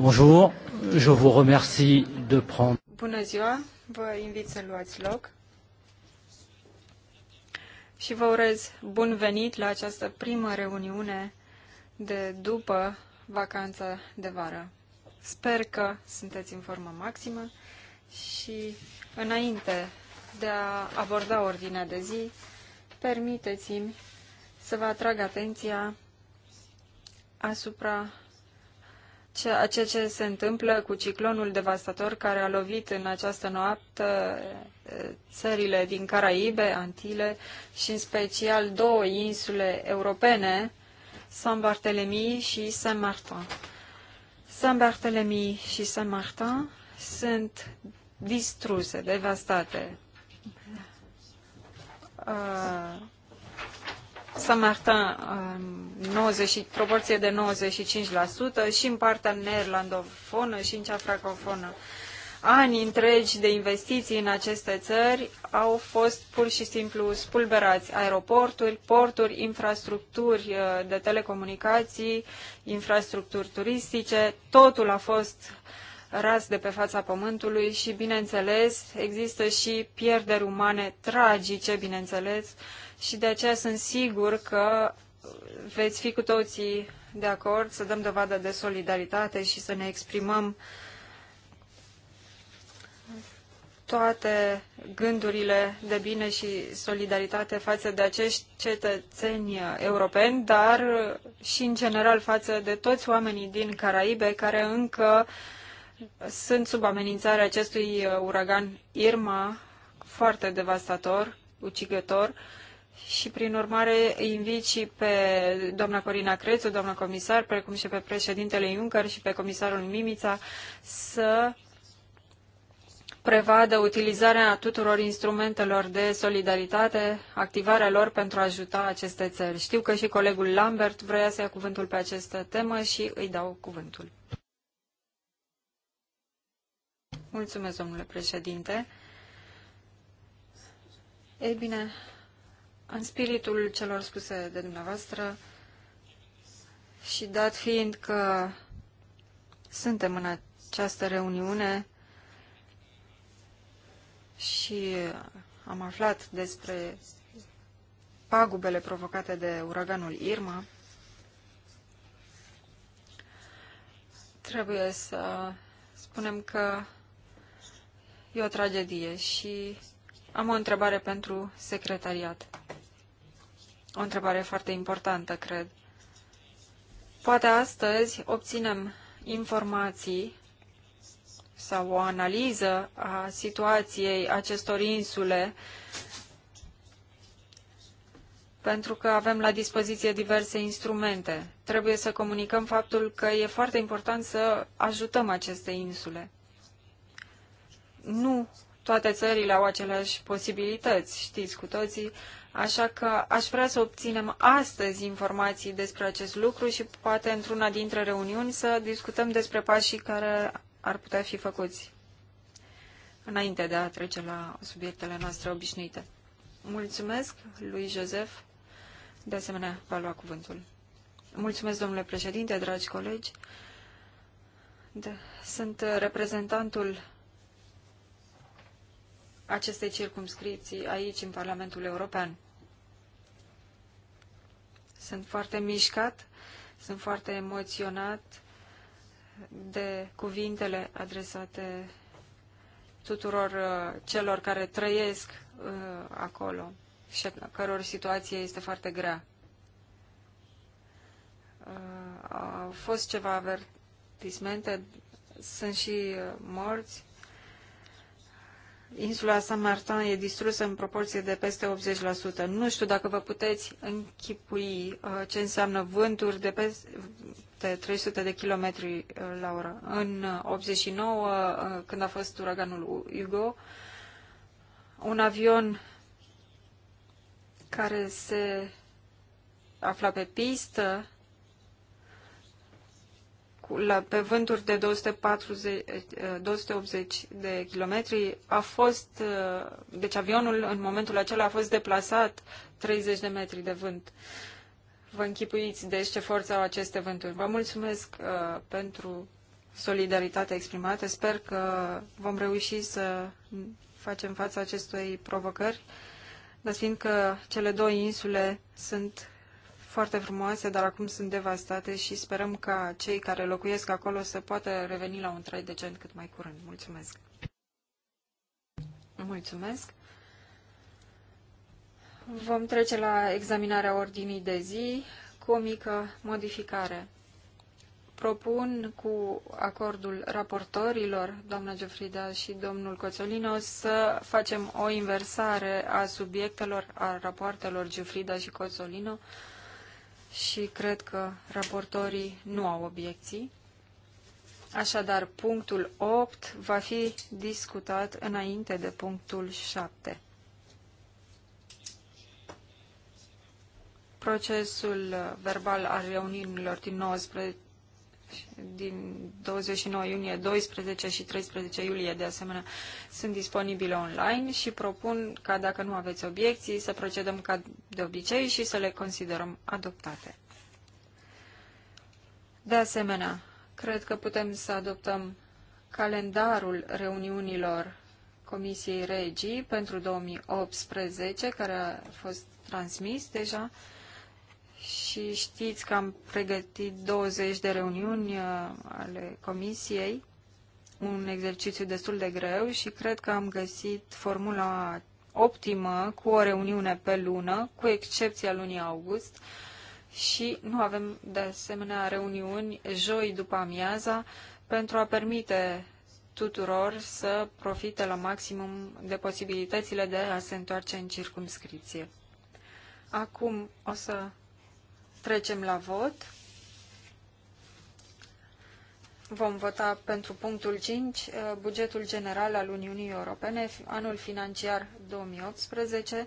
Bonjour, je vous remercie de prendre. Bună ziua, vă invit să luați loc. Și vă urez bun venit la această primă reuniune de după vacanța de vară. Sper că sunteți în formă maximă și înainte de a aborda ordinea de zi, permiteți-mi să vă atrag atenția asupra ceea ce se întâmplă cu ciclonul devastator care a lovit în această noapte țările din Caraibe, Antile și în special două insule europene, San Barthélemy și Saint Martin. San Barthélemy și Saint Martin sunt distruse, devastate. Uh, Saint-Martin 90, uh, proporție de 95% și în partea neerlandofonă și în cea francofonă. Ani întregi de investiții în aceste țări au fost pur și simplu spulberați. Aeroporturi, porturi, infrastructuri uh, de telecomunicații, infrastructuri turistice, totul a fost ras de pe fața pământului și, bineînțeles, există și pierderi umane tragice, bineînțeles, și de aceea sunt sigur că veți fi cu toții de acord să dăm dovadă de solidaritate și să ne exprimăm toate gândurile de bine și solidaritate față de acești cetățeni europeni, dar și în general față de toți oamenii din Caraibe care încă sunt sub amenințarea acestui uragan Irma, foarte devastator, ucigător, și, prin urmare, invit și pe doamna Corina Crețu, doamna comisar, precum și pe președintele Juncker și pe comisarul Mimița să prevadă utilizarea tuturor instrumentelor de solidaritate, activarea lor pentru a ajuta aceste țări. Știu că și colegul Lambert vrea să ia cuvântul pe această temă și îi dau cuvântul. Mulțumesc, domnule președinte. Ei bine, în spiritul celor spuse de dumneavoastră și dat fiind că suntem în această reuniune și am aflat despre pagubele provocate de uraganul Irma, trebuie să spunem că e o tragedie și am o întrebare pentru secretariat. O întrebare foarte importantă, cred. Poate astăzi obținem informații sau o analiză a situației acestor insule, pentru că avem la dispoziție diverse instrumente. Trebuie să comunicăm faptul că e foarte important să ajutăm aceste insule. Nu toate țările au aceleași posibilități, știți cu toții, Așa că aș vrea să obținem astăzi informații despre acest lucru și poate într-una dintre reuniuni să discutăm despre pașii care ar putea fi făcuți înainte de a trece la subiectele noastre obișnuite. Mulțumesc lui Joseph. De asemenea, va lua cuvântul. Mulțumesc, domnule președinte, dragi colegi. De, da, sunt reprezentantul acestei circumscripții aici, în Parlamentul European. Sunt foarte mișcat, sunt foarte emoționat de cuvintele adresate tuturor uh, celor care trăiesc uh, acolo și căror situație este foarte grea. Uh, au fost ceva avertismente, sunt și morți, insula San Martin e distrusă în proporție de peste 80%. Nu știu dacă vă puteți închipui uh, ce înseamnă vânturi de peste 300 de kilometri uh, la oră. În 89, uh, când a fost uraganul Hugo, un avion care se afla pe pistă la, pe vânturi de 240, 280 eh, de kilometri a fost, eh, deci avionul în momentul acela a fost deplasat 30 de metri de vânt. Vă închipuiți de ce forță au aceste vânturi. Vă mulțumesc uh, pentru solidaritatea exprimată. Sper că vom reuși să facem față acestui provocări, dar fiindcă cele două insule sunt foarte frumoase, dar acum sunt devastate și sperăm ca cei care locuiesc acolo să poată reveni la un trai decent cât mai curând. Mulțumesc! Mulțumesc! Vom trece la examinarea ordinii de zi cu o mică modificare. Propun cu acordul raportorilor, doamna Geofrida și domnul Coțolino, să facem o inversare a subiectelor, a rapoartelor Geofrida și Coțolino, și cred că raportorii nu au obiecții. Așadar, punctul 8 va fi discutat înainte de punctul 7. Procesul verbal al reuniunilor din 19 din 29 iunie, 12 și 13 iulie, de asemenea, sunt disponibile online și propun ca, dacă nu aveți obiecții, să procedăm ca de obicei și să le considerăm adoptate. De asemenea, cred că putem să adoptăm calendarul reuniunilor Comisiei Regii pentru 2018, care a fost transmis deja, și știți că am pregătit 20 de reuniuni uh, ale comisiei, un exercițiu destul de greu și cred că am găsit formula optimă cu o reuniune pe lună, cu excepția lunii august, și nu avem de asemenea reuniuni joi după amiaza pentru a permite tuturor să profite la maximum de posibilitățile de a se întoarce în circumscripție. Acum o să Trecem la vot. Vom vota pentru punctul 5, uh, bugetul general al Uniunii Europene, anul financiar 2018.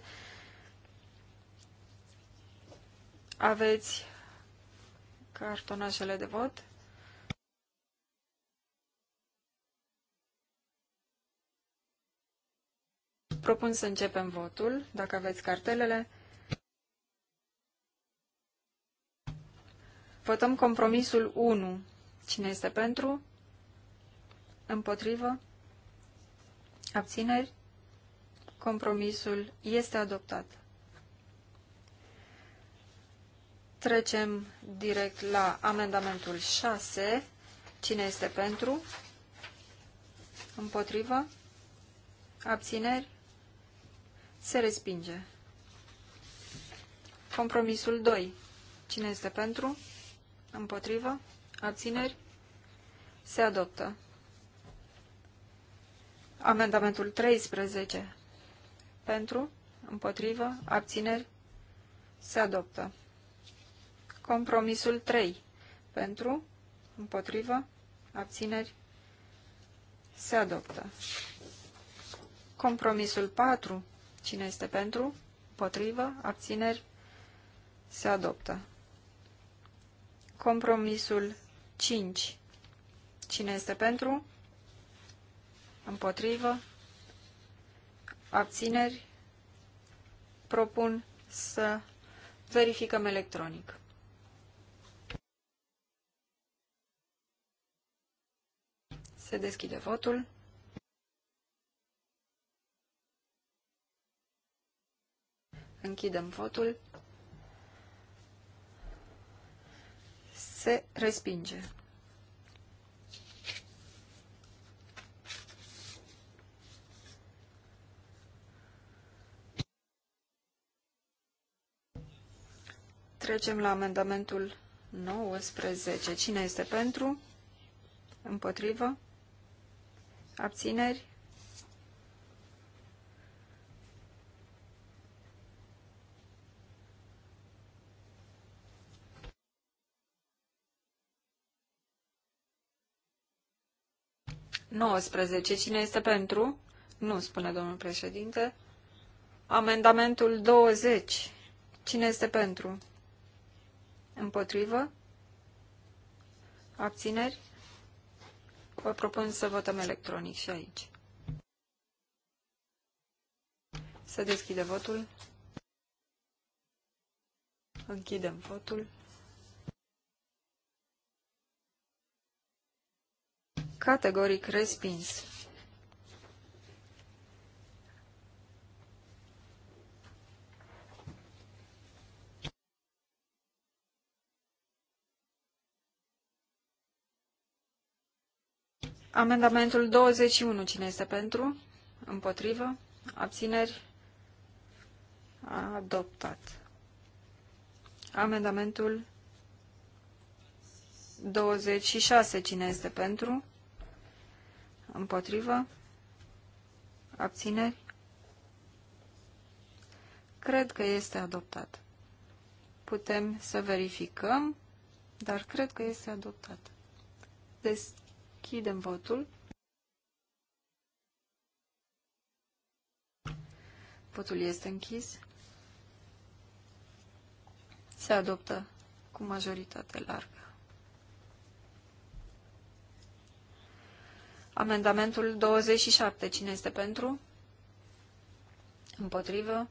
Aveți cartonașele de vot. Propun să începem votul, dacă aveți cartelele. Votăm compromisul 1. Cine este pentru? Împotrivă? Abțineri? Compromisul este adoptat. Trecem direct la amendamentul 6. Cine este pentru? Împotrivă? Abțineri? Se respinge. Compromisul 2. Cine este pentru? Pentru. Împotrivă. Abțineri. Se adoptă. Amendamentul 13. Pentru. Împotrivă. Abțineri. Se adoptă. Compromisul 3. Pentru. Împotrivă. Abțineri. Se adoptă. Compromisul 4. Cine este pentru? Împotrivă? Abțineri? Se adoptă. Compromisul 5. Cine este pentru? Împotrivă? Abțineri? Propun să verificăm electronic. Se deschide votul. Închidem votul. se respinge. Trecem la amendamentul 19. Cine este pentru? Împotrivă? Abțineri? 19. Cine este pentru? Nu, spune domnul președinte. Amendamentul 20. Cine este pentru? Împotrivă? Abțineri? Vă propun să votăm electronic și aici. Să deschide votul. Închidem votul. categoric respins. Amendamentul 21. Cine este pentru? Împotrivă? Abțineri? Adoptat. Amendamentul 26. Cine este pentru? Împotrivă? Abțineri? Cred că este adoptat. Putem să verificăm, dar cred că este adoptat. Deschidem votul. Votul este închis. Se adoptă cu majoritate largă. Amendamentul 27. Cine este pentru? Împotrivă?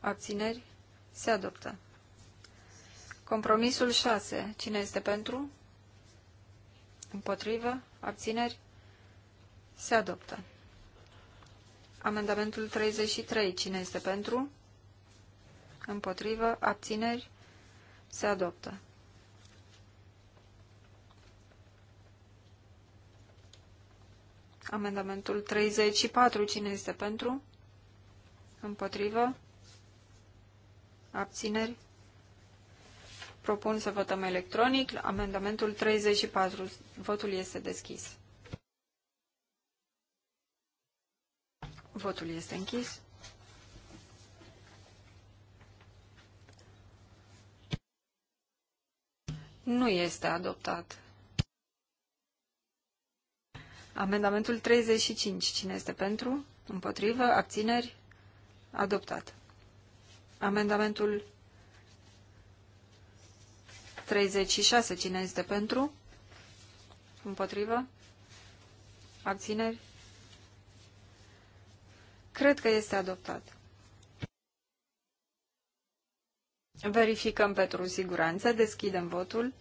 Abțineri? Se adoptă. Compromisul 6. Cine este pentru? Împotrivă? Abțineri? Se adoptă. Amendamentul 33. Cine este pentru? Împotrivă? Abțineri? Se adoptă. Amendamentul 34. Cine este pentru? Împotrivă? Abțineri? Propun să votăm electronic. Amendamentul 34. Votul este deschis. Votul este închis. Nu este adoptat. Amendamentul 35. Cine este pentru? Împotrivă? Abțineri? Adoptat. Amendamentul 36. Cine este pentru? Împotrivă? Abțineri? Cred că este adoptat. Verificăm pentru siguranță. Deschidem votul.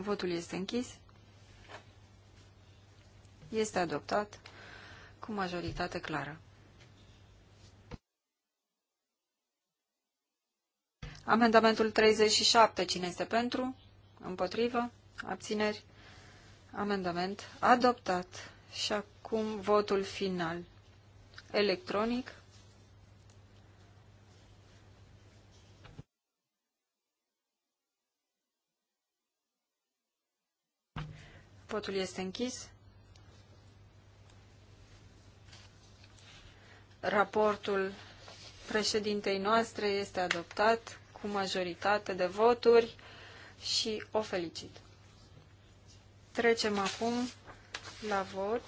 Votul este închis. Este adoptat cu majoritate clară. Amendamentul 37. Cine este pentru? Împotrivă? Abțineri? Amendament adoptat. Și acum votul final electronic. Votul este închis. Raportul președintei noastre este adoptat cu majoritate de voturi și o felicit. Trecem acum la vot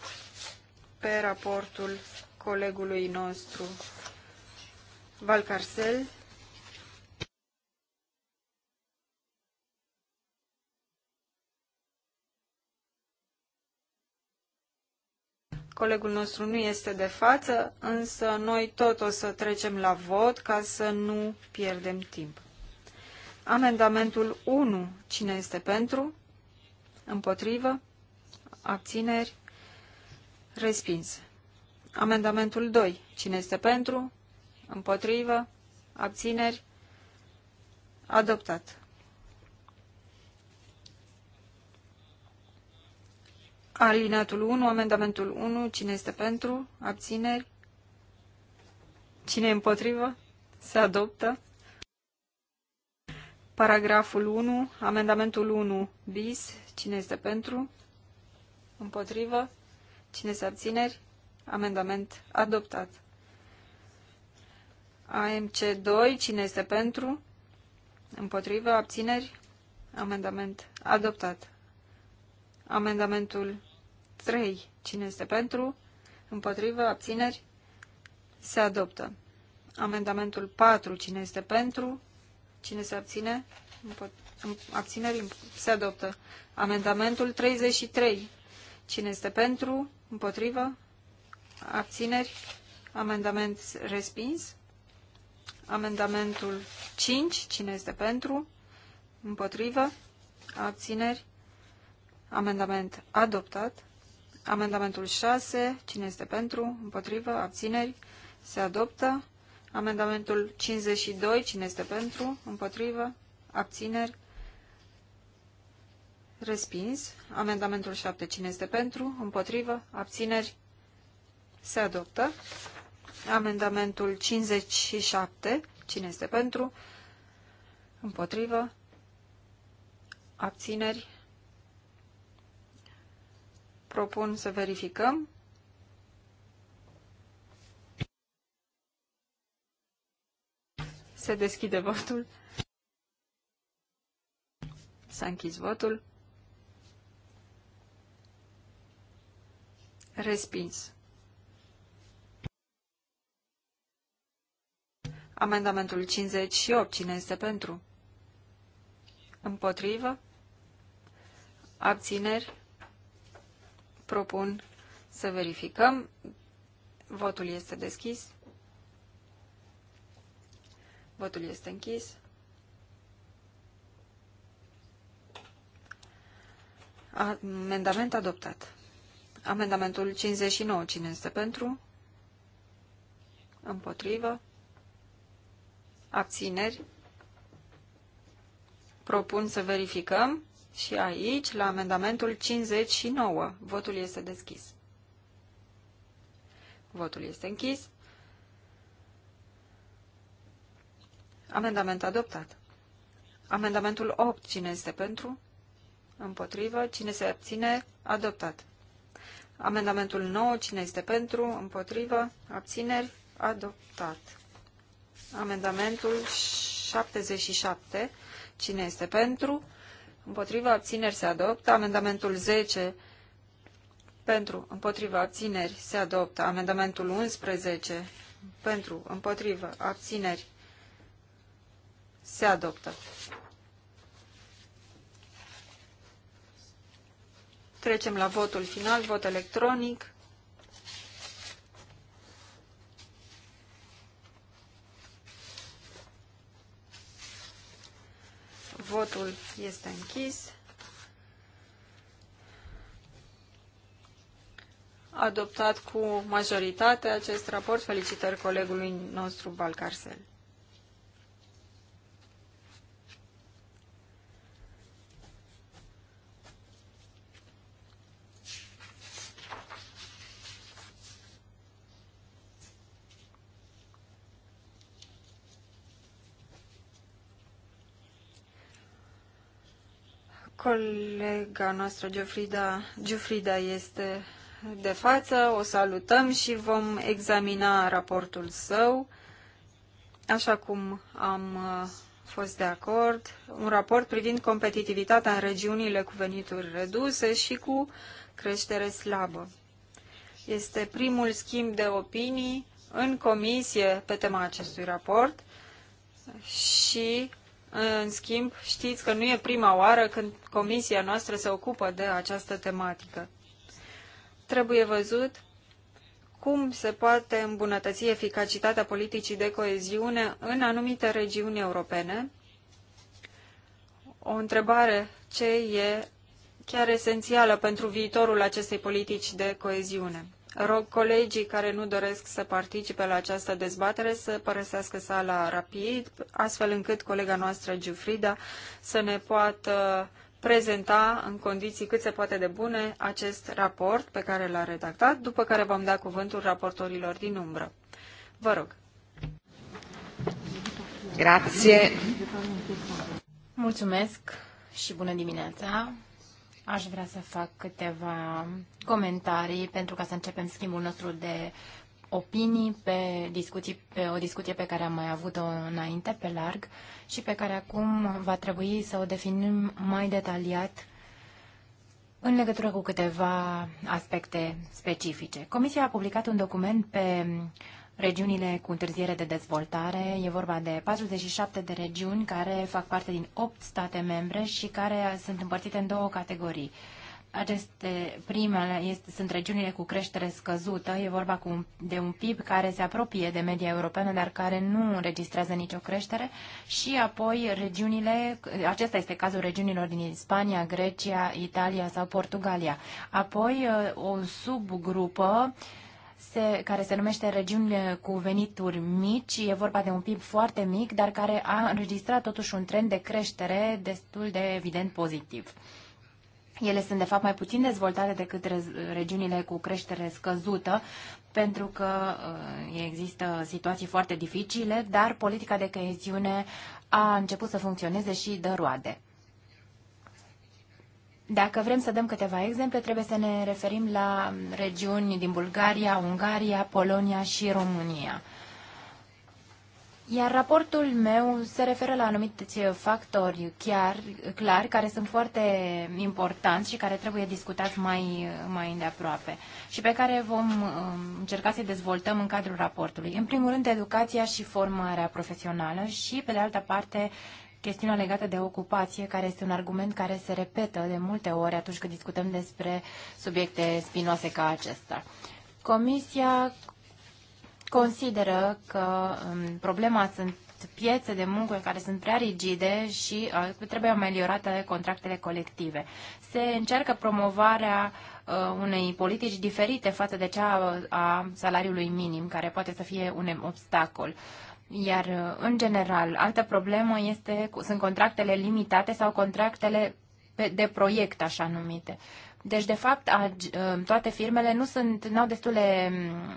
pe raportul colegului nostru Valcarcel Colegul nostru nu este de față, însă noi tot o să trecem la vot ca să nu pierdem timp. Amendamentul 1. Cine este pentru? Împotrivă? Abțineri? Respins. Amendamentul 2. Cine este pentru? Împotrivă? Abțineri? Adoptat. Alineatul 1, amendamentul 1, cine este pentru? Abțineri? Cine e împotrivă? Se adoptă. Paragraful 1, amendamentul 1 bis, cine este pentru? Împotrivă? Cine se abțineri? Amendament adoptat. AMC 2, cine este pentru? Împotrivă? Abțineri? Amendament adoptat. Amendamentul 3. Cine este pentru? Împotrivă? Abțineri? Se adoptă. Amendamentul 4. Cine este pentru? Cine se abține? Abțineri? Se adoptă. Amendamentul 33. Cine este pentru? Împotrivă? Abțineri? Amendament respins. Amendamentul 5. Cine este pentru? Împotrivă? Abțineri? Amendament adoptat. Amendamentul 6. Cine este pentru? Împotrivă? Abțineri? Se adoptă. Amendamentul 52. Cine este pentru? Împotrivă? Abțineri? Respins. Amendamentul 7. Cine este pentru? Împotrivă? Abțineri? Se adoptă. Amendamentul 57. Cine este pentru? Împotrivă? Abțineri? propun să verificăm. Se deschide votul. S-a închis votul. Respins. Amendamentul 58. Cine este pentru? Împotrivă? Abțineri? propun să verificăm. Votul este deschis. Votul este închis. Amendament adoptat. Amendamentul 59. Cine este pentru? Împotrivă? Abțineri? Propun să verificăm. Și aici, la amendamentul 59, votul este deschis. Votul este închis. Amendament adoptat. Amendamentul 8. Cine este pentru? Împotrivă. Cine se abține? Adoptat. Amendamentul 9. Cine este pentru? Împotrivă. Abțineri? Adoptat. Amendamentul 77. Cine este pentru? împotriva abțineri se adoptă. Amendamentul 10 pentru împotriva abțineri se adoptă. Amendamentul 11 pentru împotriva abțineri se adoptă. Trecem la votul final, vot electronic. Votul este închis. Adoptat cu majoritate acest raport. Felicitări colegului nostru Balcarcel. Colega noastră, Giofrida, Giofrida este de față, o salutăm și vom examina raportul său, așa cum am uh, fost de acord, un raport privind competitivitatea în regiunile cu venituri reduse și cu creștere slabă. Este primul schimb de opinii în comisie pe tema acestui raport și în schimb, știți că nu e prima oară când comisia noastră se ocupă de această tematică. Trebuie văzut cum se poate îmbunătăți eficacitatea politicii de coeziune în anumite regiuni europene. O întrebare ce e chiar esențială pentru viitorul acestei politici de coeziune. Rog colegii care nu doresc să participe la această dezbatere să părăsească sala rapid, astfel încât colega noastră, Giufrida, să ne poată prezenta în condiții cât se poate de bune acest raport pe care l-a redactat, după care vom da cuvântul raportorilor din umbră. Vă rog. Grație. Mulțumesc și bună dimineața aș vrea să fac câteva comentarii pentru ca să începem schimbul nostru de opinii pe, discuții, pe o discuție pe care am mai avut-o înainte, pe larg, și pe care acum va trebui să o definim mai detaliat în legătură cu câteva aspecte specifice. Comisia a publicat un document pe regiunile cu întârziere de dezvoltare. E vorba de 47 de regiuni care fac parte din 8 state membre și care sunt împărțite în două categorii. Aceste primele este, sunt regiunile cu creștere scăzută, e vorba cu, de un PIB care se apropie de media europeană, dar care nu înregistrează nicio creștere și apoi regiunile, acesta este cazul regiunilor din Spania, Grecia, Italia sau Portugalia. Apoi uh, o subgrupă uh, se, care se numește regiuni cu venituri mici. E vorba de un PIB foarte mic, dar care a înregistrat totuși un trend de creștere destul de evident pozitiv. Ele sunt, de fapt, mai puțin dezvoltate decât regiunile cu creștere scăzută, pentru că uh, există situații foarte dificile, dar politica de coeziune a început să funcționeze și dă roade. Dacă vrem să dăm câteva exemple, trebuie să ne referim la regiuni din Bulgaria, Ungaria, Polonia și România. Iar raportul meu se referă la anumite factori chiar, clar, care sunt foarte importanți și care trebuie discutați mai, mai îndeaproape și pe care vom um, încerca să-i dezvoltăm în cadrul raportului. În primul rând, educația și formarea profesională și, pe de altă parte, chestiunea legată de ocupație, care este un argument care se repetă de multe ori atunci când discutăm despre subiecte spinoase ca acesta. Comisia consideră că um, problema sunt piețe de muncă care sunt prea rigide și uh, trebuie ameliorate contractele colective. Se încearcă promovarea uh, unei politici diferite față de cea a salariului minim, care poate să fie un obstacol. Uh, iar, uh, în general, altă problemă este, sunt contractele limitate sau contractele de proiect, așa numite. Deci, de fapt, uh, toate firmele nu sunt, n-au destule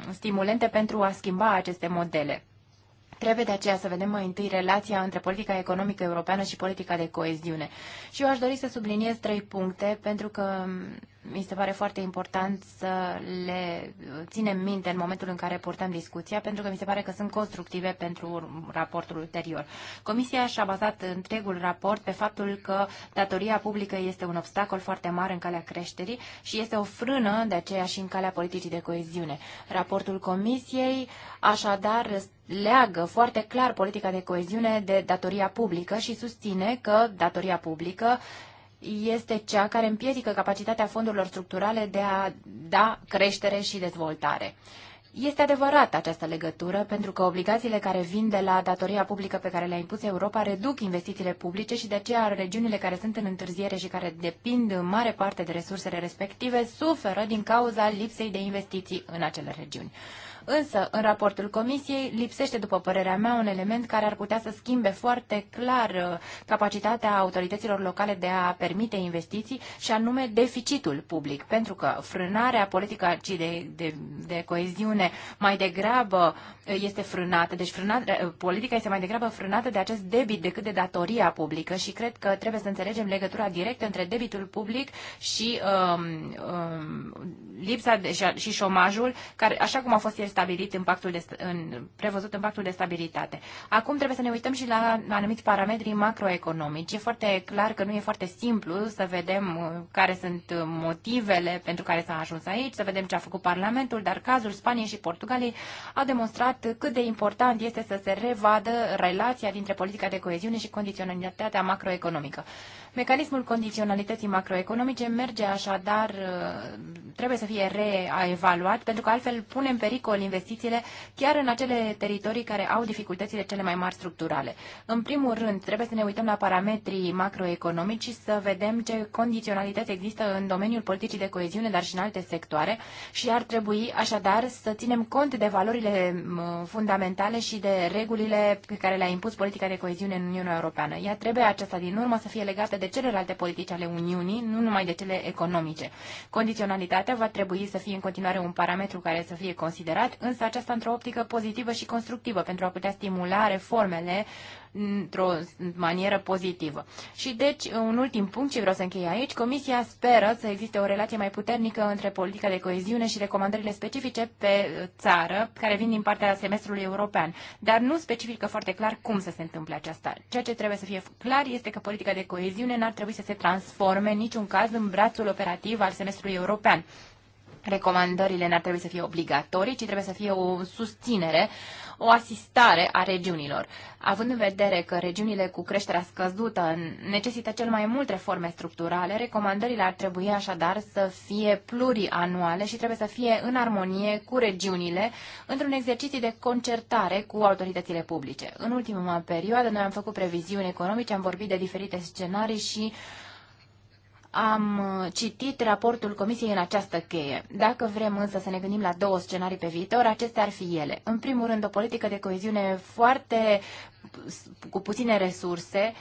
um, stimulente pentru a schimba aceste modele. Trebuie de aceea să vedem mai întâi relația între politica economică europeană și politica de coeziune. Și eu aș dori să subliniez trei puncte, pentru că um, mi se pare foarte important să le ținem minte în momentul în care purtăm discuția, pentru că mi se pare că sunt constructive pentru raportul ulterior. Comisia și-a bazat întregul raport pe faptul că datoria publică este un obstacol foarte mare în calea creșterii și este o frână de aceea și în calea politicii de coeziune. Raportul Comisiei așadar leagă foarte clar politica de coeziune de datoria publică și susține că datoria publică este cea care împiedică capacitatea fondurilor structurale de a da creștere și dezvoltare. Este adevărat această legătură, pentru că obligațiile care vin de la datoria publică pe care le-a impus Europa reduc investițiile publice și de aceea regiunile care sunt în întârziere și care depind în mare parte de resursele respective suferă din cauza lipsei de investiții în acele regiuni. Însă, în raportul Comisiei lipsește, după părerea mea, un element care ar putea să schimbe foarte clar uh, capacitatea autorităților locale de a permite investiții și anume deficitul public, pentru că frânarea politică de, de, de coeziune mai degrabă uh, este frânată, deci frânarea, uh, politica este mai degrabă frânată de acest debit decât de datoria publică și cred că trebuie să înțelegem legătura directă între debitul public și um, um, lipsa de, și, și șomajul, care, așa cum a fost el stabilit în pactul de, în, prevăzut în pactul de stabilitate. Acum trebuie să ne uităm și la anumiți parametri macroeconomici. E foarte clar că nu e foarte simplu să vedem uh, care sunt uh, motivele pentru care s-a ajuns aici, să vedem ce a făcut Parlamentul, dar cazul Spaniei și Portugaliei a demonstrat cât de important este să se revadă relația dintre politica de coeziune și condiționalitatea macroeconomică. Mecanismul condiționalității macroeconomice merge așadar, uh, trebuie să fie reevaluat, pentru că altfel pune în pericol investițiile chiar în acele teritorii care au dificultățile cele mai mari structurale. În primul rând, trebuie să ne uităm la parametrii macroeconomici și să vedem ce condiționalități există în domeniul politicii de coeziune, dar și în alte sectoare și ar trebui așadar să ținem cont de valorile uh, fundamentale și de regulile pe care le-a impus politica de coeziune în Uniunea Europeană. Ea trebuie aceasta din urmă să fie legată de celelalte politici ale Uniunii, nu numai de cele economice. Condiționalitatea va trebui să fie în continuare un parametru care să fie considerat, însă aceasta într-o optică pozitivă și constructivă pentru a putea stimula reformele într-o manieră pozitivă. Și deci, un ultim punct și vreau să închei aici, Comisia speră să existe o relație mai puternică între politica de coeziune și recomandările specifice pe țară, care vin din partea semestrului european, dar nu specifică foarte clar cum să se întâmple aceasta. Ceea ce trebuie să fie clar este că politica de coeziune n-ar trebui să se transforme în niciun caz în brațul operativ al semestrului european recomandările n-ar trebui să fie obligatorii, ci trebuie să fie o susținere o asistare a regiunilor. Având în vedere că regiunile cu creșterea scăzută necesită cel mai mult reforme structurale, recomandările ar trebui așadar să fie plurianuale și trebuie să fie în armonie cu regiunile într-un exercițiu de concertare cu autoritățile publice. În ultima perioadă noi am făcut previziuni economice, am vorbit de diferite scenarii și am uh, citit raportul Comisiei în această cheie. Dacă vrem însă să ne gândim la două scenarii pe viitor, acestea ar fi ele. În primul rând, o politică de coeziune foarte cu puține resurse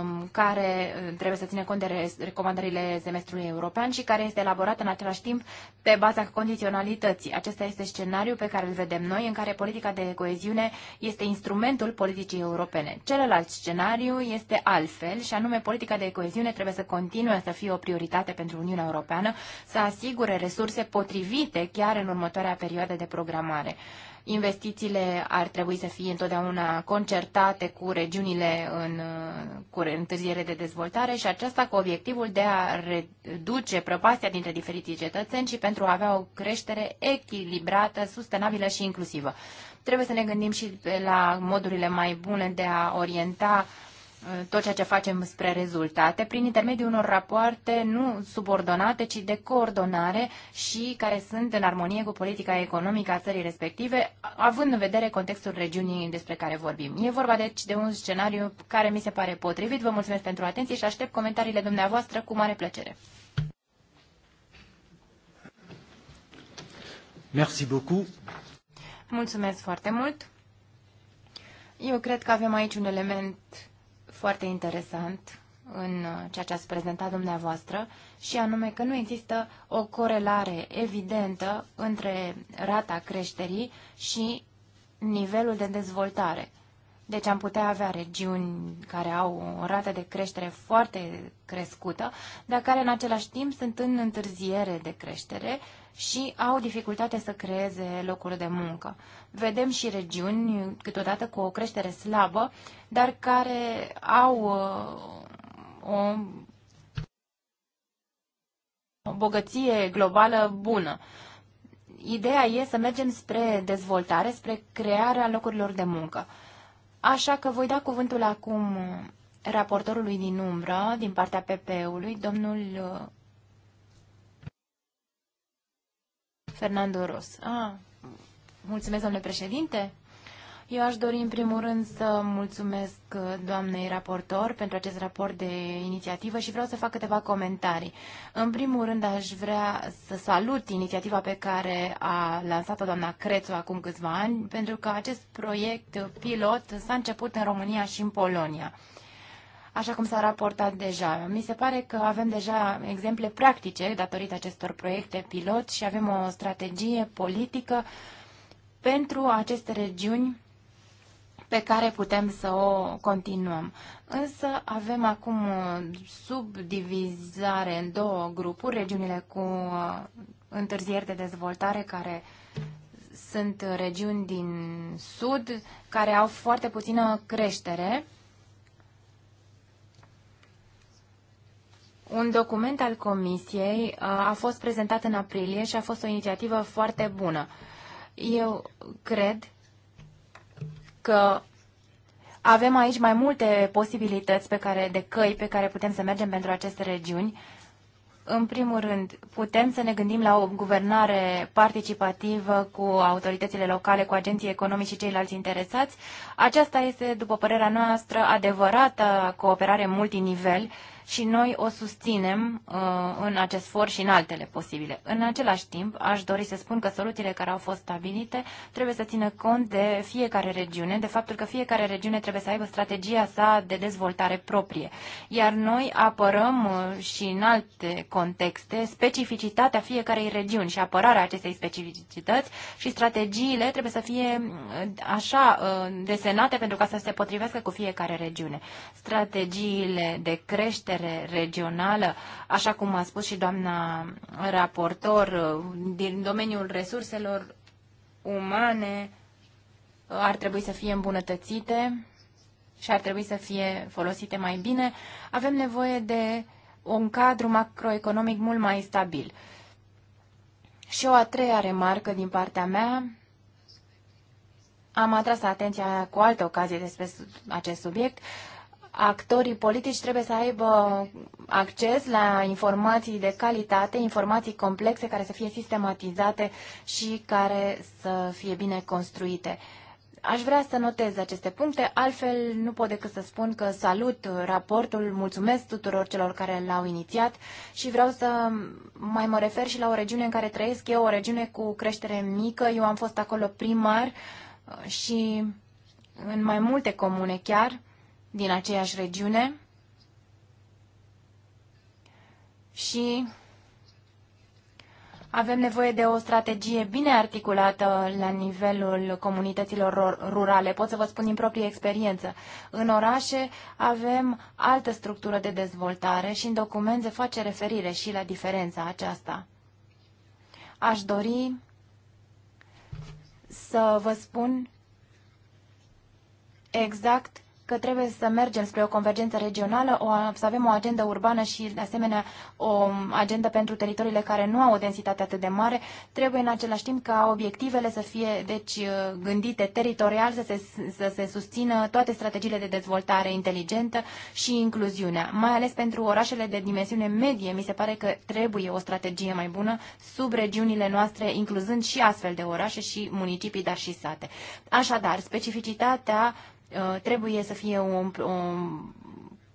um, care uh, trebuie să ține cont de recomandările semestrului european și care este elaborată în același timp pe baza condiționalității. Acesta este scenariul pe care îl vedem noi, în care politica de coeziune este instrumentul politicii europene. Celălalt scenariu este altfel și anume politica de coeziune trebuie să continue să fie o prioritate pentru Uniunea Europeană, să asigure resurse potrivite chiar în următoarea perioadă de programare. Investițiile ar trebui să fie întotdeauna concertate cu regiunile în, uh, cu întârziere de dezvoltare și aceasta cu obiectivul de a reduce prăpastia dintre diferiții cetățeni și pentru a avea o creștere echilibrată, sustenabilă și inclusivă. Trebuie să ne gândim și la modurile mai bune de a orienta uh, tot ceea ce facem spre rezultate prin intermediul unor rapoarte nu subordonate, ci de coordonare și care sunt în armonie cu politica economică a țării respective, având în vedere contextul regiunii despre care vorbim. E vorba deci de un scenariu care mi se pare potrivit. Vă mulțumesc pentru atenție și aștept comentariile dumneavoastră cu mare plăcere. Merci beaucoup. Mulțumesc foarte mult. Eu cred că avem aici un element foarte interesant în uh, ceea ce ați prezentat dumneavoastră, și anume că nu există o corelare evidentă între rata creșterii și nivelul de dezvoltare. Deci am putea avea regiuni care au o rată de creștere foarte crescută, dar care în același timp sunt în întârziere de creștere și au dificultate să creeze locuri de muncă. Vedem și regiuni câteodată cu o creștere slabă, dar care au uh, o, o bogăție globală bună. Ideea e să mergem spre dezvoltare, spre crearea locurilor de muncă. Așa că voi da cuvântul acum raportorului din umbră, din partea PP-ului, domnul uh, Fernando Ros. Ah, mulțumesc, domnule președinte. Eu aș dori în primul rând să mulțumesc uh, doamnei raportor pentru acest raport de inițiativă și vreau să fac câteva comentarii. În primul rând aș vrea să salut inițiativa pe care a lansat-o doamna Crețu acum câțiva ani, pentru că acest proiect pilot s-a început în România și în Polonia așa cum s-a raportat deja. Mi se pare că avem deja exemple practice datorită acestor proiecte pilot și avem o strategie politică pentru aceste regiuni pe care putem să o continuăm. Însă avem acum subdivizare în două grupuri, regiunile cu uh, întârzieri de dezvoltare care sunt regiuni din sud care au foarte puțină creștere. Un document al Comisiei uh, a fost prezentat în aprilie și a fost o inițiativă foarte bună. Eu cred că avem aici mai multe posibilități pe care, de căi pe care putem să mergem pentru aceste regiuni. În primul rând, putem să ne gândim la o guvernare participativă cu autoritățile locale, cu agenții economici și ceilalți interesați. Aceasta este, după părerea noastră, adevărată cooperare multinivel și noi o susținem uh, în acest for și în altele posibile. În același timp, aș dori să spun că soluțiile care au fost stabilite trebuie să țină cont de fiecare regiune, de faptul că fiecare regiune trebuie să aibă strategia sa de dezvoltare proprie. Iar noi apărăm uh, și în alte contexte specificitatea fiecarei regiuni și apărarea acestei specificități și strategiile trebuie să fie uh, așa desenate pentru ca să se potrivească cu fiecare regiune. Strategiile de creștere dezbatere regională, așa cum a spus și doamna raportor, din domeniul resurselor umane ar trebui să fie îmbunătățite și ar trebui să fie folosite mai bine, avem nevoie de un cadru macroeconomic mult mai stabil. Și o a treia remarcă din partea mea, am atras atenția cu altă ocazie despre acest subiect, actorii politici trebuie să aibă acces la informații de calitate, informații complexe care să fie sistematizate și care să fie bine construite. Aș vrea să notez aceste puncte, altfel nu pot decât să spun că salut raportul, mulțumesc tuturor celor care l-au inițiat și vreau să mai mă refer și la o regiune în care trăiesc eu, o regiune cu creștere mică. Eu am fost acolo primar uh, și în mai multe comune chiar din aceeași regiune și avem nevoie de o strategie bine articulată la nivelul comunităților rurale. Pot să vă spun din proprie experiență. În orașe avem altă structură de dezvoltare și în document se face referire și la diferența aceasta. Aș dori să vă spun exact că trebuie să mergem spre o convergență regională, o, să avem o agendă urbană și, de asemenea, o agendă pentru teritoriile care nu au o densitate atât de mare. Trebuie, în același timp, ca obiectivele să fie, deci, uh, gândite teritorial, să se, să se susțină toate strategiile de dezvoltare inteligentă și incluziunea. Mai ales pentru orașele de dimensiune medie, mi se pare că trebuie o strategie mai bună sub regiunile noastre, incluzând și astfel de orașe și municipii, dar și sate. Așadar, specificitatea Uh, trebuie să fie o, o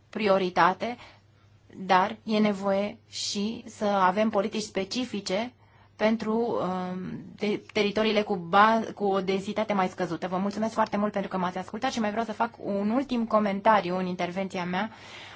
prioritate, dar e nevoie și să avem politici specifice pentru um, de, teritoriile cu, ba, cu o densitate mai scăzută. Vă mulțumesc foarte mult pentru că m-ați ascultat și mai vreau să fac un ultim comentariu în intervenția mea.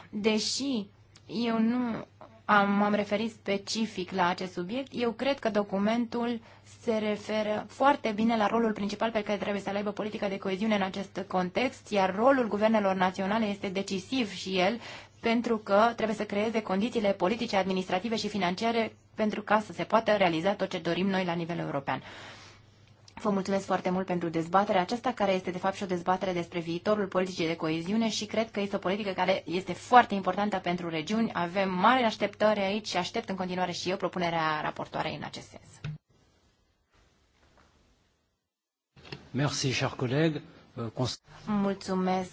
Deși eu nu m-am referit specific la acest subiect, eu cred că documentul se referă foarte bine la rolul principal pe care trebuie să-l aibă politica de coeziune în acest context, iar rolul guvernelor naționale este decisiv și el, pentru că trebuie să creeze condițiile politice, administrative și financiare pentru ca să se poată realiza tot ce dorim noi la nivel european. Vă mulțumesc foarte mult pentru dezbaterea aceasta, care este de fapt și o dezbatere despre viitorul politicii de coeziune și cred că este o politică care este foarte importantă pentru regiuni. Avem mari așteptări aici și aștept în continuare și eu propunerea raportoarei în acest sens. Merci, cher coleg. Euh, mulțumesc,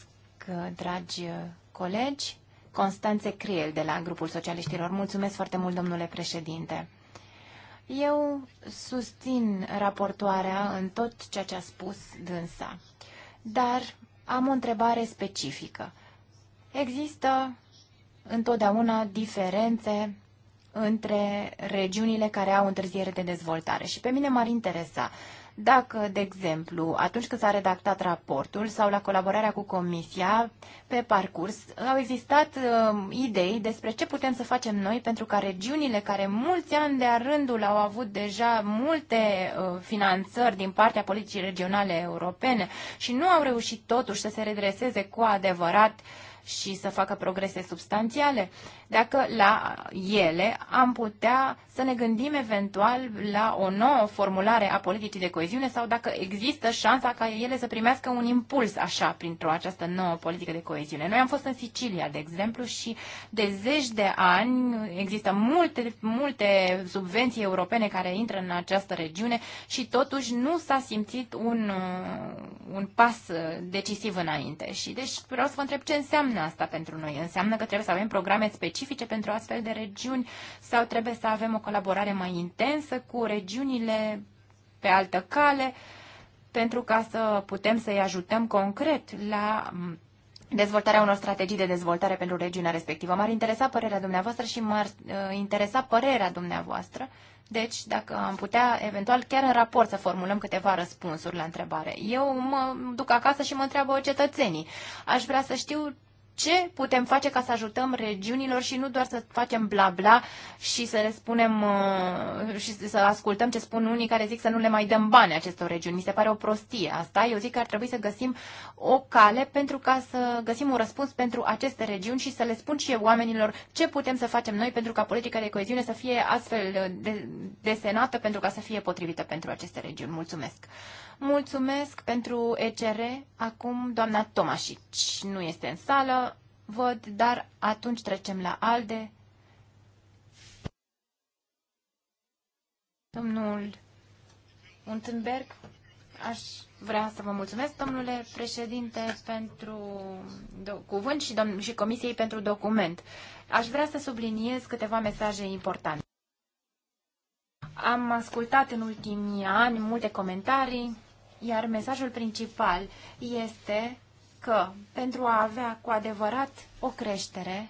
dragi colegi. Constanțe Criel de la Grupul Socialiștilor. Mulțumesc foarte mult, domnule președinte. Eu susțin raportoarea în tot ceea ce a spus dânsa, dar am o întrebare specifică. Există întotdeauna diferențe între regiunile care au întârziere de dezvoltare și pe mine m-ar interesa dacă, de exemplu, atunci când s-a redactat raportul sau la colaborarea cu Comisia, pe parcurs, au existat uh, idei despre ce putem să facem noi pentru ca regiunile care mulți ani de-a rândul au avut deja multe uh, finanțări din partea politicii regionale europene și nu au reușit totuși să se redreseze cu adevărat uh, și să facă progrese substanțiale, dacă la ele am putea să ne gândim eventual la o nouă formulare a politicii de coeziune sau dacă există șansa ca ele să primească un impuls așa printr-o această nouă politică de coeziune. Noi am fost în Sicilia, de exemplu, și de zeci de ani există multe, multe subvenții europene care intră în această regiune și totuși nu s-a simțit un, un pas decisiv înainte. Și deci vreau să vă întreb ce înseamnă înseamnă asta pentru noi? Înseamnă că trebuie să avem programe specifice pentru astfel de regiuni sau trebuie să avem o colaborare mai intensă cu regiunile pe altă cale pentru ca să putem să-i ajutăm concret la mm, dezvoltarea unor strategii de dezvoltare pentru regiunea respectivă. M-ar interesa părerea dumneavoastră și m-ar uh, interesa părerea dumneavoastră. Deci, dacă am putea, eventual, chiar în raport să formulăm câteva răspunsuri la întrebare. Eu mă duc acasă și mă întreabă cetățenii. Aș vrea să știu ce putem face ca să ajutăm regiunilor și nu doar să facem bla bla și să le spunem uh, și să ascultăm ce spun unii care zic să nu le mai dăm bani acestor regiuni. Mi se pare o prostie asta. Eu zic că ar trebui să găsim o cale pentru ca să găsim un răspuns pentru aceste regiuni și să le spun și oamenilor ce putem să facem noi pentru ca politica de coeziune să fie astfel de desenată pentru ca să fie potrivită pentru aceste regiuni. Mulțumesc! Mulțumesc pentru ECR. Acum doamna Tomașici nu este în sală, văd, dar atunci trecem la ALDE. Domnul Untenberg, aș vrea să vă mulțumesc, domnule președinte, pentru cuvânt și, domn și Comisiei pentru document. Aș vrea să subliniez câteva mesaje importante. Am ascultat în ultimii ani multe comentarii iar mesajul principal este că pentru a avea cu adevărat o creștere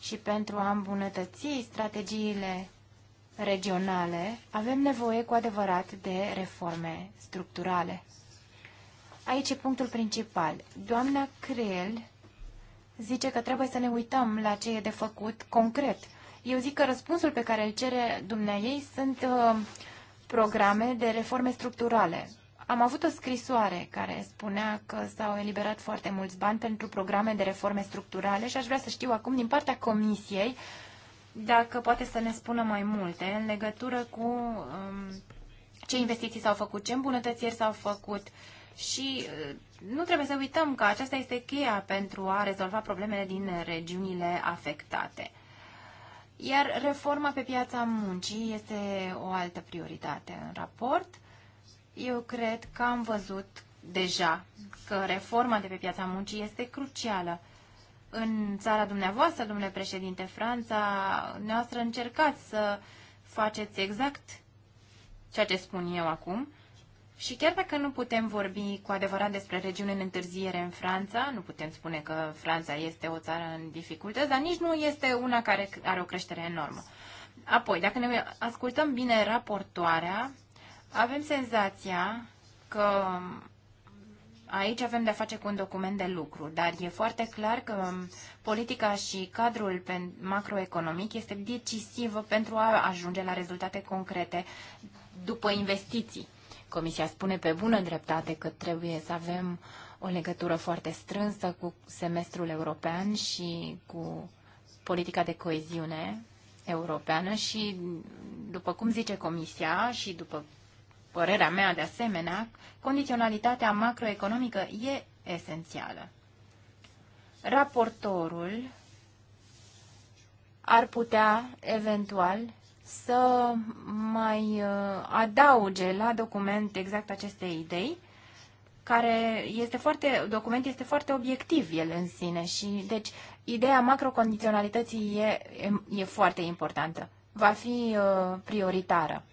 și pentru a îmbunătăți strategiile regionale, avem nevoie cu adevărat de reforme structurale. Aici e punctul principal. Doamna Creel zice că trebuie să ne uităm la ce e de făcut concret. Eu zic că răspunsul pe care îl cere dumneai ei sunt uh, programe de reforme structurale. Am avut o scrisoare care spunea că s-au eliberat foarte mulți bani pentru programe de reforme structurale și aș vrea să știu acum din partea Comisiei dacă poate să ne spună mai multe în legătură cu um, ce investiții s-au făcut, ce îmbunătățiri s-au făcut și uh, nu trebuie să uităm că aceasta este cheia pentru a rezolva problemele din regiunile afectate. Iar reforma pe piața muncii este o altă prioritate în raport. Eu cred că am văzut deja că reforma de pe piața muncii este crucială. În țara dumneavoastră, domnule președinte, Franța, noastră încercați să faceți exact ceea ce spun eu acum. Și chiar dacă nu putem vorbi cu adevărat despre regiune în întârziere în Franța, nu putem spune că Franța este o țară în dificultăți, dar nici nu este una care are o creștere enormă. Apoi, dacă ne ascultăm bine raportoarea, avem senzația că aici avem de-a face cu un document de lucru, dar e foarte clar că politica și cadrul macroeconomic este decisivă pentru a ajunge la rezultate concrete după investiții. Comisia spune pe bună dreptate că trebuie să avem o legătură foarte strânsă cu semestrul european și cu politica de coeziune europeană și, după cum zice Comisia și după părerea mea de asemenea, condiționalitatea macroeconomică e esențială. Raportorul ar putea, eventual, să mai uh, adauge la document exact aceste idei, care este foarte, document este foarte obiectiv el în sine și, deci, ideea macrocondiționalității e, e, e foarte importantă. Va fi uh, prioritară.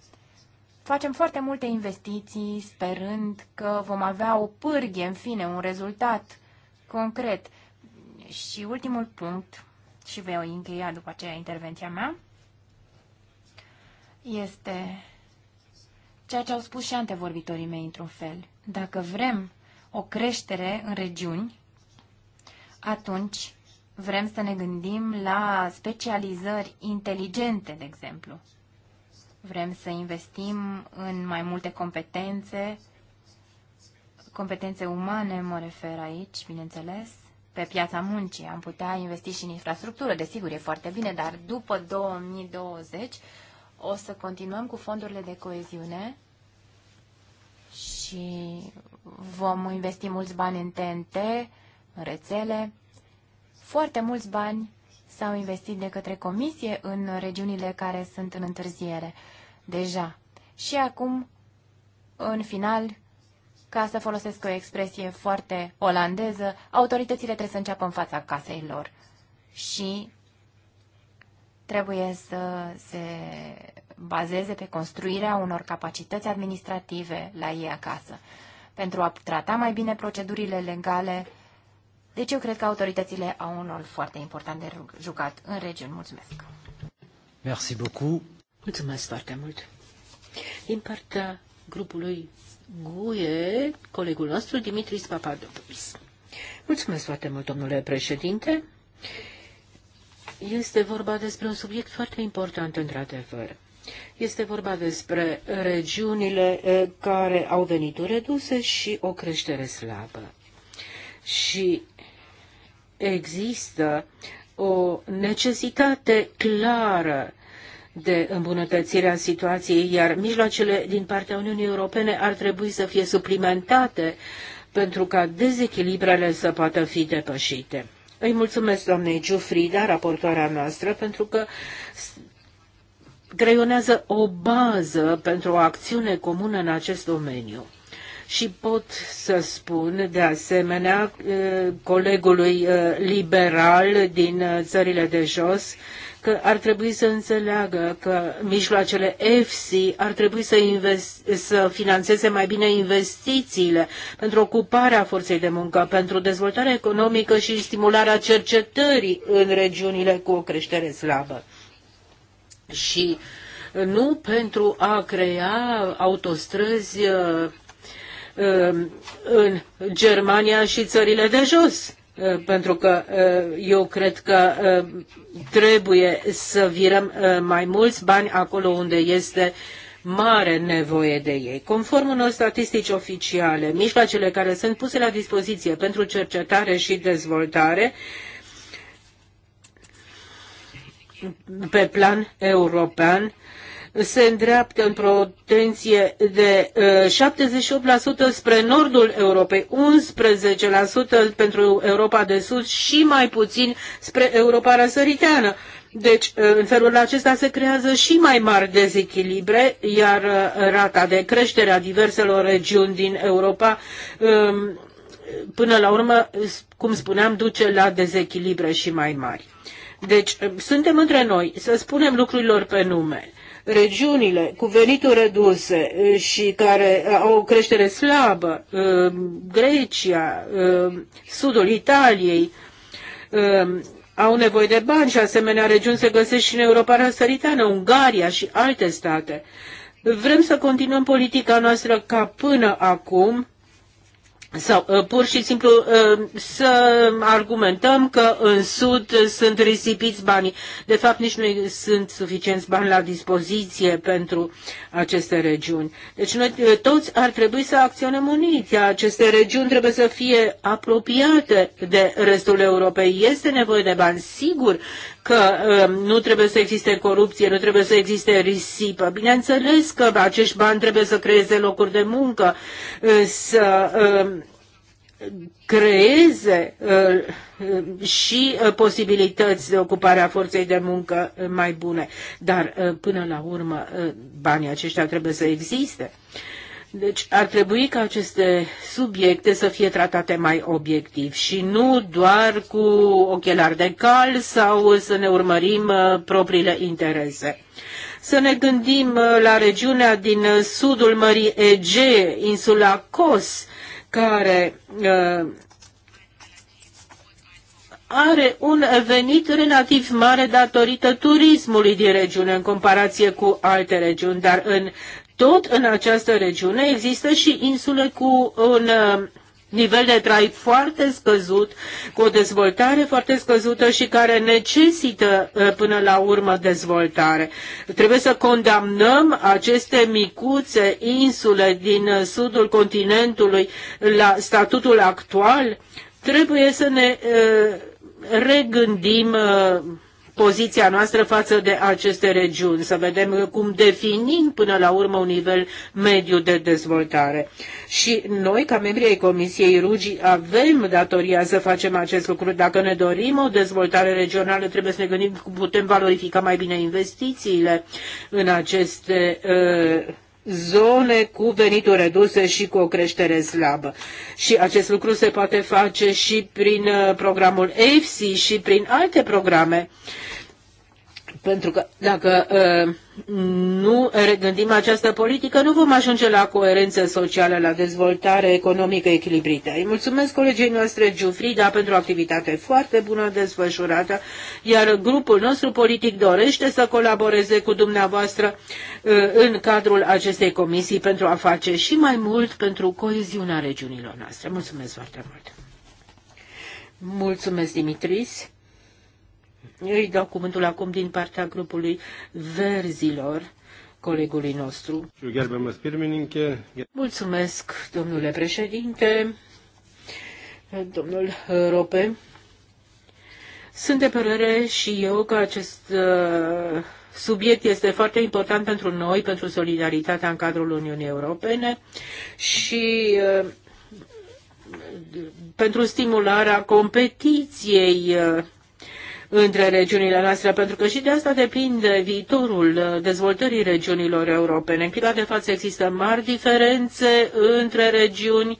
Facem foarte multe investiții sperând că vom avea o pârghie, în fine, un rezultat concret. Și ultimul punct, și voi încheia după aceea intervenția mea, este ceea ce au spus și antevorbitorii mei într-un fel. Dacă vrem o creștere în regiuni, atunci vrem să ne gândim la specializări inteligente, de exemplu. Vrem să investim în mai multe competențe, competențe umane mă refer aici, bineînțeles, pe piața muncii. Am putea investi și în infrastructură, desigur, e foarte bine, dar după 2020 o să continuăm cu fondurile de coeziune și vom investi mulți bani în TNT, în rețele. Foarte mulți bani s-au investit de către comisie în regiunile care sunt în întârziere deja. Și acum, în final, ca să folosesc o expresie foarte olandeză, autoritățile trebuie să înceapă în fața casei lor și trebuie să se bazeze pe construirea unor capacități administrative la ei acasă, pentru a trata mai bine procedurile legale. Deci eu cred că autoritățile au un rol foarte important de jucat în regiuni. Mulțumesc! Merci beaucoup. Mulțumesc foarte mult. Din partea grupului GUE, colegul nostru, Dimitris Papadopoulos. Mulțumesc foarte mult, domnule președinte. Este vorba despre un subiect foarte important, într-adevăr. Este vorba despre regiunile care au venit reduse și o creștere slabă. Și există o necesitate clară de îmbunătățire a situației, iar mijloacele din partea Uniunii Europene ar trebui să fie suplimentate pentru ca dezechilibrele să poată fi depășite. Îi mulțumesc doamnei Giufrida, raportoarea noastră, pentru că creionează o bază pentru o acțiune comună în acest domeniu. Și pot să spun, de asemenea, eh, colegului eh, liberal din eh, țările de jos, că ar trebui să înțeleagă că mijloacele EFSI ar trebui să, invest, să financeze mai bine investițiile pentru ocuparea forței de muncă, pentru dezvoltarea economică și stimularea cercetării în regiunile cu o creștere slabă. Și nu pentru a crea autostrăzi uh, uh, în Germania și țările de jos Eh, pentru că eh, eu cred că eh, trebuie să virăm mai mulți bani acolo unde este mare nevoie de ei. Conform unor statistici oficiale, mijloacele care sunt puse la dispoziție pentru cercetare și dezvoltare pe plan european se îndreaptă în potenție de 78% uh, spre nordul Europei, 11% pentru Europa de Sud și mai puțin spre Europa răsăriteană. Deci, uh, în felul acesta se creează și mai mari dezechilibre, iar uh, rata de creștere a diverselor regiuni din Europa, um, până la urmă, cum spuneam, duce la dezechilibre și mai mari. Deci, suntem între noi să spunem lucrurilor pe nume regiunile cu venituri reduse și care au o creștere slabă, Grecia, sudul Italiei, au nevoie de bani și asemenea regiuni se găsesc și în Europa răsăritană, Ungaria și alte state. Vrem să continuăm politica noastră ca până acum, sau uh, pur și simplu uh, să argumentăm că în Sud sunt risipiți banii. De fapt, nici nu sunt suficienți bani la dispoziție pentru aceste regiuni. Deci noi uh, toți ar trebui să acționăm uniți. Aceste regiuni trebuie să fie apropiate de restul Europei. Este nevoie de bani, sigur, că um, nu trebuie să existe corupție, nu trebuie să existe risipă. Bineînțeles că acești bani trebuie să creeze locuri de muncă, uh, să um, creeze uh, și uh, posibilități de ocupare a forței de muncă mai bune. Dar până la urmă banii aceștia trebuie să existe. Deci ar trebui ca aceste subiecte să fie tratate mai obiectiv și nu doar cu ochelari de cal sau să ne urmărim uh, propriile interese. Să ne gândim uh, la regiunea din uh, sudul Mării Egee, insula Kos, care are un venit relativ mare datorită turismului din regiune în comparație cu alte regiuni, dar în tot în această regiune există și insule cu un uh, nivel de trai foarte scăzut, cu o dezvoltare foarte scăzută și care necesită uh, până la urmă dezvoltare. Trebuie să condamnăm aceste micuțe insule din uh, sudul continentului la statutul actual. Trebuie să ne regândim poziția noastră față de aceste regiuni, să vedem cum definim până la urmă un nivel mediu de dezvoltare. Și noi, ca membri ai Comisiei Rugi, avem datoria să facem acest lucru. Dacă ne dorim o dezvoltare regională, trebuie să ne gândim cum putem valorifica mai bine investițiile în aceste uh, zone cu venituri reduse și cu o creștere slabă. Și acest lucru se poate face și prin uh, programul EFSI și prin alte programe. Pentru că dacă uh, nu regândim această politică, nu vom ajunge la coerență socială, la dezvoltare economică echilibrită. Îi mulțumesc colegii noastre Giufrida pentru o activitate foarte bună desfășurată, iar grupul nostru politic dorește să colaboreze cu dumneavoastră uh, în cadrul acestei comisii pentru a face și mai mult pentru coeziunea regiunilor noastre. Mulțumesc foarte mult! Mulțumesc, Dimitris! Îi dau cuvântul acum din partea grupului Verzilor, colegului nostru. Mulțumesc, domnule președinte, domnul Rope. Sunt de părere și eu că acest uh, subiect este foarte important pentru noi, pentru solidaritatea în cadrul Uniunii Europene și uh, pentru stimularea competiției uh, între regiunile noastre, pentru că și de asta depinde viitorul uh, dezvoltării regiunilor europene. În clipa de față există mari diferențe între regiuni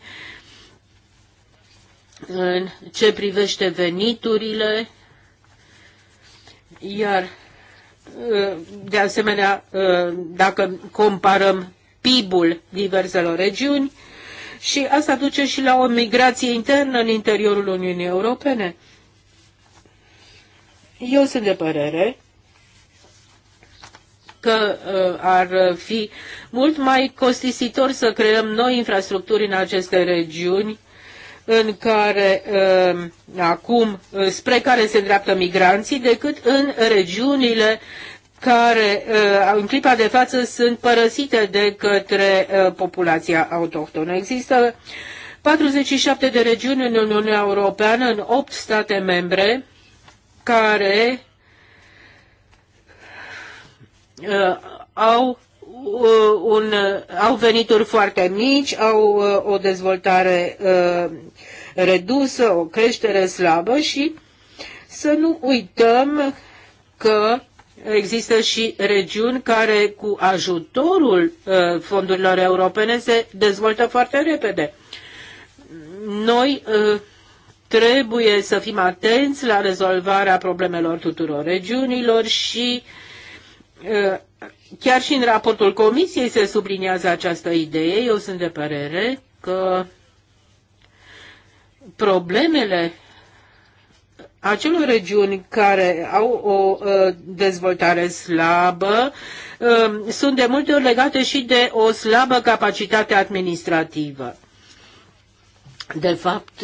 în ce privește veniturile, iar uh, de asemenea, uh, dacă comparăm PIB-ul diverselor regiuni, și asta duce și la o migrație internă în interiorul Uniunii Europene. Eu sunt de părere că uh, ar fi mult mai costisitor să creăm noi infrastructuri în aceste regiuni în care uh, acum uh, spre care se îndreaptă migranții decât în regiunile care în clipa de față sunt părăsite de către populația autohtonă. Există 47 de regiuni în Uniunea Europeană, în 8 state membre, care uh, au uh, un, uh, au venituri foarte mici, au uh, o dezvoltare uh, redusă, o creștere slabă și să nu uităm că există și regiuni care cu ajutorul uh, fondurilor europene se dezvoltă foarte repede. Noi uh, trebuie să fim atenți la rezolvarea problemelor tuturor regiunilor și uh, chiar și în raportul comisiei se subliniază această idee. Eu sunt de părere că problemele acelor regiuni care au o uh, dezvoltare slabă uh, sunt de multe ori legate și de o slabă capacitate administrativă. De fapt,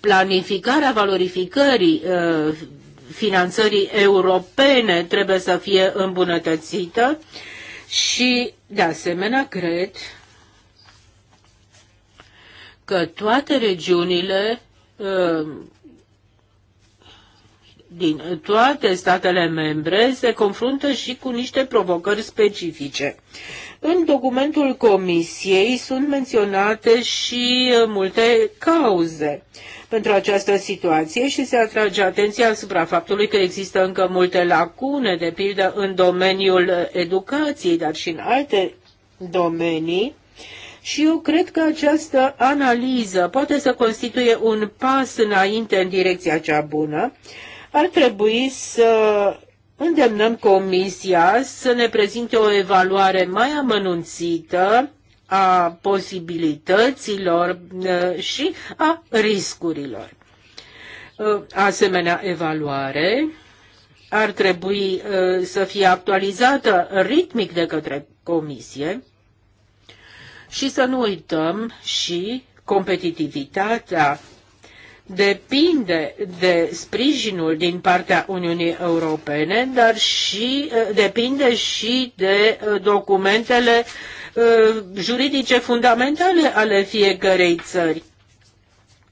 planificarea valorificării uh, finanțării europene trebuie să fie îmbunătățită și, de asemenea, cred că toate regiunile uh, din toate statele membre se confruntă și cu niște provocări specifice. În documentul comisiei sunt menționate și uh, multe cauze pentru această situație și se atrage atenția asupra faptului că există încă multe lacune, de pildă în domeniul uh, educației, dar și în alte domenii. Și eu cred că această analiză poate să constituie un pas înainte în direcția cea bună. Ar trebui să îndemnăm Comisia să ne prezinte o evaluare mai amănunțită a posibilităților uh, și a riscurilor. Uh, asemenea evaluare ar trebui uh, să fie actualizată ritmic de către Comisie și să nu uităm și competitivitatea depinde de sprijinul din partea Uniunii Europene, dar și eh, depinde și de eh, documentele eh, juridice fundamentale ale fiecărei țări.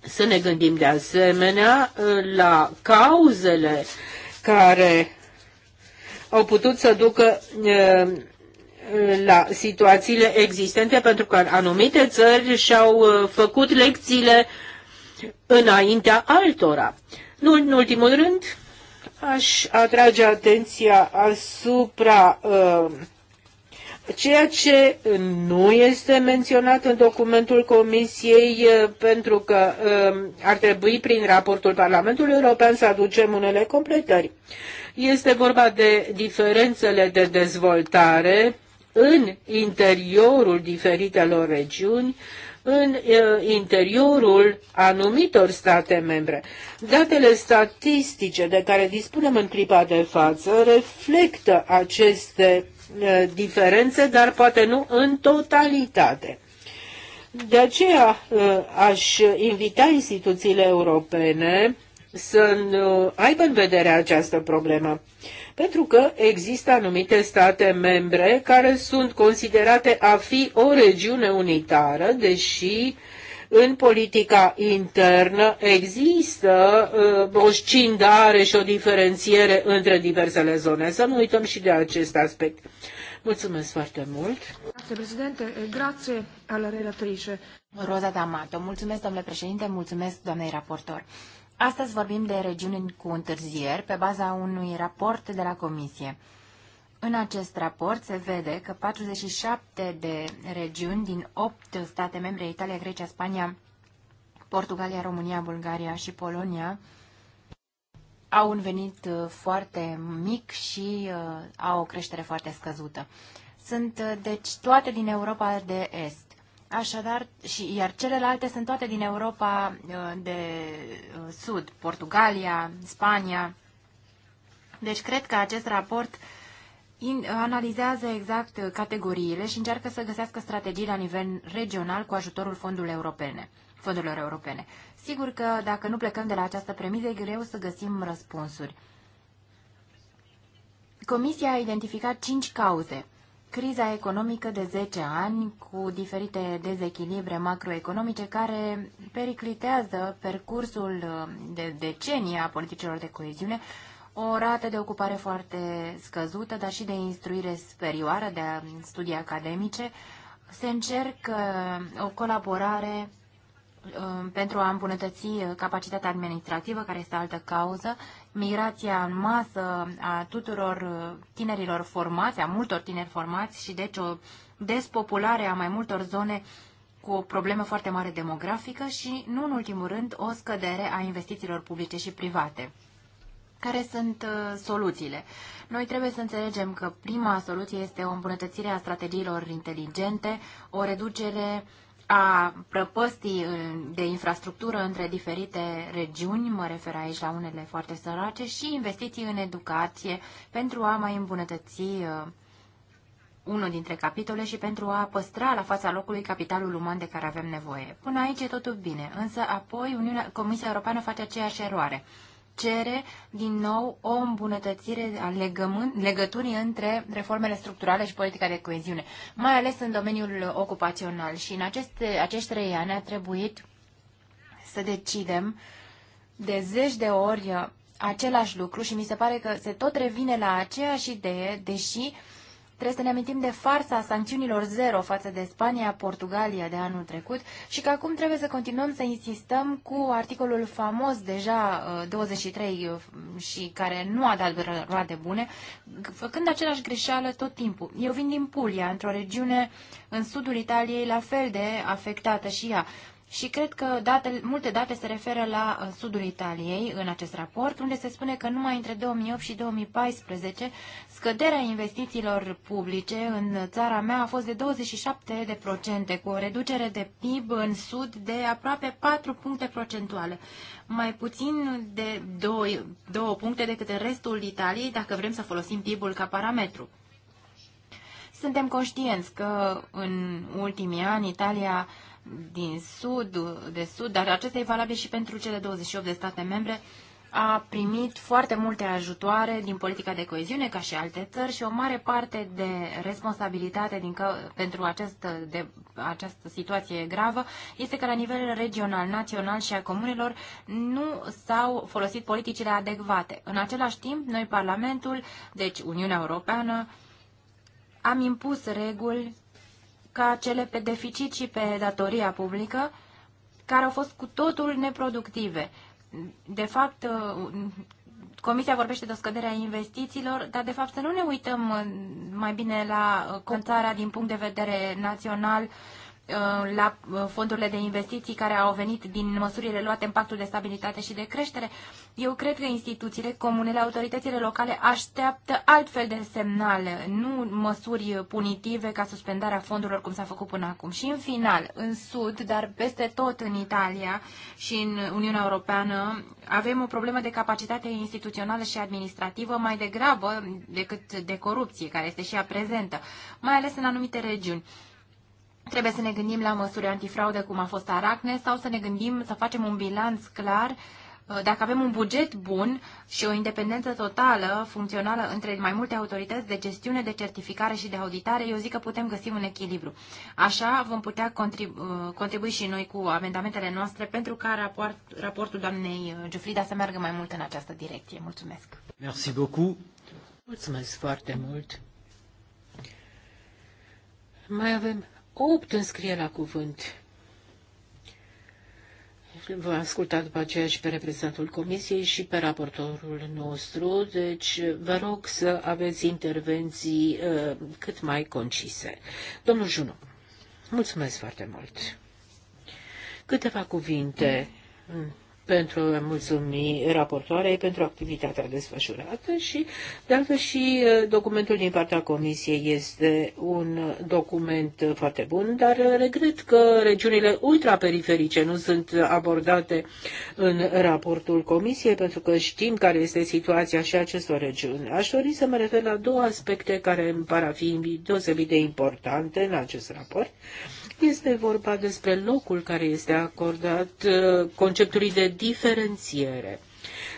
Să ne gândim de asemenea la cauzele care au putut să ducă la situațiile existente pentru că anumite țări și-au făcut lecțiile uh, înaintea altora. Nu în ultimul rând, aș atrage atenția asupra uh, ceea ce nu este menționat în documentul Comisiei, uh, pentru că uh, ar trebui prin raportul Parlamentului European să aducem unele completări. Este vorba de diferențele de dezvoltare în interiorul diferitelor regiuni, în interiorul anumitor state membre. Datele statistice de care dispunem în clipa de față reflectă aceste diferențe, dar poate nu în totalitate. De aceea aș invita instituțiile europene să aibă în vedere această problemă. Pentru că există anumite state membre care sunt considerate a fi o regiune unitară, deși în politica internă există uh, o scindare și o diferențiere între diversele zone. Să nu uităm și de acest aspect. Mulțumesc foarte mult. Grazie, președinte. Grazie alla relatrice. Roza D'Amato. Mulțumesc, domnule președinte. Mulțumesc, doamnei raportor. Astăzi vorbim de regiuni cu întârzieri pe baza unui raport de la Comisie. În acest raport se vede că 47 de regiuni din 8 state membre, Italia, Grecia, Spania, Portugalia, România, Bulgaria și Polonia, au un venit uh, foarte mic și uh, au o creștere foarte scăzută. Sunt, uh, deci, toate din Europa de Est. Așadar, și, iar celelalte sunt toate din Europa uh, de uh, Sud, Portugalia, Spania. Deci cred că acest raport analizează exact uh, categoriile și încearcă să găsească strategii la nivel regional cu ajutorul fondurilor europene. Fondurilor europene. Sigur că dacă nu plecăm de la această premisă, e greu să găsim răspunsuri. Comisia a identificat cinci cauze criza economică de 10 ani cu diferite dezechilibre macroeconomice care periclitează percursul uh, de decenii a politicilor de coeziune, o rată de ocupare foarte scăzută, dar și de instruire superioară, de studii academice, se încercă uh, o colaborare uh, pentru a îmbunătăți capacitatea administrativă, care este altă cauză, migrația în masă a tuturor uh, tinerilor formați, a multor tineri formați și deci o despopulare a mai multor zone cu o problemă foarte mare demografică și, nu în ultimul rând, o scădere a investițiilor publice și private. Care sunt uh, soluțiile? Noi trebuie să înțelegem că prima soluție este o îmbunătățire a strategiilor inteligente, o reducere uh, a prăpăstii de infrastructură între diferite regiuni, mă refer aici la unele foarte sărace, și investiții în educație pentru a mai îmbunătăți uh, unul dintre capitole și pentru a păstra la fața locului capitalul uman de care avem nevoie. Până aici e totul bine, însă apoi Uniunea, Comisia Europeană face aceeași eroare cere din nou o îmbunătățire a legăturii între reformele structurale și politica de coeziune, mai ales în domeniul ocupațional. Și în aceste, acești trei ani a trebuit să decidem de zeci de ori același lucru și mi se pare că se tot revine la aceeași idee, deși uh, Trebuie să ne amintim de farsa sancțiunilor zero față de Spania, Portugalia de anul trecut și că acum trebuie să continuăm să insistăm cu articolul famos deja 23 uh, uh, și care nu a dat roade bune, făcând același greșeală tot timpul. Eu vin din Puglia, într-o regiune în sudul Italiei la fel de afectată și ea. Și cred că date, multe date se referă la uh, sudul Italiei în acest raport, unde se spune că numai între 2008 și 2014 scăderea investițiilor publice în țara mea a fost de 27%, cu o reducere de PIB în sud de aproape 4 puncte procentuale. Mai puțin de 2, 2 puncte decât în restul Italiei, dacă vrem să folosim PIB-ul ca parametru. Suntem conștienți că în ultimii ani Italia din sud, de sud, dar acesta e valabil și pentru cele 28 de state membre, a primit foarte multe ajutoare din politica de coeziune, ca și alte țări, și o mare parte de responsabilitate din că, pentru acest, de, această situație gravă este că la nivel regional, național și a comunelor nu s-au folosit politicile adecvate. În același timp, noi, Parlamentul, deci Uniunea Europeană, am impus reguli ca cele pe deficit și pe datoria publică, care au fost cu totul neproductive. De fapt, uh, Comisia vorbește de o scădere a investițiilor, dar de fapt să nu ne uităm uh, mai bine la uh, contarea din punct de vedere național Uh, la uh, fondurile de investiții care au venit din măsurile luate în pactul de stabilitate și de creștere, eu cred că instituțiile, comunele, autoritățile locale așteaptă altfel de semnale, nu măsuri punitive ca suspendarea fondurilor cum s-a făcut până acum. Și în final, în Sud, dar peste tot în Italia și în Uniunea Europeană, avem o problemă de capacitate instituțională și administrativă mai degrabă decât de corupție, care este și ea prezentă, mai ales în anumite regiuni. Trebuie să ne gândim la măsuri antifraude cum a fost Aracne, sau să ne gândim să facem un bilanț clar uh, dacă avem un buget bun și o independență totală, funcțională între mai multe autorități de gestiune, de certificare și de auditare, eu zic că putem găsi un echilibru. Așa vom putea contribu- uh, contribui și noi cu amendamentele noastre pentru ca raport, raportul doamnei uh, Giufrida să meargă mai mult în această direcție. Mulțumesc! Merci beaucoup! Mulțumesc foarte mult! Mai avem în scrie la cuvânt. Vă asculta după aceea și pe reprezentantul Comisiei și pe raportorul nostru, deci vă rog să aveți intervenții uh, cât mai concise. Domnul Junu, mulțumesc foarte mult. Câteva cuvinte mm pentru a mulțumi raportoarei pentru activitatea desfășurată și, de altfel, și uh, documentul din partea Comisiei este un document foarte bun, dar uh, regret că regiunile ultraperiferice nu sunt abordate în raportul Comisiei, pentru că știm care este situația și acestor regiuni. Aș dori să mă refer la două aspecte care îmi par a fi deosebit de importante în acest raport. Este vorba despre locul care este acordat uh, conceptului de diferențiere.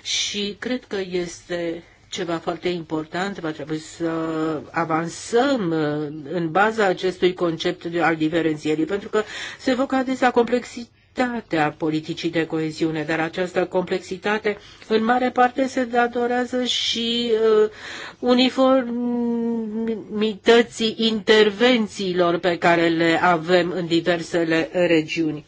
Și cred că este ceva foarte important, va trebui să avansăm uh, în baza acestui concept al diferențierii, pentru că se evocă adesea complexitatea a politicii de coeziune, dar această complexitate în mare parte se datorează și uh, uniformității intervențiilor pe care le avem în diversele regiuni.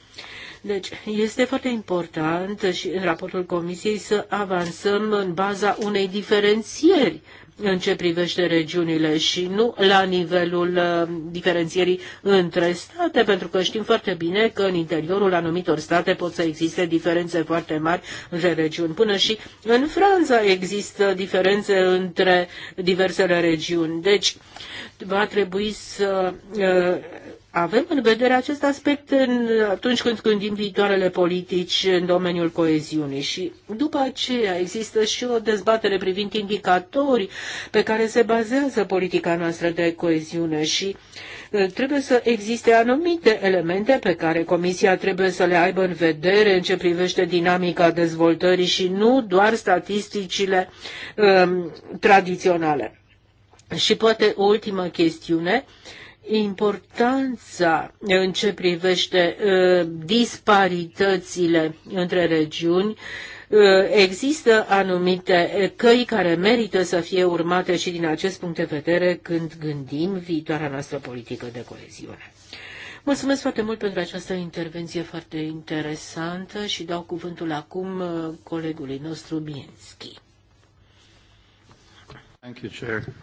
Deci este foarte important și în raportul Comisiei să avansăm în baza unei diferențieri în ce privește regiunile și nu la nivelul uh, diferențierii între state, pentru că știm foarte bine că în interiorul anumitor state pot să existe diferențe foarte mari între regiuni. Până și în Franța există diferențe între diversele regiuni. Deci va trebui să uh, avem în vedere acest aspect în, atunci când gândim viitoarele politici în domeniul coeziunii și după aceea există și o dezbatere privind indicatorii pe care se bazează politica noastră de coeziune și uh, trebuie să existe anumite elemente pe care Comisia trebuie să le aibă în vedere în ce privește dinamica dezvoltării și nu doar statisticile um, tradiționale. Și poate o ultimă chestiune. Uh, importanța în ce privește ă, disparitățile între regiuni. Ă, există anumite căi care merită să fie urmate și din acest punct de vedere când gândim viitoarea noastră politică de coeziune. Mulțumesc foarte mult pentru această intervenție foarte interesantă și dau cuvântul acum ă, colegului nostru Bienski.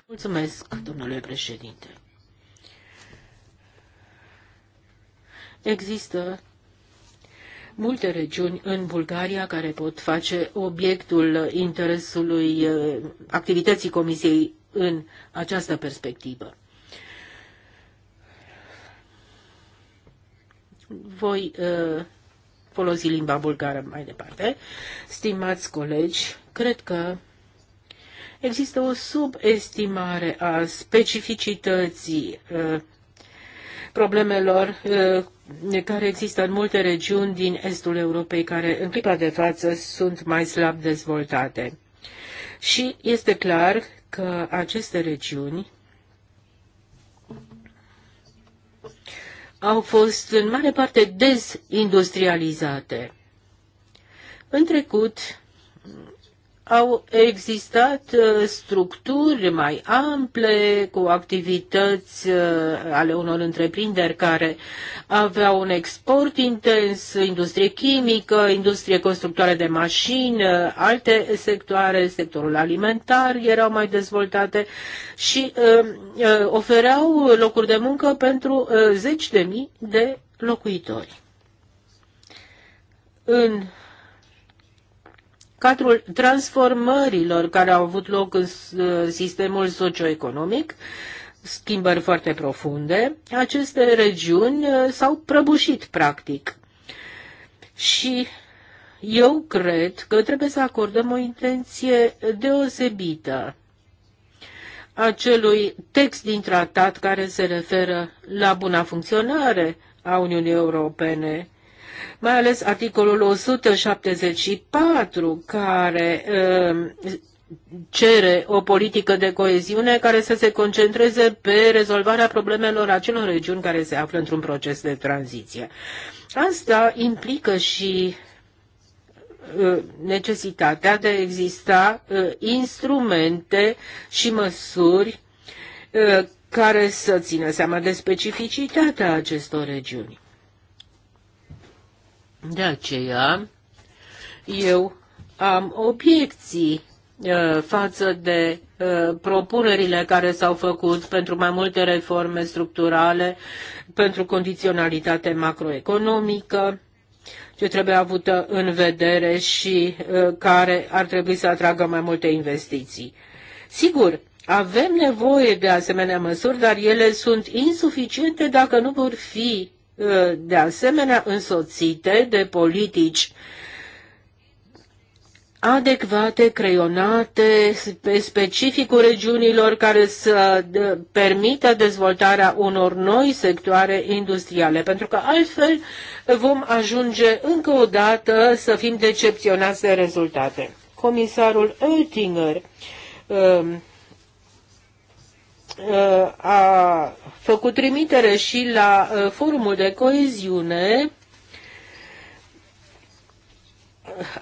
Mulțumesc, domnule președinte. Există multe regiuni în Bulgaria care pot face obiectul interesului eh, activității Comisiei în această perspectivă. Voi eh, folosi limba bulgară mai departe. Stimați colegi, cred că există o subestimare a specificității eh, problemelor eh, care există în multe regiuni din estul Europei, care în clipa de față sunt mai slab dezvoltate. Și este clar că aceste regiuni au fost în mare parte dezindustrializate. În trecut, au existat uh, structuri mai ample cu activități uh, ale unor întreprinderi care aveau un export intens, industrie chimică, industrie constructoare de mașini, uh, alte sectoare, sectorul alimentar erau mai dezvoltate și ofereau locuri de muncă pentru zeci de mii de locuitori. În cadrul transformărilor care au avut loc în uh, sistemul socioeconomic, schimbări foarte profunde, aceste regiuni uh, s-au prăbușit practic. Și eu cred că trebuie să acordăm o intenție deosebită acelui text din tratat care se referă la buna funcționare a Uniunii Europene mai ales articolul 174 care um, cere o politică de coeziune care să se concentreze pe rezolvarea problemelor acelor regiuni care se află într-un proces de tranziție. Asta implică și uh, necesitatea de a exista uh, instrumente și măsuri uh, care să țină seama de specificitatea acestor regiuni. De aceea, eu am obiecții uh, față de uh, propunerile care s-au făcut pentru mai multe reforme structurale, pentru condiționalitate macroeconomică, ce trebuie avută în vedere și uh, care ar trebui să atragă mai multe investiții. Sigur, avem nevoie de asemenea măsuri, dar ele sunt insuficiente dacă nu vor fi Uh, de asemenea însoțite de politici adecvate, creionate pe specificul regiunilor care să permită dezvoltarea unor noi sectoare industriale, pentru că altfel vom ajunge încă o dată să fim decepționați de rezultate. Comisarul Oettinger um, Uh, a făcut trimitere și la uh, forumul de coeziune,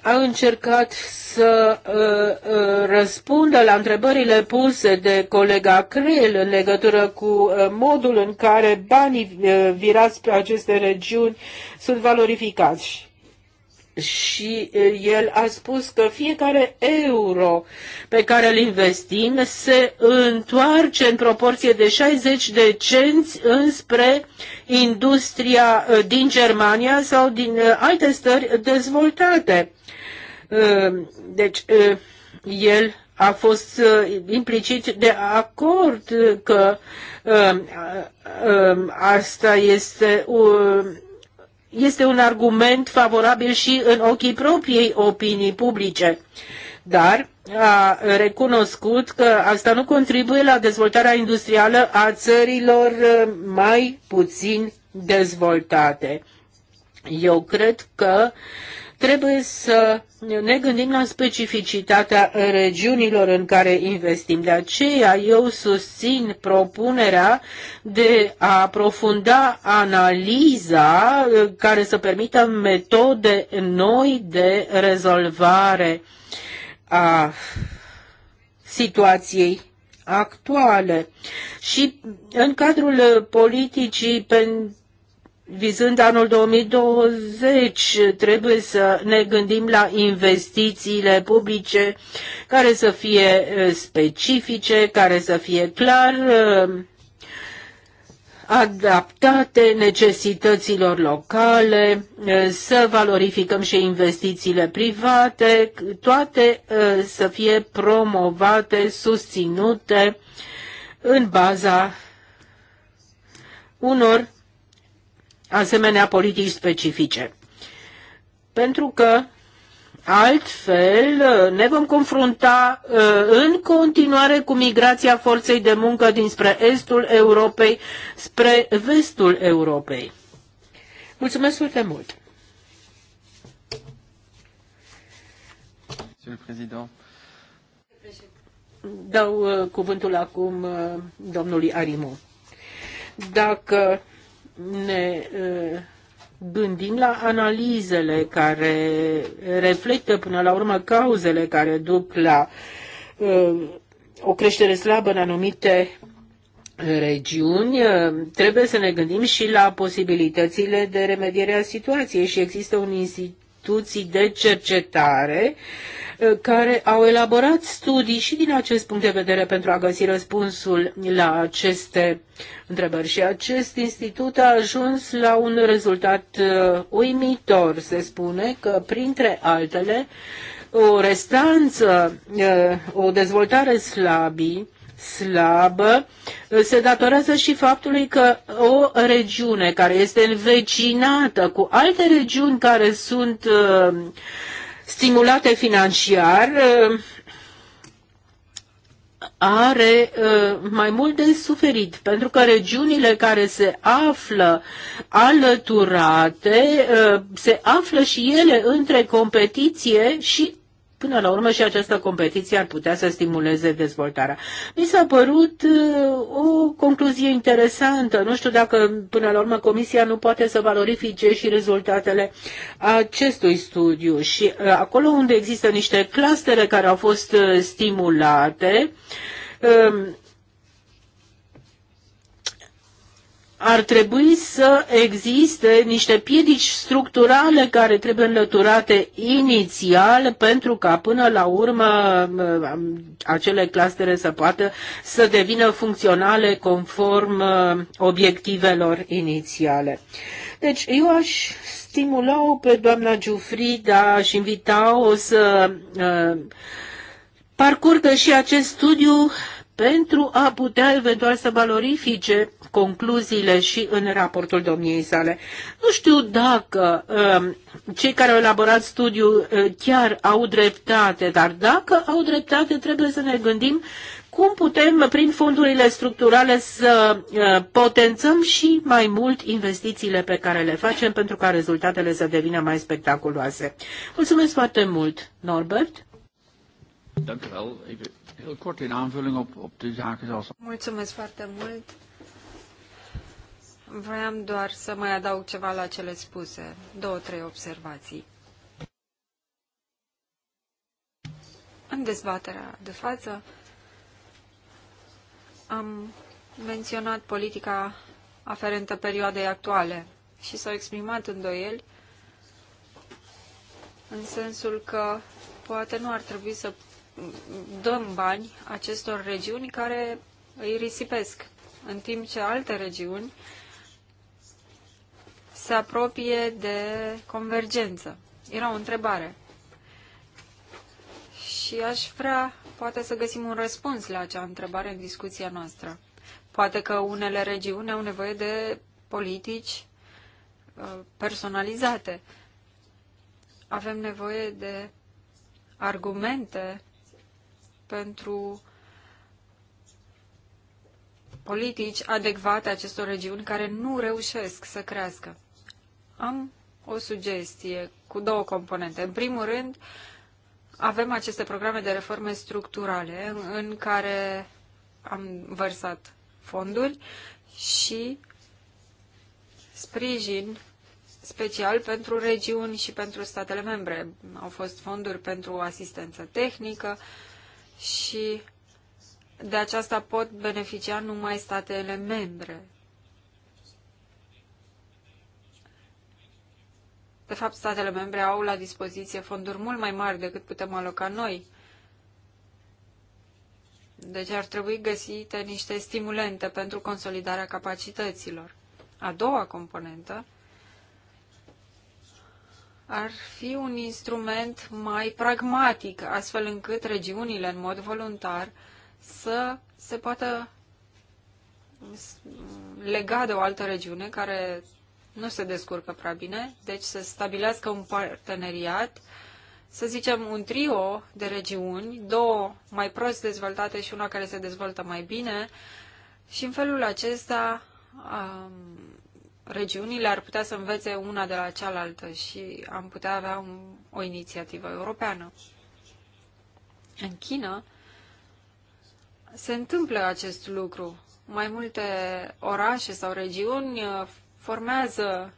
a încercat să uh, răspundă la întrebările puse de colega Creel în legătură cu modul în care banii virați pe aceste regiuni sunt valorificați și el a spus că fiecare euro pe care îl investim se întoarce în proporție de 60 de cenți înspre industria din Germania sau din alte stări dezvoltate. Deci, el a fost implicit de acord că asta este este un argument favorabil și în ochii propriei opinii publice. Dar a recunoscut că asta nu contribuie la dezvoltarea industrială a țărilor uh, mai puțin dezvoltate. Eu cred că Trebuie să ne gândim la specificitatea regiunilor în care investim. De aceea eu susțin propunerea de a aprofunda analiza uh, care să permită metode noi de rezolvare a situației actuale. Și în cadrul politicii pentru vizând anul 2020, trebuie să ne gândim la investițiile publice care să fie eh, specifice, care să fie clar eh, adaptate necesităților locale, eh, să valorificăm și investițiile private, toate să fie promovate, susținute în baza unor asemenea politici specifice. Pentru că Altfel, uh, ne vom confrunta uh, în continuare cu migrația forței de muncă dinspre estul Europei spre vestul Europei. Mulțumesc foarte mult! Dau uh, cuvântul acum domnului Arimu. Dacă ne gândim la analizele care reflectă până la urmă cauzele care duc la o creștere slabă în anumite regiuni, trebuie să ne gândim și la posibilitățile de remediere a situației și există un instituții de cercetare care au elaborat studii și din acest punct de vedere pentru a găsi răspunsul la aceste întrebări. Și acest institut a ajuns la un rezultat uh, uimitor. Se spune că, printre altele, o restanță, uh, o dezvoltare slabii, slabă uh, se datorează și faptului că o regiune care este învecinată cu alte regiuni care sunt stimulate financiar uh, are uh, mai mult de suferit, pentru că regiunile care se află alăturate uh, se află și ele între competiție și până la urmă și această competiție ar putea să stimuleze dezvoltarea. Mi s-a părut uh, o concluzie interesantă. Nu știu dacă până la urmă Comisia nu poate să valorifice și rezultatele acestui studiu. Și uh, acolo unde există niște clustere care au fost uh, stimulate, um, ar trebui să existe niște piedici structurale care trebuie înlăturate inițial pentru ca până la urmă uh, acele clastere să poată să devină funcționale conform uh, obiectivelor inițiale. Deci eu aș stimula-o pe doamna Giufrida, aș invita-o să uh, parcurgă și acest studiu pentru a putea eventual să valorifice concluziile și în raportul domniei sale. Nu știu dacă um, cei care au elaborat studiul uh, chiar au dreptate, dar dacă au dreptate, trebuie să ne gândim cum putem, prin fondurile structurale, să uh, potențăm și mai mult investițiile pe care le facem pentru ca rezultatele să devină mai spectaculoase. Mulțumesc foarte mult, Norbert. Dank u wel. Even heel kort in aanvulling op, op de zaken zoals... Mulțumesc foarte mult. Vreau doar să mai adaug ceva la cele spuse. Două, trei observații. În dezbaterea de față am menționat politica aferentă perioadei actuale și s-au exprimat îndoieli în sensul că poate nu ar trebui să dăm bani acestor regiuni care îi risipesc, în timp ce alte regiuni se apropie de convergență. Era o întrebare. Și aș vrea, poate, să găsim un răspuns la acea întrebare în discuția noastră. Poate că unele regiuni au nevoie de politici uh, personalizate. Avem nevoie de argumente pentru politici adecvate acestor regiuni care nu reușesc să crească. Am o sugestie cu două componente. În primul rând, avem aceste programe de reforme structurale în care am vărsat fonduri și sprijin special pentru regiuni și pentru statele membre. Au fost fonduri pentru asistență tehnică, uh, și de aceasta pot beneficia numai statele membre. De fapt, statele membre au la dispoziție fonduri mult mai mari decât putem aloca noi. Deci ar trebui găsite niște stimulente pentru consolidarea capacităților. A doua componentă ar fi un instrument mai pragmatic, astfel încât regiunile, în mod voluntar, să se poată lega de o altă regiune care nu se descurcă prea bine, deci să stabilească un parteneriat, să zicem un trio de regiuni, două mai prost dezvoltate și una care se dezvoltă mai bine, și în felul acesta um, regiunile ar putea să învețe una de la cealaltă și am putea avea un, o inițiativă europeană. În China se întâmplă acest lucru. Mai multe orașe sau regiuni uh, formează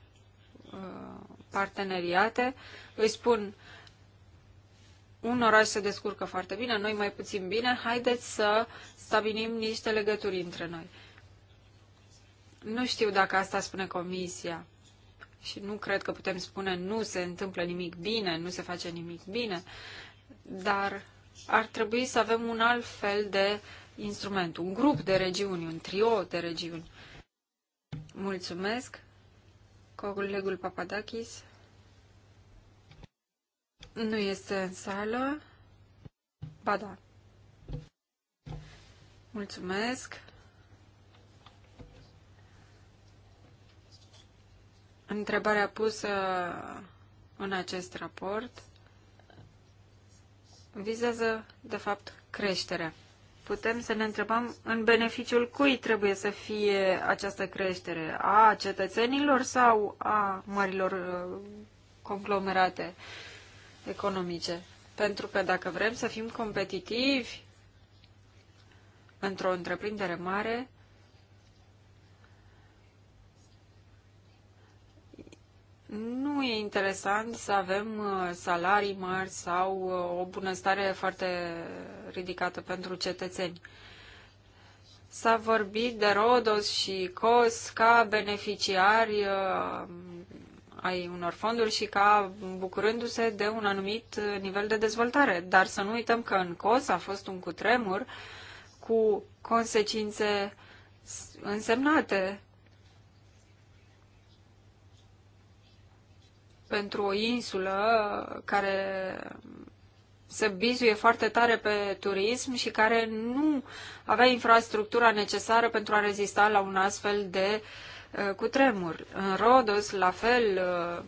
uh, parteneriate, îi spun un oraș se descurcă foarte bine, noi mai puțin bine, haideți să stabilim niște legături între noi. Nu știu dacă asta spune comisia. Și nu cred că putem spune nu se întâmplă nimic bine, nu se face nimic bine, dar ar trebui să avem un alt fel de instrument, un grup de regiuni, un trio de regiuni. Mulțumesc, colegul Papadakis. Nu este în sală. Ba da. Mulțumesc. întrebarea pusă în acest raport vizează, de fapt, creșterea. Putem să ne întrebăm în beneficiul cui trebuie să fie această creștere, a cetățenilor sau a marilor uh, conglomerate economice. Pentru că dacă vrem să fim competitivi într-o întreprindere mare, nu e interesant să avem uh, salarii mari sau uh, o bunăstare foarte ridicată pentru cetățeni. S-a vorbit de Rodos și COS ca beneficiari uh, ai unor fonduri și ca bucurându-se de un anumit nivel de dezvoltare. Dar să nu uităm că în COS a fost un cutremur cu consecințe însemnate pentru o insulă care se bizuie foarte tare pe turism și care nu avea infrastructura necesară pentru a rezista la un astfel de uh, cutremur. În Rodos, la fel, uh,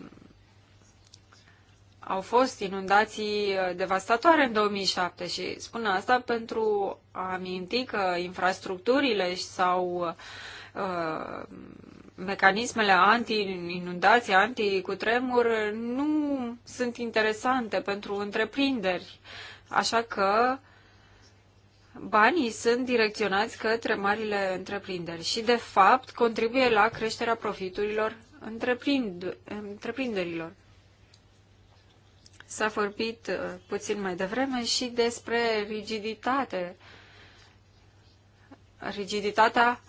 au fost inundații uh, devastatoare în 2007 și spun asta pentru a aminti că infrastructurile sau uh, mecanismele anti-inundații, anti-cutremur nu sunt interesante pentru întreprinderi. Așa că banii sunt direcționați către marile întreprinderi și, de fapt, contribuie la creșterea profiturilor întreprind- întreprinderilor. S-a vorbit uh, puțin mai devreme și despre rigiditate. Rigiditatea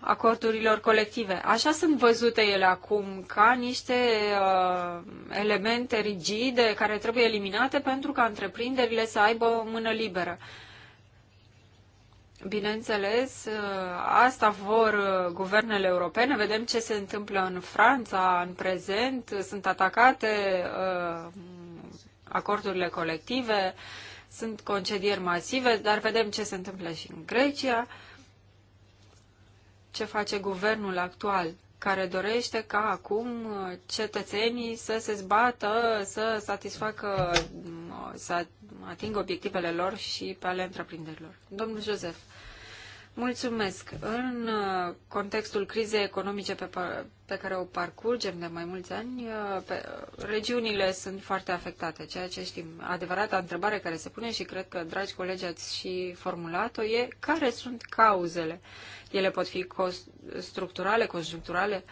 acordurilor colective. Așa sunt văzute ele acum, ca niște uh, elemente rigide care trebuie eliminate pentru ca întreprinderile să aibă o mână liberă. Bineînțeles, uh, asta vor uh, guvernele europene. Vedem ce se întâmplă în Franța în prezent. Sunt atacate uh, acordurile colective, sunt concedieri masive, dar vedem ce se întâmplă și în Grecia. Uh, ce face guvernul actual, care dorește ca acum uh, cetățenii să se zbată, să satisfacă, mm, să atingă obiectivele lor și pe ale întreprinderilor. Domnul Josef, Mulțumesc. În uh, contextul crizei economice pe, pe care o parcurgem de mai mulți ani, uh, pe, uh, regiunile sunt foarte afectate, ceea ce știm. Adevărata întrebare care se pune și cred că, dragi colegi, ați și formulat-o e care sunt cauzele. Ele pot fi cost, structurale, conjuncturale,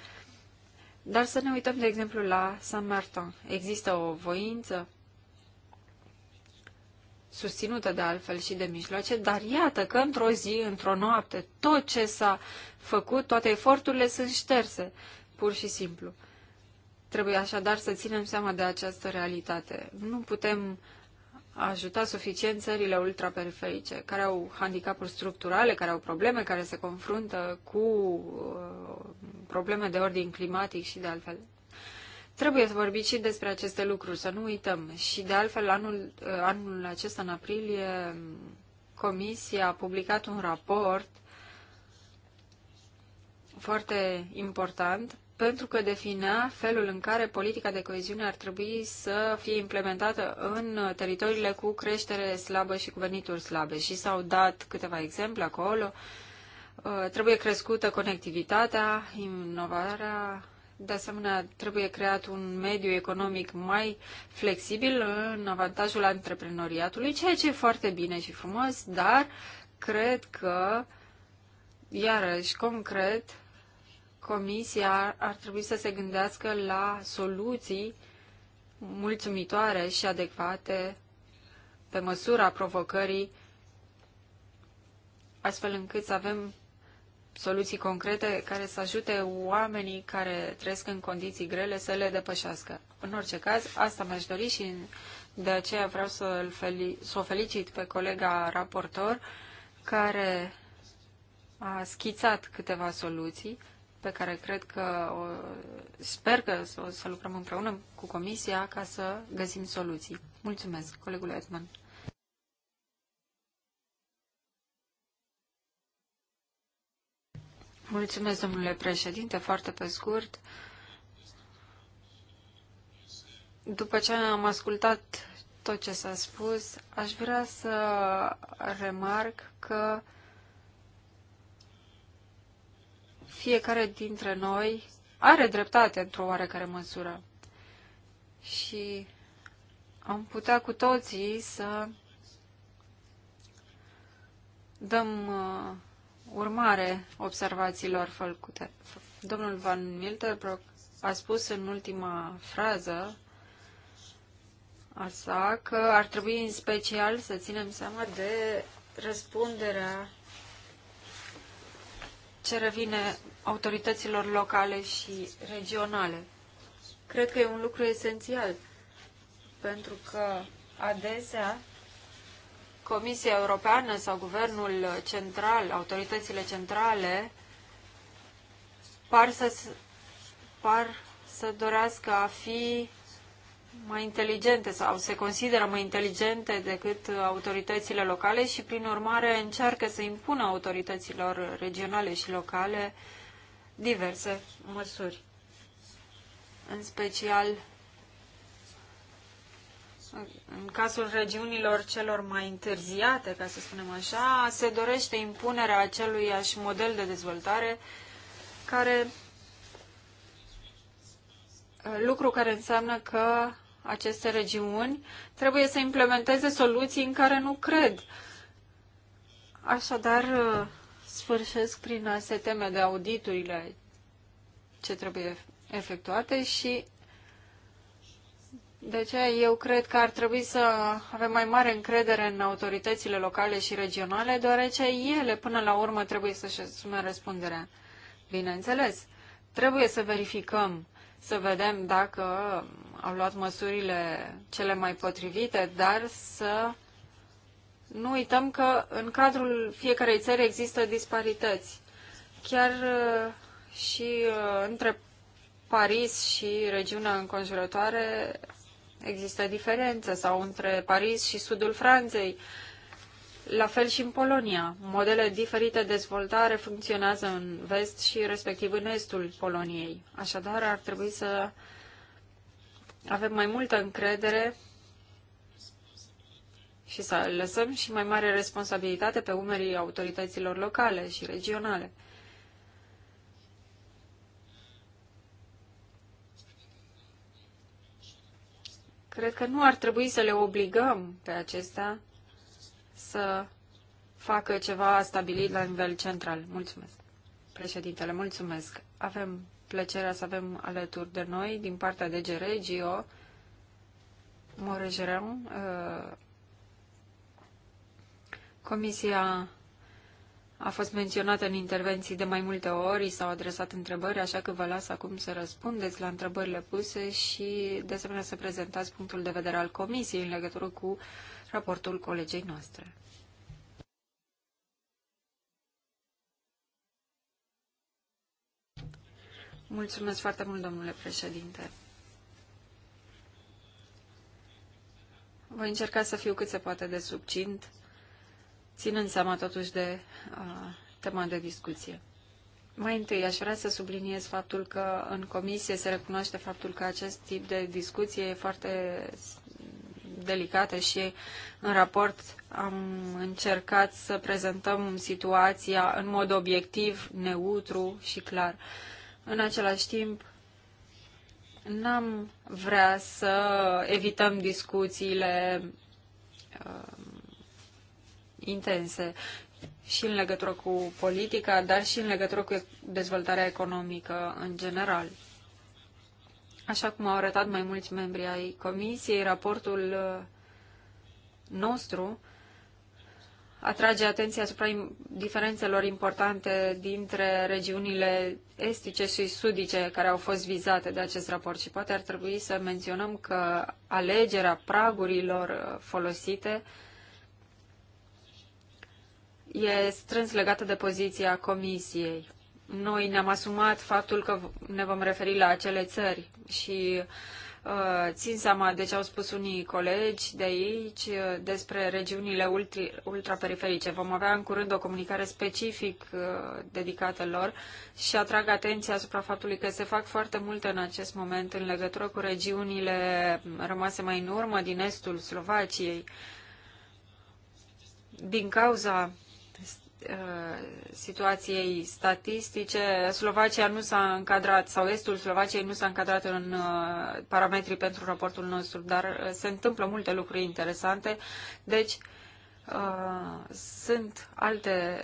dar să ne uităm, de exemplu, la San Martin. Există o voință susținută de altfel și de mijloace, dar iată că într-o zi, într-o noapte, tot ce s-a făcut, toate eforturile sunt șterse, pur și simplu. Trebuie așadar să ținem seama de această realitate. Nu putem ajuta suficient țările ultraperiferice, care au handicapuri structurale, care au probleme, care se confruntă cu uh, probleme de ordin climatic și de altfel. Trebuie să vorbim și despre aceste lucruri, să nu uităm. Și de altfel, anul, uh, anul acesta, în aprilie, Comisia a publicat un raport foarte important pentru că definea felul în care politica de coeziune ar trebui să fie implementată în teritoriile cu creștere slabă și cu venituri slabe. Și s-au dat câteva exemple acolo. Uh, trebuie crescută conectivitatea, inovarea, de asemenea, trebuie creat un mediu economic mai flexibil în avantajul antreprenoriatului, ceea ce e foarte bine și frumos, dar cred că, iarăși, concret, Comisia ar, trebui să se gândească la soluții mulțumitoare și adecvate pe măsura provocării, astfel încât să avem soluții concrete care să ajute oamenii care trăiesc în condiții grele să le depășească. În orice caz, asta mi-aș dori și de aceea vreau să, felic- să o felicit pe colega raportor care a schițat câteva soluții pe care cred că o, sper că o să lucrăm împreună cu Comisia ca să găsim soluții. Mulțumesc, colegul Edman. Mulțumesc, domnule președinte, foarte pe scurt. După ce am ascultat tot ce s-a spus, aș vrea să remarc că fiecare dintre noi are dreptate într-o oarecare măsură. Și am putea cu toții să dăm uh, urmare observațiilor făcute. Domnul Van Milterbrock a spus în ultima frază a sa că ar trebui în special să ținem seama de răspunderea ce revine autorităților locale și regionale. Cred că e un lucru esențial, pentru că adesea Comisia Europeană sau Guvernul Central, autoritățile centrale, par să, par să dorească a fi mai inteligente sau se consideră mai inteligente decât autoritățile locale și, prin urmare, încearcă să impună autorităților regionale și locale diverse măsuri, în special în cazul regiunilor celor mai întârziate, ca să spunem așa, se dorește impunerea acelui model de dezvoltare care uh, lucru care înseamnă că aceste regiuni trebuie să implementeze soluții în care nu cred. Așadar, uh, sfârșesc prin a se teme de auditurile ce trebuie efectuate și de aceea eu cred că ar trebui să avem mai mare încredere în autoritățile locale și regionale, deoarece ele, până la urmă, trebuie să-și asume răspunderea. Bineînțeles, trebuie să verificăm, să vedem dacă au luat măsurile cele mai potrivite, dar să nu uităm că în cadrul fiecarei țări există disparități. Chiar uh, și uh, între Paris și regiunea înconjurătoare există diferențe sau între Paris și sudul Franței. La fel și în Polonia. Modele diferite de dezvoltare funcționează în vest și respectiv în estul Poloniei. Așadar, ar trebui să avem mai multă încredere și să lăsăm și mai mare responsabilitate pe umerii autorităților locale și regionale. Cred că nu ar trebui să le obligăm pe acestea să facă ceva stabilit la nivel central. Mulțumesc. Președintele, mulțumesc. Avem plăcerea să avem alături de noi, din partea de Geregio, uh, Comisia a fost menționată în intervenții de mai multe ori, s-au adresat întrebări, așa că vă las acum să răspundeți la întrebările puse și, de asemenea, să prezentați punctul de vedere al Comisiei în legătură cu raportul colegei noastre. Mulțumesc foarte mult, domnule președinte. Voi încerca să fiu cât se poate de subcint ținând seama totuși de uh, tema de discuție. Mai întâi, aș vrea să subliniez faptul că în comisie se recunoaște faptul că acest tip de discuție e foarte delicată și în raport am încercat să prezentăm situația în mod obiectiv, neutru și clar. În același timp, n-am vrea să evităm discuțiile uh, intense și în legătură cu politica, dar și în legătură cu dezvoltarea economică în general. Așa cum au arătat mai mulți membri ai comisiei, raportul uh, nostru atrage atenția asupra diferențelor importante dintre regiunile estice și sudice care au fost vizate de acest raport și poate ar trebui să menționăm că alegerea pragurilor uh, folosite uh, e strâns legată de poziția Comisiei. Noi ne-am asumat faptul că ne vom referi la acele țări și uh, țin seama de ce au spus unii colegi de aici uh, despre regiunile ultraperiferice. Vom avea în curând o comunicare specific uh, dedicată lor și atrag atenția asupra faptului că se fac foarte multe în acest moment în legătură cu regiunile rămase mai în urmă din estul Slovaciei. Din cauza Uh, situației statistice, Slovacia nu s-a încadrat, sau estul Slovaciei nu s-a încadrat în uh, parametrii pentru raportul nostru, dar uh, se întâmplă multe lucruri interesante, deci sunt alte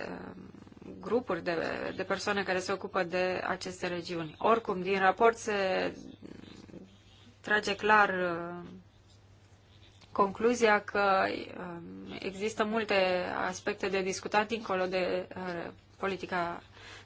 grupuri de, de persoane care se ocupă de aceste regiuni. Oricum, din raport se trage clar concluzia că um, există multe aspecte de discutat dincolo de uh, politica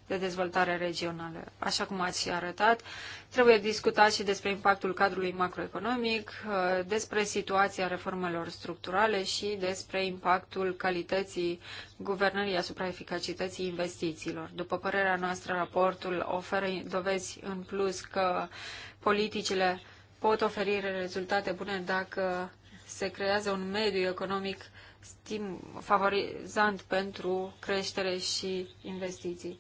de dezvoltare regională. Așa cum ați și arătat, trebuie discutat și despre impactul cadrului macroeconomic, uh, despre situația reformelor structurale și despre impactul calității guvernării asupra eficacității investițiilor. După părerea noastră, raportul oferă dovezi în plus că politicile pot oferi rezultate bune dacă se creează un mediu economic stim, favorizant pentru creștere și investiții.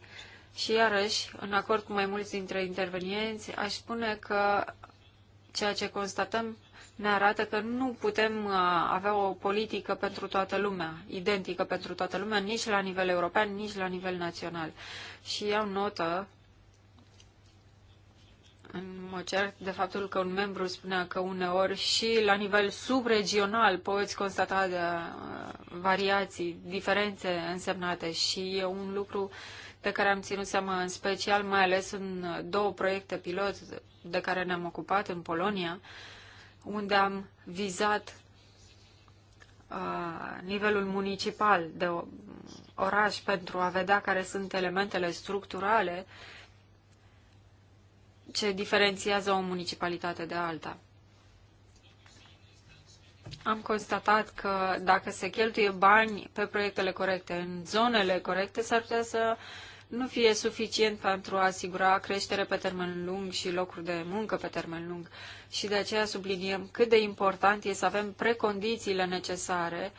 Și iarăși, în acord cu mai mulți dintre intervenienți, aș spune că ceea ce constatăm ne arată că nu putem uh, avea o politică pentru toată lumea, identică pentru toată lumea, nici la nivel european, nici la nivel național. Și iau notă mă cer de faptul că un membru spunea că uneori și la nivel subregional poți constata de uh, variații, diferențe însemnate și e un lucru pe care am ținut seama în special, mai ales în două proiecte pilot de care ne-am ocupat în Polonia, unde am vizat uh, nivelul municipal de oraș pentru a vedea care sunt elementele structurale uh, ce diferențiază o municipalitate de alta. Am constatat că dacă se cheltuie bani pe proiectele corecte, în zonele corecte, s-ar putea să nu fie suficient pentru a asigura creștere pe termen lung și locuri de muncă pe termen lung. Și de aceea subliniem cât de important e să avem precondițiile necesare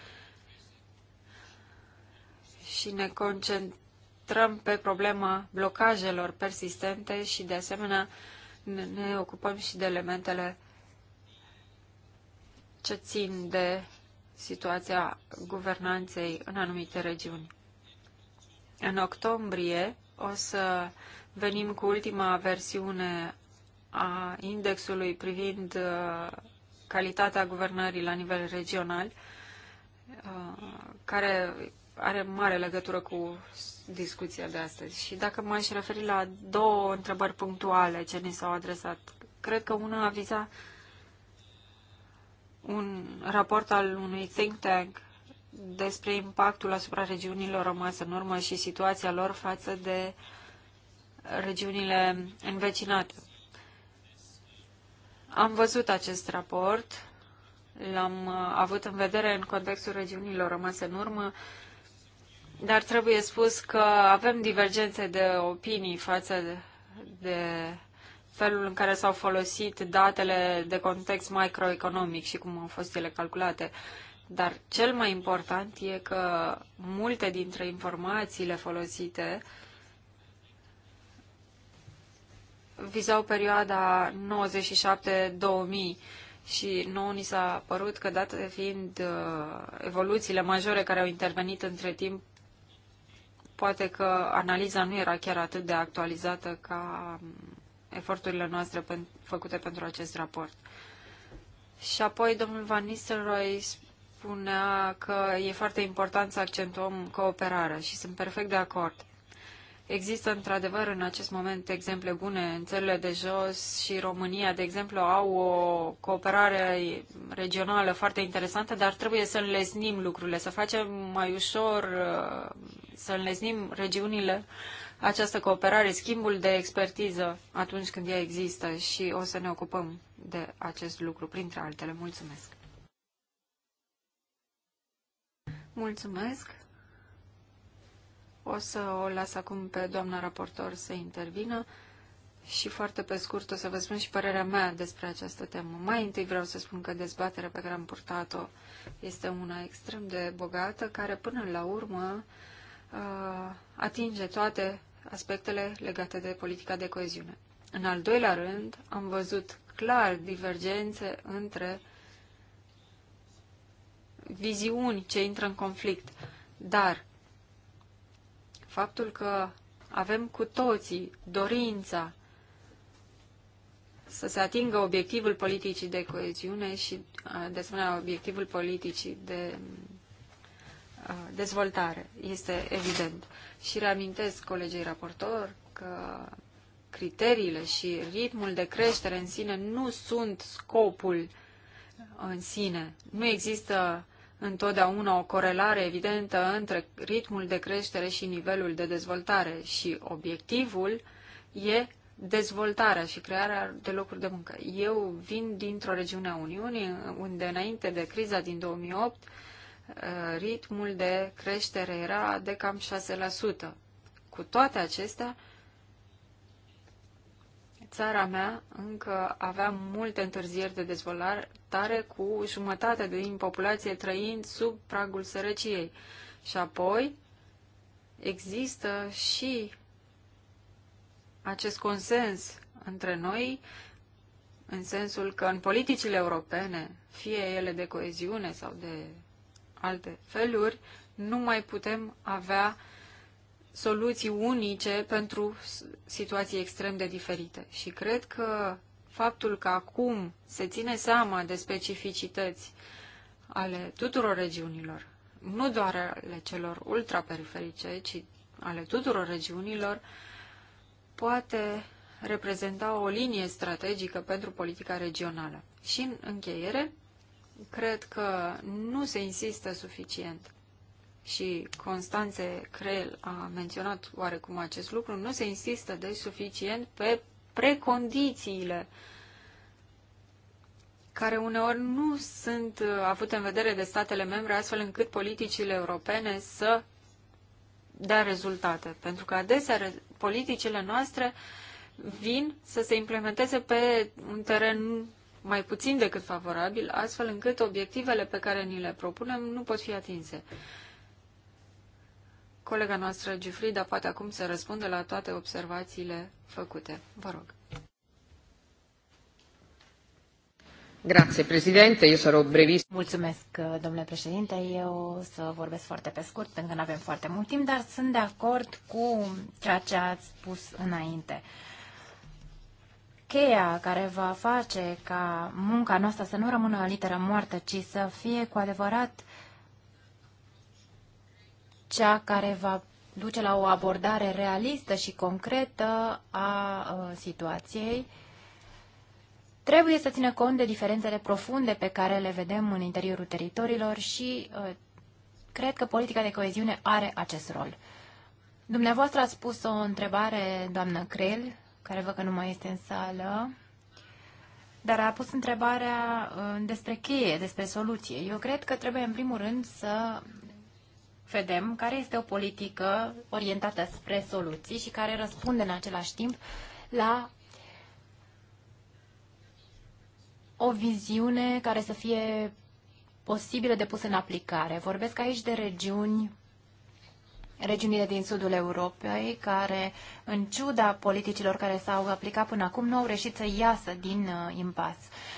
și ne concentrăm concentrăm pe problema blocajelor persistente și, de asemenea, ne ocupăm și de elementele ce țin de situația guvernanței în anumite regiuni. În octombrie o să venim cu ultima versiune a indexului privind uh, calitatea guvernării la nivel regional, uh, care are mare legătură cu discuția de astăzi. Și dacă m-aș referi la două întrebări punctuale ce ni s-au adresat, cred că una vizat un raport al unui think tank despre impactul asupra regiunilor rămase în urmă și situația lor față de regiunile învecinate. Am văzut acest raport, l-am uh, avut în vedere în contextul regiunilor rămase în urmă dar trebuie spus că avem divergențe de opinii față de felul în care s-au folosit datele de context microeconomic și cum au fost ele calculate. Dar cel mai important e că multe dintre informațiile folosite vizau perioada 97-2000 și nouă ni s-a părut că, date fiind uh, evoluțiile majore care au intervenit între timp, Poate că analiza nu era chiar atât de actualizată ca um, eforturile noastre făcute pentru acest raport. Și apoi domnul Van Nistelrooy spunea că e foarte important să accentuăm cooperarea și sunt perfect de acord. Există într-adevăr în acest moment exemple bune în țările de jos și România, de exemplu, au o cooperare regională foarte interesantă, dar trebuie să înlesnim lucrurile, să facem mai ușor, uh, să înlesnim regiunile această cooperare, schimbul de expertiză atunci când ea există și o să ne ocupăm de acest lucru, printre altele. Mulțumesc! Mulțumesc! O să o las acum pe doamna raportor să intervină și foarte pe scurt o să vă spun și părerea mea despre această temă. Mai întâi vreau să spun că dezbaterea pe care am purtat-o este una extrem de bogată, care până la urmă uh, atinge toate aspectele legate de politica de coeziune. În al doilea rând, am văzut clar divergențe între viziuni ce intră în conflict, dar faptul că avem cu toții dorința să se atingă obiectivul politicii de coeziune și, de asemenea, obiectivul politicii de dezvoltare. Este evident. Și reamintesc colegii raportor că criteriile și ritmul de creștere în sine nu sunt scopul în sine. Nu există întotdeauna o corelare evidentă între ritmul de creștere și nivelul de dezvoltare și obiectivul e dezvoltarea și crearea de locuri de muncă. Eu vin dintr-o regiune a Uniunii unde înainte de criza din 2008 uh, ritmul de creștere era de cam 6%. Cu toate acestea, țara mea încă avea multe întârzieri de dezvoltare, tare cu jumătate din populație trăind sub pragul sărăciei. Și apoi există și acest consens între noi în sensul că în politicile europene, fie ele de coeziune sau de alte feluri, nu mai putem avea soluții unice pentru situații extrem de diferite. Și cred că faptul că acum se ține seama de specificități ale tuturor regiunilor, nu doar ale celor ultraperiferice, ci ale tuturor regiunilor, poate reprezenta o linie strategică pentru politica regională. Și în încheiere, cred că nu se insistă suficient și Constanțe Creel a menționat oarecum acest lucru, nu se insistă de suficient pe precondițiile care uneori nu sunt uh, avute în vedere de statele membre, astfel încât politicile europene să dea rezultate. Pentru că adesea politicile noastre vin să se implementeze pe un teren mai puțin decât favorabil, astfel încât obiectivele pe care ni le propunem nu pot fi atinse. Colega noastră, Gifrida, poate acum să răspundă la toate observațiile făcute. Vă rog. Grazie, Presidente. Eu sarò brevist. Mulțumesc, domnule președinte. Eu să vorbesc foarte pe scurt, pentru că nu avem foarte mult timp, dar sunt de acord cu ceea ce ați spus înainte. Cheia care va face ca munca noastră să nu rămână literă moartă, ci să fie cu adevărat uh, cea care va duce la o abordare realistă și concretă a situației, trebuie să țină cont de diferențele profunde pe care le vedem în interiorul teritoriilor și cred că politica de coeziune are acest rol. Dumneavoastră a spus o întrebare, doamnă Crel, care văd că nu mai este în sală, dar a pus întrebarea despre cheie, despre soluție. Eu cred că trebuie, în primul rând, să vedem care este o politică orientată spre soluții și care răspunde în același timp la o viziune care să fie posibilă de pus în aplicare. Vorbesc aici de regiuni, regiunile din sudul Europei, care, în ciuda politicilor care s-au aplicat până acum, nu au reușit să iasă din uh, impas.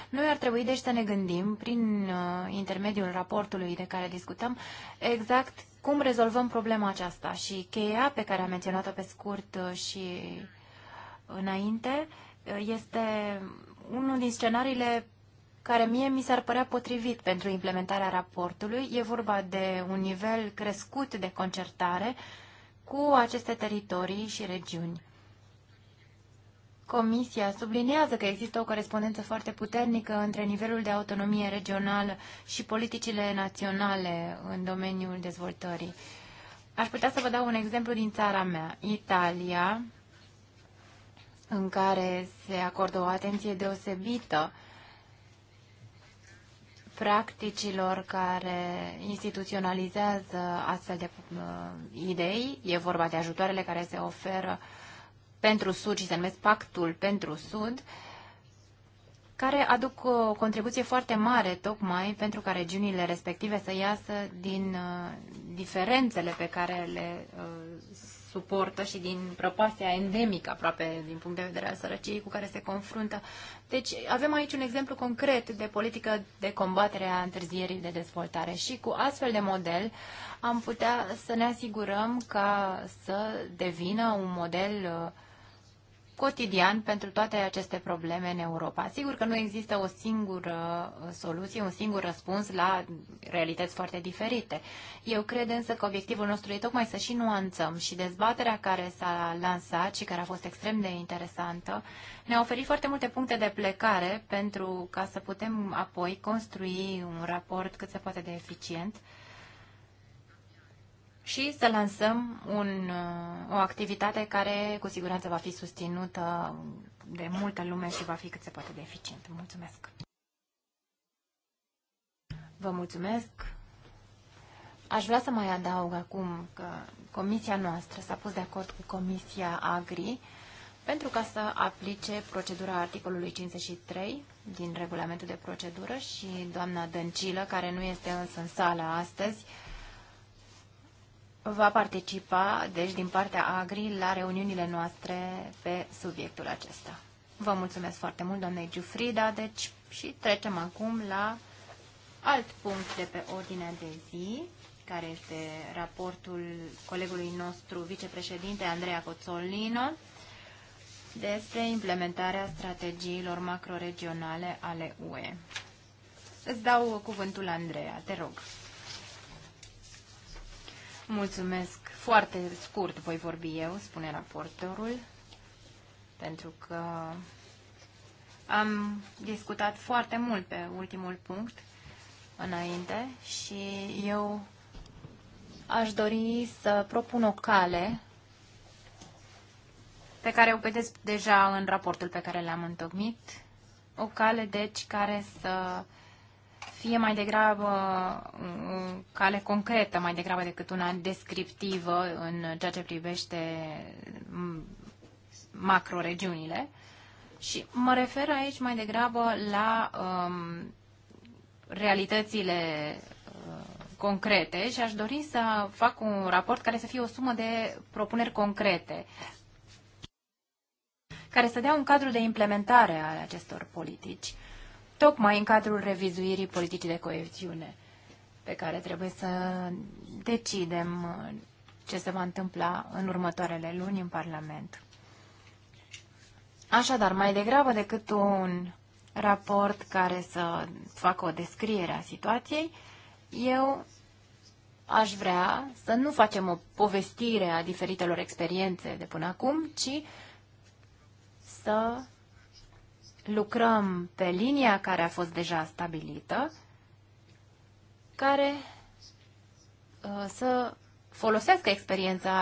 Noi ar trebui, deci, să ne gândim, prin uh, intermediul raportului de care discutăm, exact cum rezolvăm problema aceasta? Și cheia pe care am menționat-o pe scurt uh, și înainte uh, este unul din scenariile care mie mi s-ar părea potrivit pentru implementarea raportului. E vorba de un nivel crescut de concertare cu aceste teritorii și regiuni. Comisia subliniază că există o corespondență foarte puternică între nivelul de autonomie regională și politicile naționale în domeniul dezvoltării. Aș putea să vă dau un exemplu din țara mea, Italia, în care se acordă o atenție deosebită practicilor care instituționalizează astfel de uh, idei. E vorba de ajutoarele care se oferă uh, pentru Sud și se numesc Pactul pentru Sud, care aduc o contribuție foarte mare tocmai pentru ca regiunile respective să iasă din uh, diferențele pe care le uh, suportă și din propastia endemică aproape din punct de vedere al sărăciei cu care se confruntă. Deci avem aici un exemplu concret de politică de combatere a întârzierii de dezvoltare și cu astfel de model am putea să ne asigurăm ca să devină un model uh, cotidian pentru toate aceste probleme în Europa. Sigur că nu există o singură uh, soluție, un singur răspuns la realități foarte diferite. Eu cred însă că obiectivul nostru e tocmai să și nuanțăm și dezbaterea care s-a lansat și care a fost extrem de interesantă ne-a oferit foarte multe puncte de plecare pentru ca să putem apoi construi un raport cât se poate de eficient și să lansăm un, uh, o activitate care cu siguranță va fi susținută de multă lume și va fi cât se poate de eficient. Mulțumesc! Vă mulțumesc! Aș vrea să mai adaug acum că comisia noastră s-a pus de acord cu comisia AGRI pentru ca să aplice procedura articolului 53 din regulamentul de procedură și doamna Dăncilă, care nu este însă în sală astăzi, va participa, deci, din partea AGRI la reuniunile noastre pe subiectul acesta. Vă mulțumesc foarte mult, doamnei Giufrida, deci, și trecem acum la alt punct de pe ordinea de zi, care este raportul colegului nostru, vicepreședinte Andreea Cozzolino, despre implementarea strategiilor macroregionale ale UE. Îți dau cuvântul, Andreea, te rog. Mulțumesc. Foarte scurt voi vorbi eu, spune raportorul, pentru că am discutat foarte mult pe ultimul punct înainte și eu aș dori să propun o cale pe care o vedeți deja în raportul pe care l-am întocmit, o cale, deci, care să fie mai degrabă uh, cale concretă, mai degrabă decât una descriptivă în ceea ce privește mm, macroregiunile. Și mă refer aici mai degrabă la um, realitățile uh, concrete și aș dori să fac un raport care să fie o sumă de propuneri concrete care să dea un cadru de implementare ale acestor politici tocmai în cadrul revizuirii politicii de coeziune, pe care trebuie să decidem uh, ce se va întâmpla în următoarele luni în Parlament. Așadar, mai degrabă decât un raport care să facă o descriere a situației, eu aș vrea să nu facem o povestire a diferitelor experiențe de până acum, ci să lucrăm pe linia care a fost deja stabilită, care uh, să folosească experiența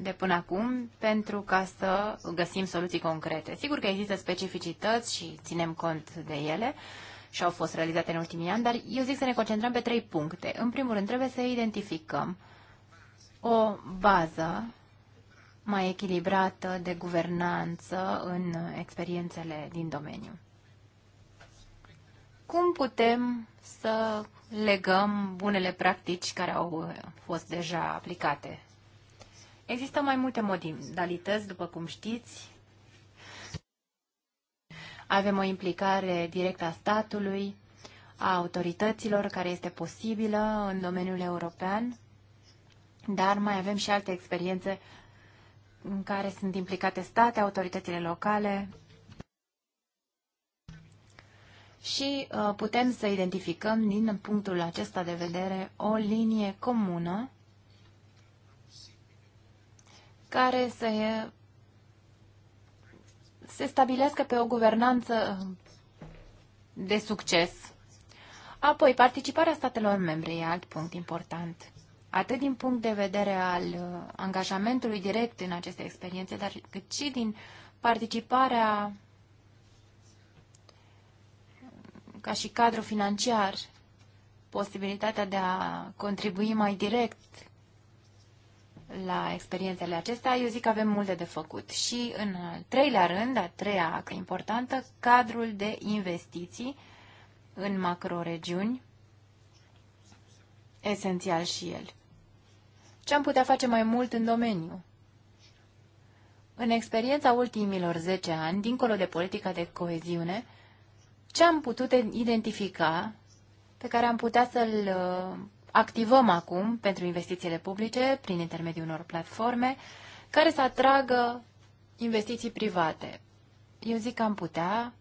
de până acum pentru ca să găsim soluții concrete. Sigur că există specificități și ținem cont de ele și au fost realizate în ultimii ani, dar eu zic să ne concentrăm pe trei puncte. În primul rând, trebuie să identificăm o bază mai echilibrată de guvernanță în experiențele din domeniu. Cum putem să legăm bunele practici care au uh, fost deja aplicate? Există mai multe modalități, după cum știți. Avem o implicare directă a statului, a autorităților, care este posibilă în domeniul european, dar mai avem și alte experiențe în care sunt implicate state, autoritățile locale și uh, putem să identificăm din punctul acesta de vedere o linie comună care să se stabilească pe o guvernanță uh, de succes. Apoi, participarea statelor membre e alt punct important atât din punct de vedere al uh, angajamentului direct în aceste experiențe, dar cât și din participarea uh, ca și cadru financiar, posibilitatea de a contribui mai direct la experiențele acestea, eu zic că avem multe de făcut. Și în al treilea rând, a treia importantă, cadrul de investiții în macroregiuni, esențial și el. Ce am putea face mai mult în domeniu? În experiența ultimilor 10 ani, dincolo de politica de coeziune, ce am putut identifica pe care am putea să-l uh, activăm acum pentru investițiile publice prin intermediul unor platforme care să atragă investiții private. Eu zic că am putea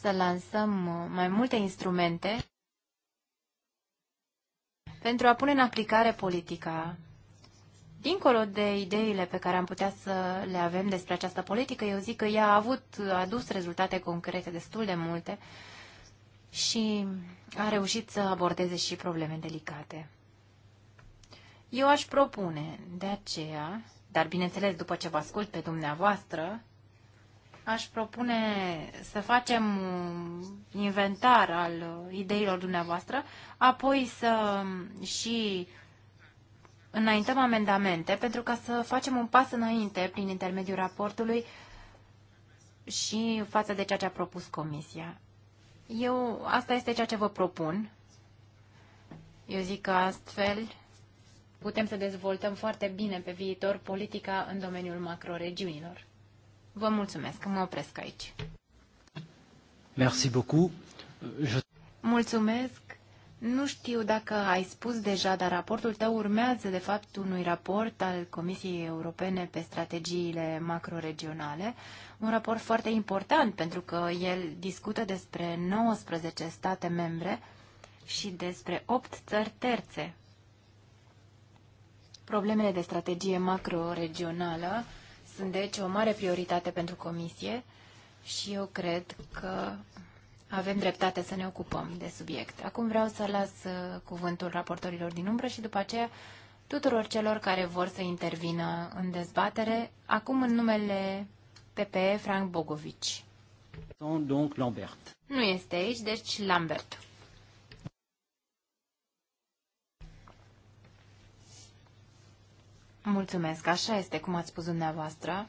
să lansăm uh, mai multe instrumente pentru a pune în aplicare politica. Dincolo de ideile pe care am putea să le avem despre această politică, eu zic că ea a avut, a adus rezultate concrete destul de multe și a reușit să abordeze și probleme delicate. Eu aș propune, de aceea, dar bineînțeles după ce vă ascult pe dumneavoastră, aș propune să facem inventar al ideilor dumneavoastră, apoi să și înaintăm amendamente pentru ca să facem un pas înainte prin intermediul raportului și față de ceea ce a propus Comisia. Eu, asta este ceea ce vă propun. Eu zic că astfel putem să dezvoltăm foarte bine pe viitor politica în domeniul macroregiunilor. Vă mulțumesc, mă opresc aici. Merci beaucoup. Je... Mulțumesc. Nu știu dacă ai spus deja, dar raportul tău urmează, de fapt, unui raport al Comisiei Europene pe strategiile macroregionale, un raport foarte important pentru că el discută despre 19 state membre și despre 8 țări terțe. Problemele de strategie macroregională regională sunt deci o mare prioritate pentru Comisie și eu cred că avem dreptate să ne ocupăm de subiect. Acum vreau să las uh, cuvântul raportorilor din umbră și după aceea tuturor celor care vor să intervină în dezbatere. Acum în numele PPE Frank Bogovici. Nu este aici, deci Lambert. Mulțumesc, așa este, cum ați spus dumneavoastră.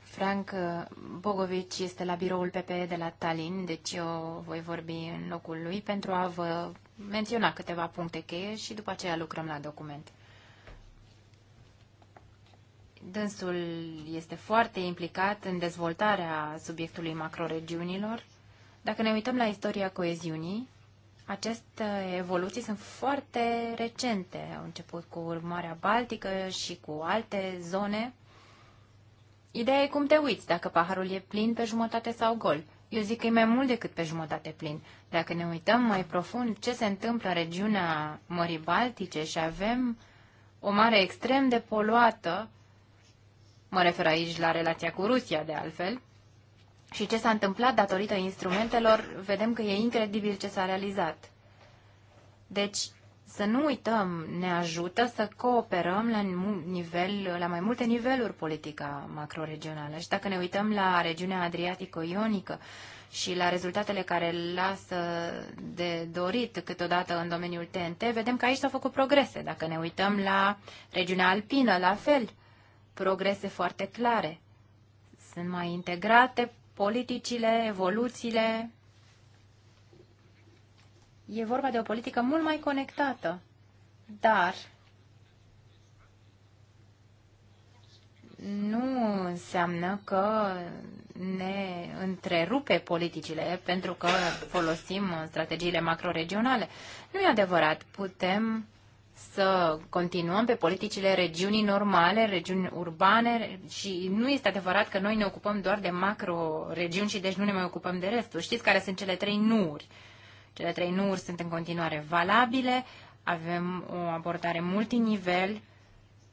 Frank uh, Bogovici este la biroul PPE de la Tallinn, deci eu voi vorbi în locul lui pentru a vă menționa câteva puncte cheie și după aceea lucrăm la document. Dânsul este foarte implicat în dezvoltarea subiectului macroregiunilor. Dacă ne uităm la istoria coeziunii, aceste evoluții sunt foarte recente. Au început cu Marea Baltică și cu alte zone. Ideea e cum te uiți, dacă paharul e plin pe jumătate sau gol. Eu zic că e mai mult decât pe jumătate plin. Dacă ne uităm mai profund ce se întâmplă în regiunea Mării Baltice și avem o mare extrem de poluată, mă refer aici la relația cu Rusia de altfel, și ce s-a întâmplat datorită instrumentelor, vedem că e incredibil ce s-a realizat. Deci, să nu uităm, ne ajută să cooperăm la, nivel, la mai multe niveluri politica macroregională. Și dacă ne uităm la regiunea Adriatico-Ionică și la rezultatele care lasă de dorit câteodată în domeniul TNT, vedem că aici s-au făcut progrese. Dacă ne uităm la regiunea alpină, la fel, progrese foarte clare. Sunt mai integrate politicile, evoluțiile. E vorba de o politică mult mai conectată, dar nu înseamnă că ne întrerupe politicile pentru că folosim strategiile macroregionale. Nu e adevărat. Putem să continuăm pe politicile regiunii normale, regiuni urbane și nu este adevărat că noi ne ocupăm doar de macro-regiuni și deci nu ne mai ocupăm de restul. Știți care sunt cele trei nuuri? Cele trei nuuri sunt în continuare valabile, avem o abordare multinivel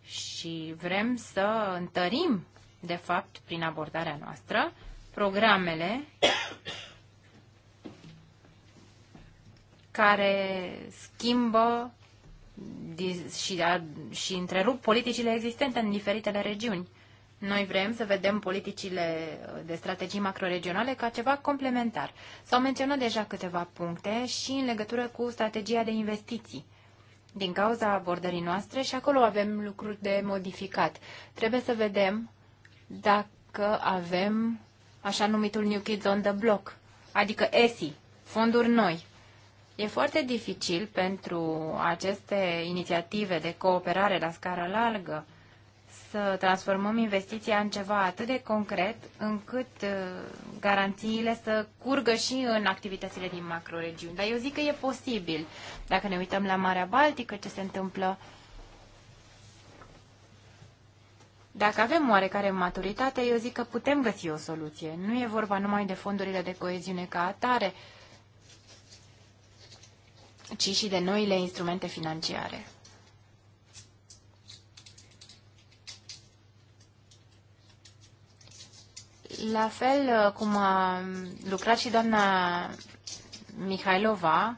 și vrem să întărim, de fapt, prin abordarea noastră, programele care schimbă și, a, și întrerup politicile existente în diferitele regiuni. Noi vrem să vedem politicile uh, de strategii macroregionale ca ceva complementar. S-au menționat deja câteva puncte și în legătură cu strategia de investiții. Din cauza abordării noastre și acolo avem lucruri de modificat. Trebuie să vedem dacă avem așa numitul New Kids on the Block, adică ESI, fonduri noi, E foarte dificil pentru aceste inițiative de cooperare la scară largă să transformăm investiția în ceva atât de concret încât uh, garanțiile să curgă și în activitățile din macroregiuni. Dar eu zic că e posibil. Dacă ne uităm la Marea Baltică, ce se întâmplă Dacă avem oarecare maturitate, eu zic că putem găsi o soluție. Nu e vorba numai de fondurile de coeziune ca atare, ci și de noile instrumente financiare. La fel uh, cum a lucrat și doamna Mihailova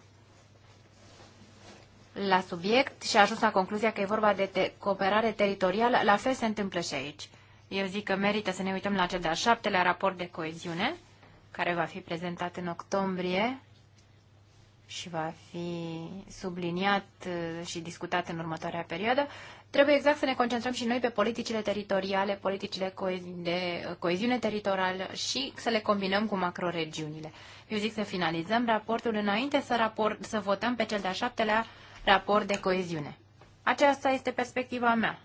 la subiect și a ajuns la concluzia că e vorba de te- cooperare teritorială, la fel se întâmplă și aici. Eu zic că merită să ne uităm la cel de-al șaptelea raport de coeziune, care va fi prezentat în octombrie și va fi subliniat uh, și discutat în următoarea perioadă, trebuie exact să ne concentrăm și noi pe politicile teritoriale, politicile de uh, coeziune teritorială și să le combinăm cu macroregiunile. Eu zic să finalizăm raportul înainte să, raport, să votăm pe cel de-a șaptelea raport de coeziune. Aceasta este perspectiva mea.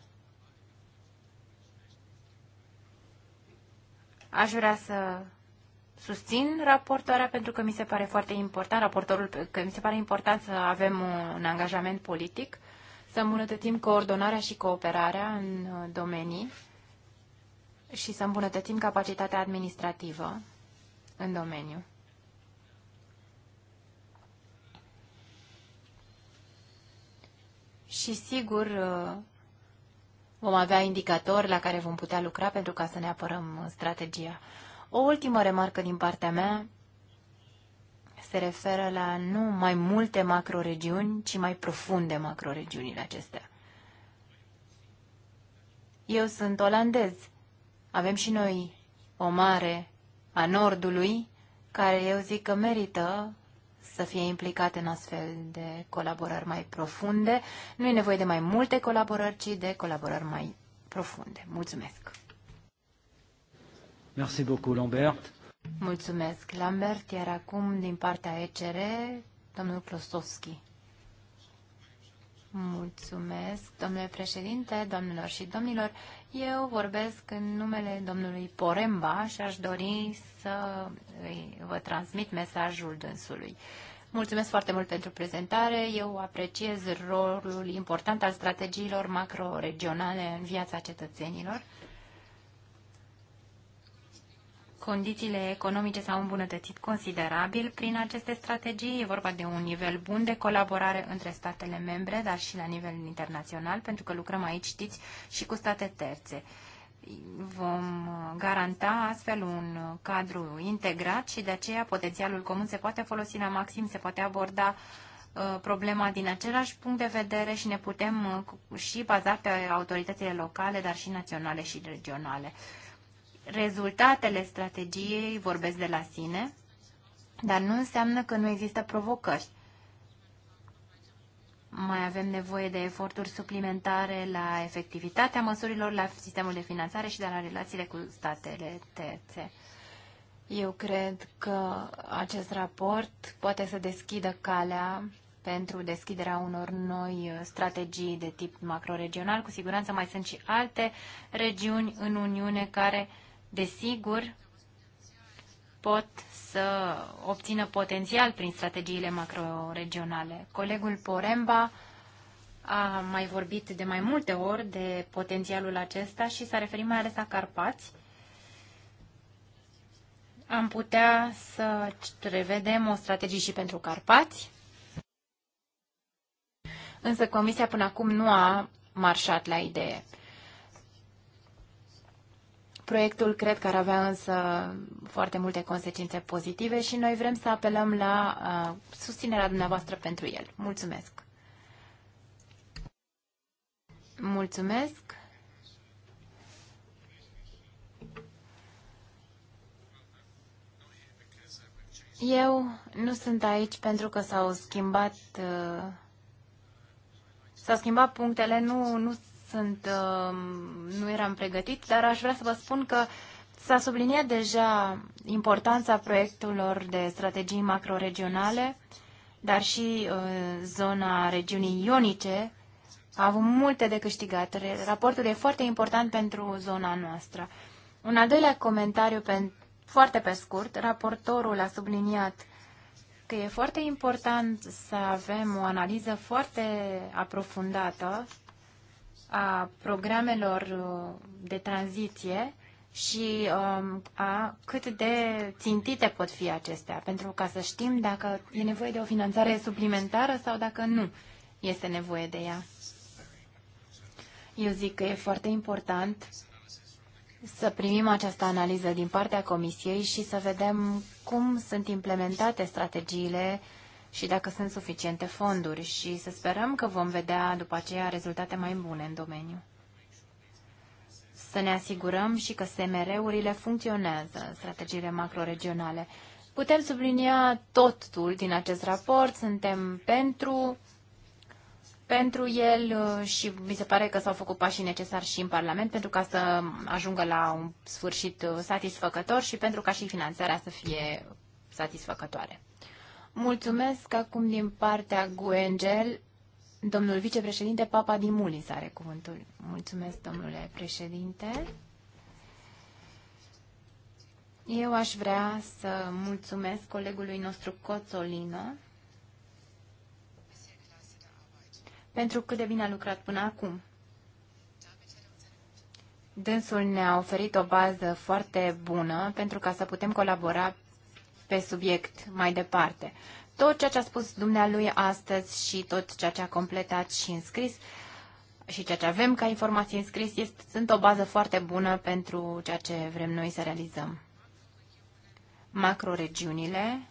Aș vrea să susțin raportoarea pentru că mi se pare foarte important, raportorul, că mi se pare important să avem un angajament politic, să îmbunătățim coordonarea și cooperarea în uh, domenii și să îmbunătățim capacitatea administrativă în domeniu. Și sigur, uh, vom avea indicatori la care vom putea lucra pentru ca să ne apărăm uh, strategia. O ultimă remarcă din partea mea se referă la nu mai multe macroregiuni, ci mai profunde macroregiunile acestea. Eu sunt olandez. Avem și noi o mare a Nordului, care eu zic că merită să fie implicat în astfel de colaborări mai profunde. Nu e nevoie de mai multe colaborări, ci de colaborări mai profunde. Mulțumesc! Merci beaucoup, Lambert. Mulțumesc, Lambert. Iar acum, din partea ECR, domnul Klosowski. Mulțumesc, domnule președinte, domnilor și domnilor. Eu vorbesc în numele domnului Poremba și aș dori să vă transmit mesajul dânsului. Mulțumesc foarte mult pentru prezentare. Eu apreciez rolul important al strategiilor macroregionale în viața cetățenilor condițiile economice s-au îmbunătățit considerabil prin aceste strategii. E vorba de un nivel bun de colaborare între statele membre, dar și la nivel internațional, pentru că lucrăm aici, știți, și cu state terțe. Vom garanta astfel un cadru integrat și de aceea potențialul comun se poate folosi la maxim, se poate aborda uh, problema din același punct de vedere și ne putem uh, și baza pe autoritățile locale, dar și naționale și regionale. Rezultatele strategiei vorbesc de la sine, dar nu înseamnă că nu există provocări. Mai avem nevoie de eforturi suplimentare la efectivitatea măsurilor, la sistemul de finanțare și de la relațiile cu statele terțe. Eu cred că acest raport poate să deschidă calea pentru deschiderea unor noi strategii de tip macroregional. Cu siguranță mai sunt și alte regiuni în Uniune care uh, desigur, pot să obțină potențial prin strategiile macroregionale. Colegul Poremba a mai vorbit de mai multe ori de potențialul acesta și s-a referit mai ales la Carpați. Am putea să revedem o strategie și pentru Carpați, însă Comisia până acum nu a marșat la idee. Proiectul cred că ar avea însă foarte multe consecințe pozitive și noi vrem să apelăm la uh, susținerea dumneavoastră pentru el. Mulțumesc! Mulțumesc! Eu nu sunt aici pentru că s-au schimbat uh, s-au schimbat punctele, nu, nu sunt, um, nu eram pregătit, dar aș vrea să vă spun că s-a subliniat deja importanța proiectelor de strategii macroregionale, dar și uh, zona regiunii ionice a avut multe de câștigat. Raportul e foarte important pentru zona noastră. Un al doilea comentariu, pe, foarte pe scurt, raportorul a subliniat că e foarte important să avem o analiză foarte aprofundată a programelor uh, de tranziție și um, a cât de țintite pot fi acestea, pentru ca să știm dacă e nevoie de o finanțare suplimentară sau dacă nu este nevoie de ea. Eu zic că e foarte important să primim această analiză din partea Comisiei și să vedem cum sunt implementate strategiile uh, și dacă sunt suficiente fonduri și să sperăm că vom vedea după aceea rezultate mai bune în domeniu. Să ne asigurăm și că SMR-urile funcționează, strategiile macroregionale. Putem sublinia totul din acest raport, suntem pentru pentru el uh, și mi se pare că s-au făcut pașii necesari și în Parlament pentru ca să ajungă la un sfârșit uh, satisfăcător și pentru ca și finanțarea să fie satisfăcătoare. Mulțumesc acum din partea Guengel. Domnul vicepreședinte Papa Mulis are cuvântul. Mulțumesc, domnule președinte. Eu aș vrea să mulțumesc colegului nostru Coțolino pentru cât de bine a lucrat până acum. Dânsul ne-a oferit o bază foarte bună pentru ca să putem colabora pe subiect mai departe. Tot ceea ce a spus dumnealui astăzi și tot ceea ce a completat și înscris și ceea ce avem ca informații înscris este, sunt o bază foarte bună pentru ceea ce vrem noi să realizăm. Macroregiunile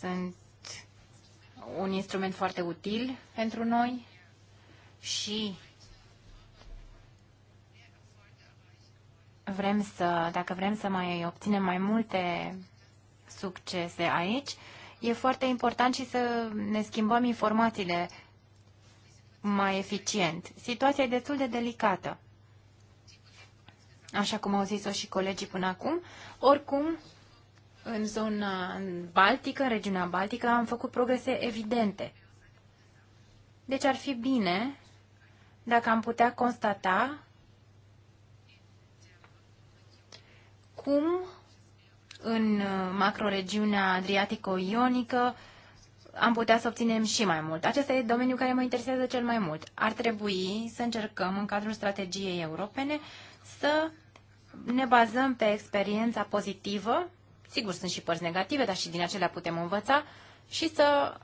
sunt un instrument foarte util pentru noi și vrem să, dacă vrem să mai obținem mai multe succese aici. E foarte important și să ne schimbăm informațiile mai eficient. Situația e destul de delicată, așa cum au zis-o și colegii până acum. Oricum, în zona baltică, în regiunea baltică, am făcut progrese evidente. Deci ar fi bine dacă am putea constata cum în uh, macroregiunea Adriatico-Ionică, am putea să obținem și mai mult. Acesta e domeniul care mă interesează cel mai mult. Ar trebui să încercăm, în cadrul strategiei europene, să ne bazăm pe experiența pozitivă, sigur sunt și părți negative, dar și din acelea putem învăța, și să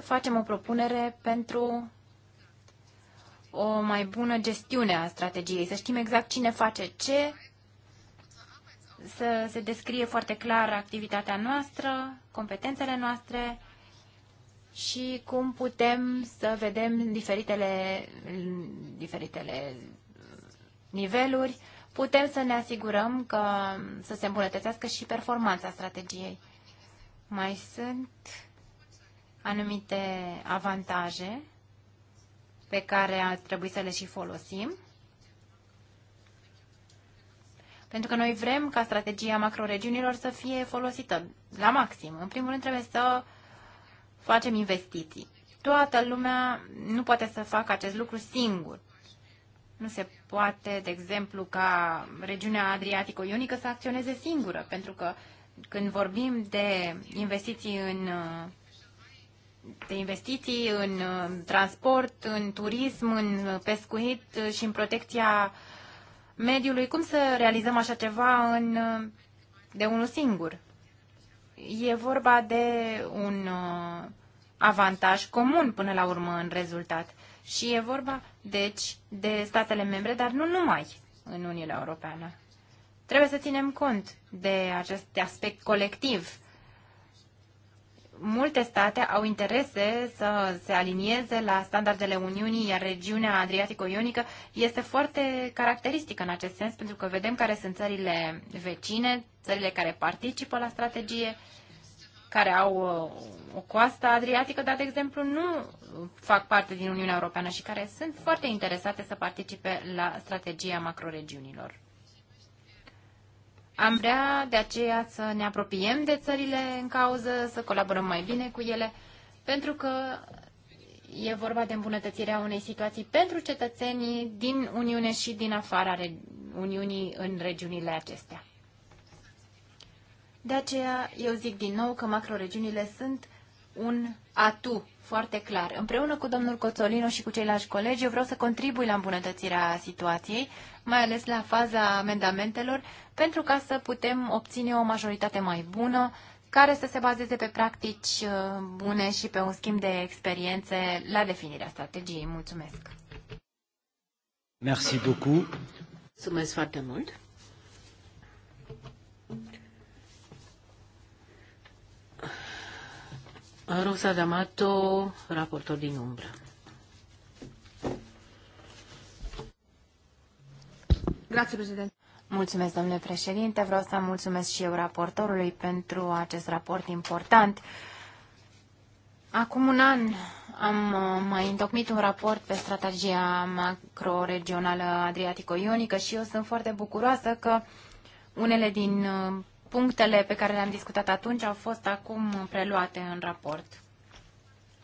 facem o propunere pentru o mai bună gestiune a strategiei, să știm exact cine face ce, să se descrie foarte clar activitatea noastră, competențele noastre și cum putem să vedem diferitele, diferitele niveluri, putem să ne asigurăm că să se îmbunătățească și performanța strategiei. Mai sunt anumite avantaje pe care ar trebui să le și folosim pentru că noi vrem ca strategia macroregiunilor să fie folosită la maxim. În primul rând trebuie să facem investiții. Toată lumea nu poate să facă acest lucru singur. Nu se poate, de exemplu, ca regiunea Adriatico-Ionică să acționeze singură, pentru că când vorbim de investiții în de investiții în uh, transport, în turism, în pescuit și în protecția uh, mediului. Cum să realizăm așa ceva în, de unul singur? E vorba de un uh, avantaj comun până la urmă în rezultat. Și e vorba, deci, de statele membre, dar nu numai în Uniunea Europeană. Trebuie să ținem cont de acest aspect colectiv multe state au interese să se alinieze la standardele Uniunii, iar regiunea Adriatico-Ionică este foarte caracteristică în acest sens, pentru că vedem care sunt țările vecine, țările care participă la strategie, care au uh, o coastă adriatică, dar, de exemplu, nu fac parte din Uniunea Europeană și care sunt foarte interesate să participe la strategia macroregiunilor. Am vrea de aceea să ne apropiem de țările în cauză, să colaborăm mai bine cu ele, pentru că e vorba de îmbunătățirea unei situații pentru cetățenii din Uniune și din afara Uniunii în regiunile acestea. De aceea, eu zic din nou că macroregiunile sunt un atu foarte clar. Împreună cu domnul Coțolino și cu ceilalți colegi, eu vreau să contribui la îmbunătățirea situației, mai ales la faza amendamentelor, pentru ca să putem obține o majoritate mai bună, care să se bazeze pe practici uh, bune și pe un schimb de experiențe la definirea strategiei. Mulțumesc! Merci beaucoup! Mulțumesc foarte mult! Rosa D'Amato, raportor din umbră. Grazie, președinte. Mulțumesc, domnule președinte. Vreau să mulțumesc și eu raportorului pentru acest raport important. Acum un an am uh, mai întocmit un raport pe strategia macro-regională adriatico-ionică și eu sunt foarte bucuroasă că unele din uh, punctele pe care le-am discutat atunci au fost acum preluate în raport.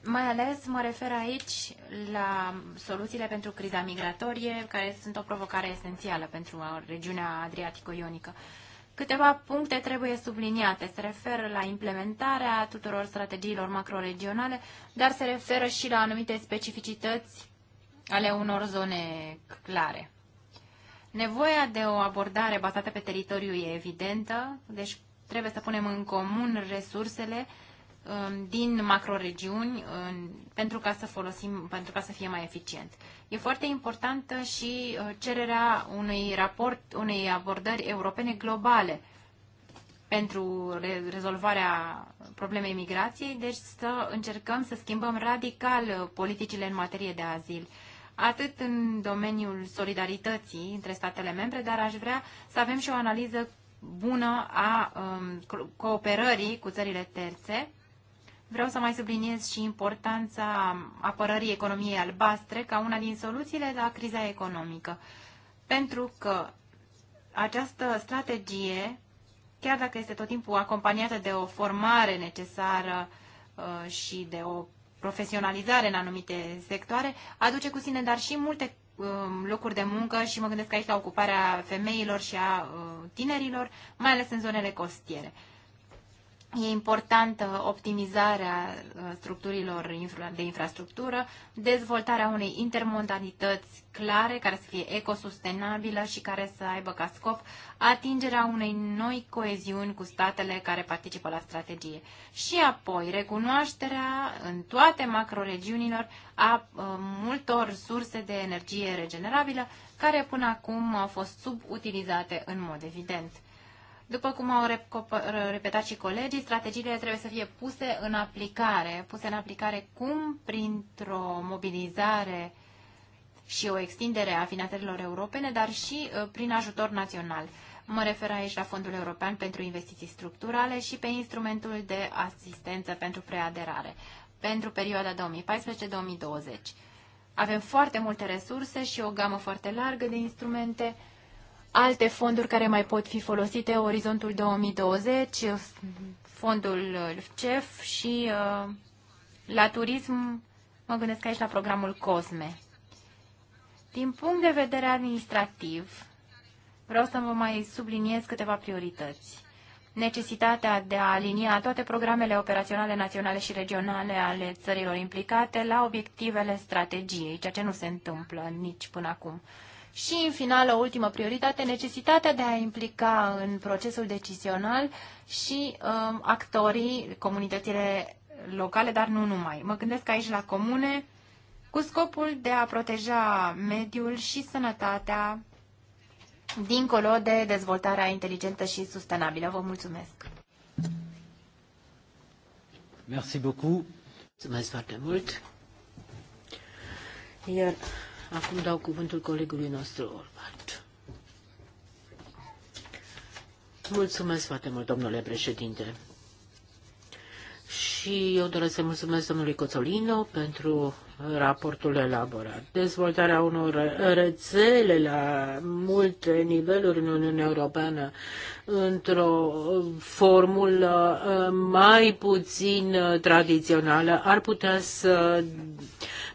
Mai ales mă refer aici la soluțiile pentru criza migratorie, care sunt o provocare esențială pentru regiunea Adriatico-Ionică. Câteva puncte trebuie subliniate. Se referă la implementarea tuturor strategiilor macroregionale, dar se referă și la anumite specificități ale unor zone clare. Nevoia de o abordare bazată pe teritoriu e evidentă, deci trebuie să punem în comun resursele um, din macroregiuni pentru ca să folosim, pentru ca să fie mai eficient. E foarte importantă și uh, cererea unui raport, unei abordări europene globale pentru rezolvarea problemei migrației, deci să încercăm să schimbăm radical uh, politicile în materie de azil atât în domeniul solidarității între statele membre, dar aș vrea să avem și o analiză bună a um, cooperării cu țările terțe. Vreau să mai subliniez și importanța apărării economiei albastre ca una din soluțiile la criza economică. Pentru că această strategie, chiar dacă este tot timpul acompaniată de o formare necesară uh, și de o profesionalizare în anumite sectoare, aduce cu sine dar și multe um, locuri de muncă și mă gândesc aici la ocuparea femeilor și a uh, tinerilor, mai ales în zonele costiere. E importantă optimizarea uh, structurilor de infrastructură, dezvoltarea unei intermodalități clare care să fie ecosustenabilă și care să aibă ca scop atingerea unei noi coeziuni cu statele care participă la strategie. Și apoi recunoașterea în toate macroregiunilor a uh, multor surse de energie regenerabilă care până acum au fost subutilizate în mod evident. După cum au repetat și colegii, strategiile trebuie să fie puse în aplicare. Puse în aplicare cum? Printr-o mobilizare și o extindere a finanțărilor europene, dar și uh, prin ajutor național. Mă refer aici la Fondul European pentru Investiții Structurale și pe instrumentul de asistență pentru preaderare pentru perioada 2014-2020. Avem foarte multe resurse și o gamă foarte largă de instrumente alte fonduri care mai pot fi folosite, Orizontul 2020, fondul uh, CEF și uh, la turism mă gândesc aici la programul COSME. Din punct de vedere administrativ, vreau să vă mai subliniez câteva priorități. Necesitatea de a alinia toate programele operaționale naționale și regionale ale țărilor implicate la obiectivele strategiei, ceea ce nu se întâmplă nici până acum. Și, în final, o ultimă prioritate, necesitatea de a implica în procesul decizional și um, actorii, comunitățile locale, dar nu numai. Mă gândesc aici la comune, cu scopul de a proteja mediul și sănătatea dincolo de dezvoltarea inteligentă și sustenabilă. Vă mulțumesc! Merci beaucoup! Mulțumesc foarte mult! Iar Acum dau cuvântul colegului nostru, Orbat. Mulțumesc foarte mult, domnule președinte. Și eu doresc să mulțumesc domnului Coțolino pentru raportul elaborat. Dezvoltarea unor rețele la multe niveluri în Uniunea Europeană într-o formulă mai puțin tradițională ar putea să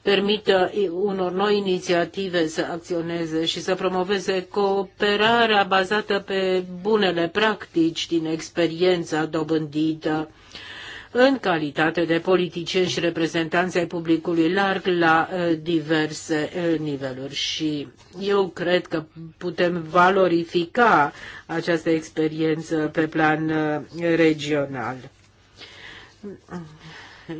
permită unor noi inițiative să acționeze și să promoveze cooperarea bazată pe bunele practici din experiența dobândită în calitate de politicieni și reprezentanți ai publicului larg la diverse niveluri. Și eu cred că putem valorifica această experiență pe plan regional.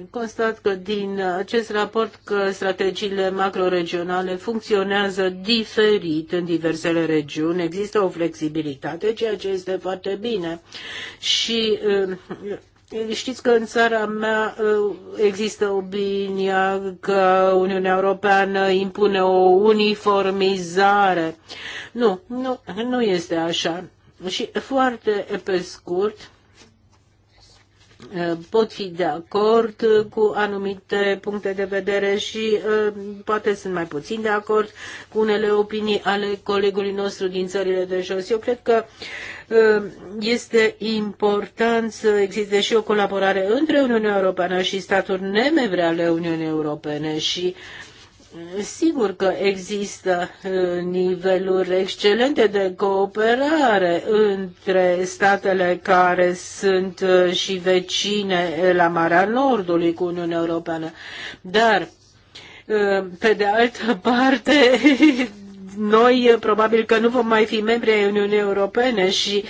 Constat că din acest raport că strategiile macroregionale funcționează diferit în diversele regiuni, există o flexibilitate, ceea ce este foarte bine. Și uh, Știți că în țara mea uh, există opinia că Uniunea Europeană impune o uniformizare. Nu, nu, nu este așa. Și foarte pe scurt, pot fi de acord cu anumite puncte de vedere și poate sunt mai puțin de acord cu unele opinii ale colegului nostru din țările de jos. Eu cred că este important să existe și o colaborare între Uniunea Europeană și staturi nemevre ale Uniunii Europene și uh, Sigur că există uh, niveluri excelente de cooperare între statele care sunt uh, și vecine la Marea Nordului cu Uniunea Europeană, dar uh, pe de altă parte noi probabil că nu vom mai fi membri ai Uniunii Europene și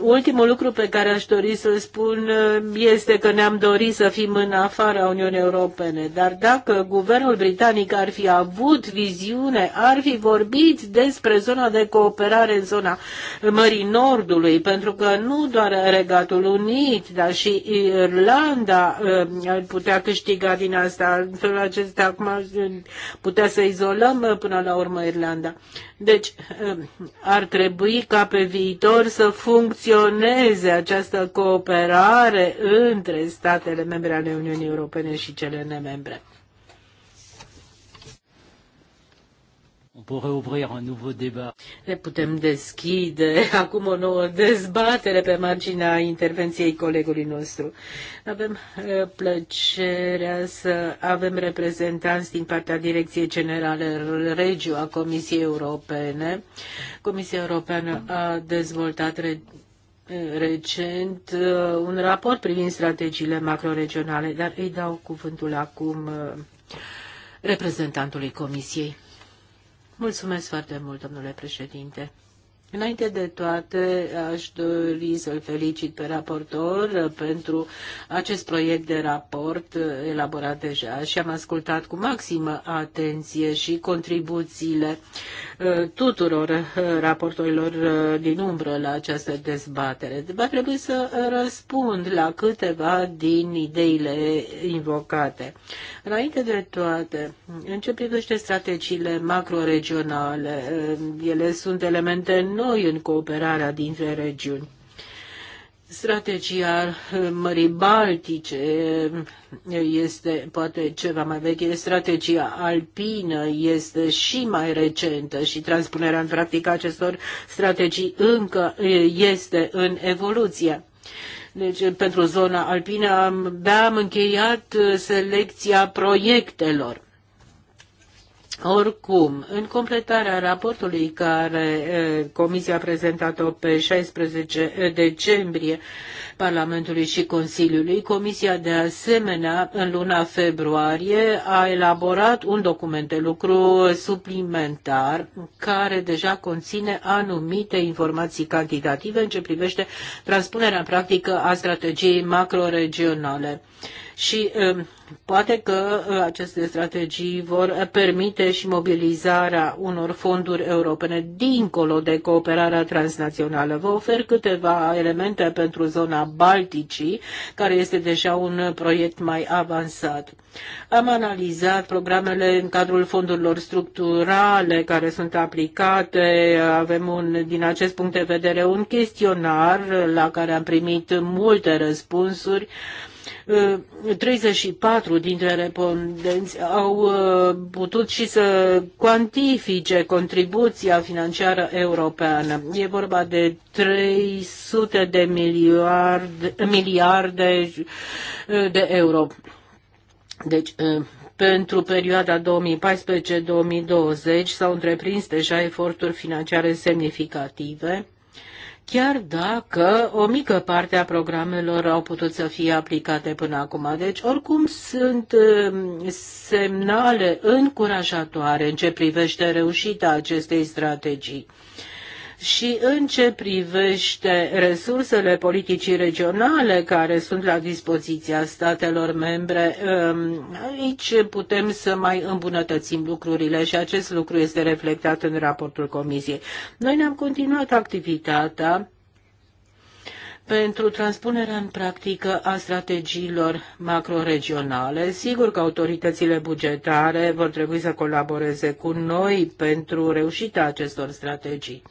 Ultimul lucru pe care aș dori să-l spun uh, este că ne-am dorit să fim în afara Uniunii Europene, dar dacă guvernul britanic ar fi avut viziune, ar fi vorbit despre zona de cooperare în zona Mării Nordului, pentru că nu doar Regatul Unit, dar și Irlanda uh, ar putea câștiga din asta. În felul acesta acum uh, putea să izolăm până la urmă Irlanda. Deci ar trebui ca pe viitor viitor să funcționeze această cooperare între statele membre ale Uniunii Europene și cele nemembre. Ne putem deschide acum o nouă dezbatere pe marginea intervenției colegului nostru. Avem uh, plăcerea să avem reprezentanți din partea Direcției Generale Regiu a Comisiei Europene. Comisia Europeană a dezvoltat uh, recent uh, un raport privind strategiile macroregionale, dar îi dau cuvântul acum reprezentantului Comisiei. Mulțumesc foarte mult, domnule președinte. Înainte de toate, aș dori să-l felicit pe raportor uh, pentru acest proiect de raport uh, elaborat deja și am ascultat cu maximă atenție și contribuțiile uh, tuturor raportorilor din umbră la această dezbatere. Va trebui să răspund la câteva din ideile invocate. Înainte de toate, în ce privește strategiile macroregionale, ele sunt elemente noi noi în cooperarea dintre regiuni. Strategia Mării Baltice este poate ceva mai veche, strategia alpină este și mai recentă și transpunerea în practică acestor strategii încă este în evoluție. Deci, pentru zona alpină am am încheiat selecția proiectelor. Oricum, în completarea raportului care Comisia a prezentat-o pe 16 decembrie Parlamentului și Consiliului, Comisia de asemenea în luna februarie a elaborat un document de lucru suplimentar care deja conține anumite informații cantitative în ce privește transpunerea în practică a strategiei macroregionale și um, poate că uh, aceste strategii vor permite și mobilizarea unor fonduri europene dincolo de cooperarea transnațională. Vă ofer câteva elemente pentru zona Balticii, care este deja un proiect mai avansat. Am analizat programele în cadrul fondurilor structurale care sunt aplicate. Avem un, din acest punct de vedere un chestionar la care am primit multe răspunsuri. Uh, 34 uh, dintre respondenți au uh, putut și să cuantifice contribuția financiară europeană. E vorba de 300 de miliarde, miliarde uh, de euro. Deci, pentru perioada 2014-2020 s-au întreprins deja eforturi financiare semnificative chiar dacă o mică parte a programelor au putut să fie aplicate până acum. Deci, oricum, sunt um, semnale încurajatoare în ce privește reușita acestei strategii și în ce privește resursele politicii regionale care sunt la dispoziția statelor membre, um, aici putem să mai îmbunătățim lucrurile și acest lucru este reflectat în raportul Comisiei. Noi ne-am continuat activitatea pentru transpunerea în practică a strategiilor macroregionale. Sigur că autoritățile bugetare vor trebui să colaboreze cu noi pentru reușita acestor strategii.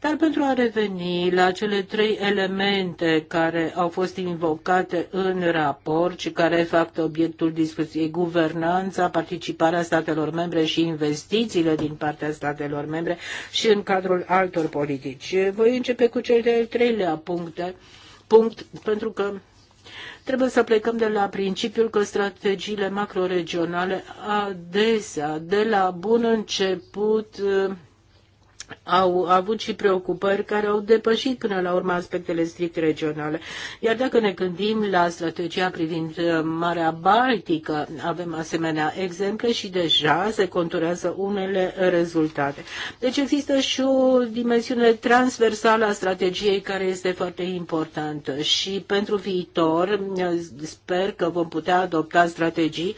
Dar pentru a reveni la cele trei elemente care au fost invocate în raport și care fac obiectul discuției, guvernanța, participarea statelor membre și investițiile din partea statelor membre și în cadrul altor politici. Voi începe cu cel de-al treilea punct punct, pentru că trebuie să plecăm de la principiul că strategiile macroregionale adesea, de la bun început, au avut și preocupări care au depășit până la urmă aspectele strict regionale. Iar dacă ne gândim la strategia privind uh, Marea Baltică, avem asemenea exemple și deja se conturează unele rezultate. Deci există și o dimensiune transversală a strategiei care este foarte importantă și pentru viitor uh, sper că vom putea adopta strategii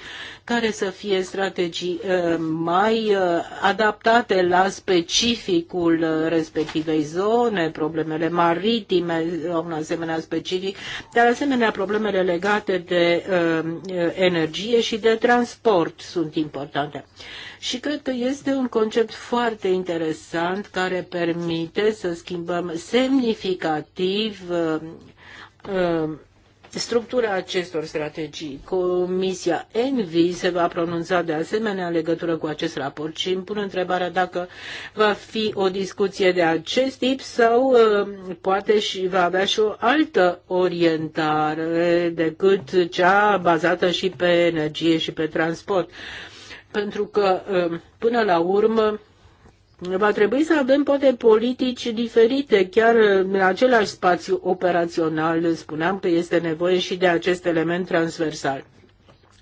care să fie strategii uh, mai uh, adaptate la specificul uh, respectivei zone, problemele maritime au un asemenea specific, dar asemenea problemele legate de energie și de transport sunt importante. Și cred că este un concept foarte interesant care permite să schimbăm semnificativ structura acestor strategii. Comisia Envi se va pronunța de asemenea în legătură cu acest raport și îmi pun întrebarea dacă va fi o discuție de acest tip sau uh, poate și va avea și o altă orientare decât cea bazată și pe energie și pe transport. Pentru că, uh, până la urmă, Va trebui să avem poate politici diferite, chiar în același spațiu operațional, spuneam că este nevoie și de acest element transversal.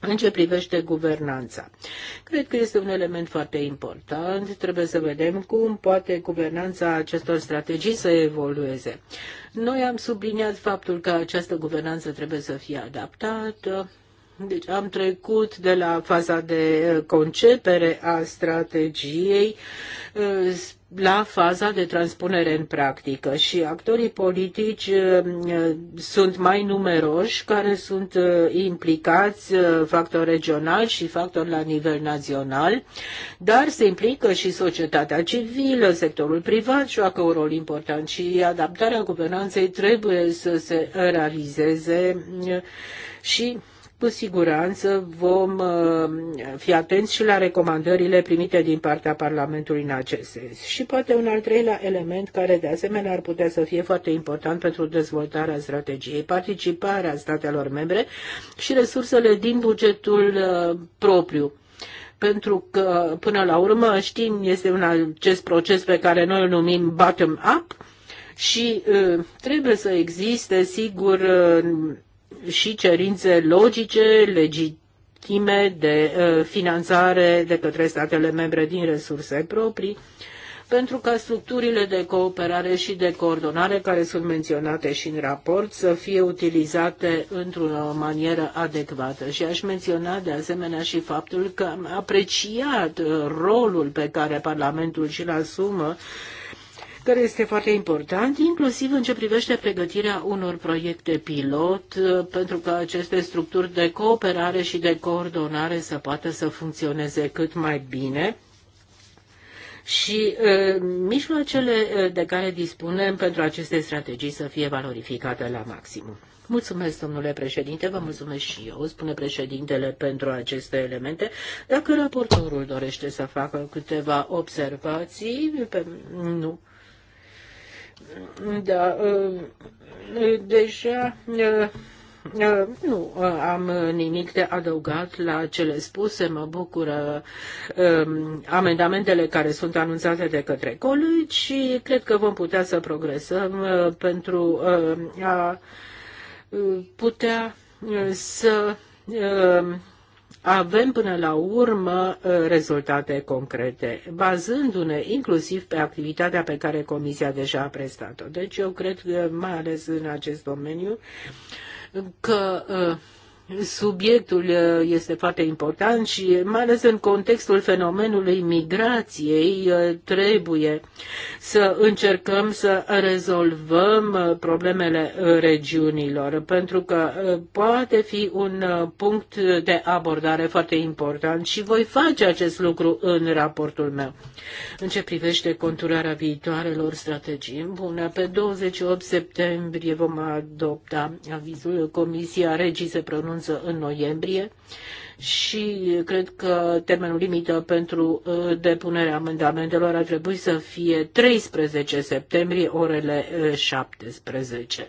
În ce privește guvernanța, cred că este un element foarte important. Trebuie să vedem cum poate guvernanța acestor strategii să evolueze. Noi am subliniat faptul că această guvernanță trebuie să fie adaptată deci am trecut de la faza de uh, concepere a strategiei uh, la faza de transpunere în practică și actorii politici uh, sunt mai numeroși care sunt implicați factor regional și factor la nivel național, dar se implică și societatea civilă, sectorul privat joacă un rol important și adaptarea guvernanței trebuie să se realizeze și cu siguranță vom uh, fi atenți și la recomandările primite din partea Parlamentului în acest sens. Și poate un al treilea element care de asemenea ar putea să fie foarte important pentru dezvoltarea strategiei, participarea statelor membre și resursele din bugetul uh, propriu pentru că, până la urmă, știm, este un acest proces pe care noi îl numim bottom-up și uh, trebuie să existe, sigur, și cerințe logice, legitime de uh, finanțare de către statele membre din resurse proprii, pentru ca structurile de cooperare și de coordonare care sunt menționate și în raport să fie utilizate într-o manieră adecvată. Și aș menționa de asemenea și faptul că am apreciat uh, rolul pe care Parlamentul și-l asumă care este foarte important, inclusiv în ce privește pregătirea unor proiecte pilot, uh, pentru ca aceste structuri de cooperare și de coordonare să poată să funcționeze cât mai bine. Și e, uh, mijloacele uh, de care dispunem pentru aceste strategii să fie valorificate la maximum. Mulțumesc, domnule președinte, vă mulțumesc și eu, spune președintele, pentru aceste elemente. Dacă raportorul dorește să facă câteva observații, pe, nu. Da, uh, deja uh, uh, nu am nimic de adăugat la cele spuse. Mă bucură um, amendamentele care sunt anunțate de către colegi și cred că vom putea să progresăm pentru a putea să avem până la urmă ă, rezultate concrete, bazându-ne inclusiv pe activitatea pe care Comisia deja a prestat-o. Deci eu cred că, mai ales în acest domeniu, că uh, subiectul uh, este foarte important și uh, mai ales în contextul fenomenului migrației uh, trebuie să încercăm să rezolvăm problemele regiunilor pentru că poate fi un punct de abordare foarte important și voi face acest lucru în raportul meu. În ce privește conturarea viitoarelor strategii, bună, pe 28 septembrie vom adopta avizul Comisia Regii se pronunță instanță în noiembrie și cred că termenul limită pentru uh, depunerea amendamentelor ar trebui să fie 13 septembrie, orele 17. Uh,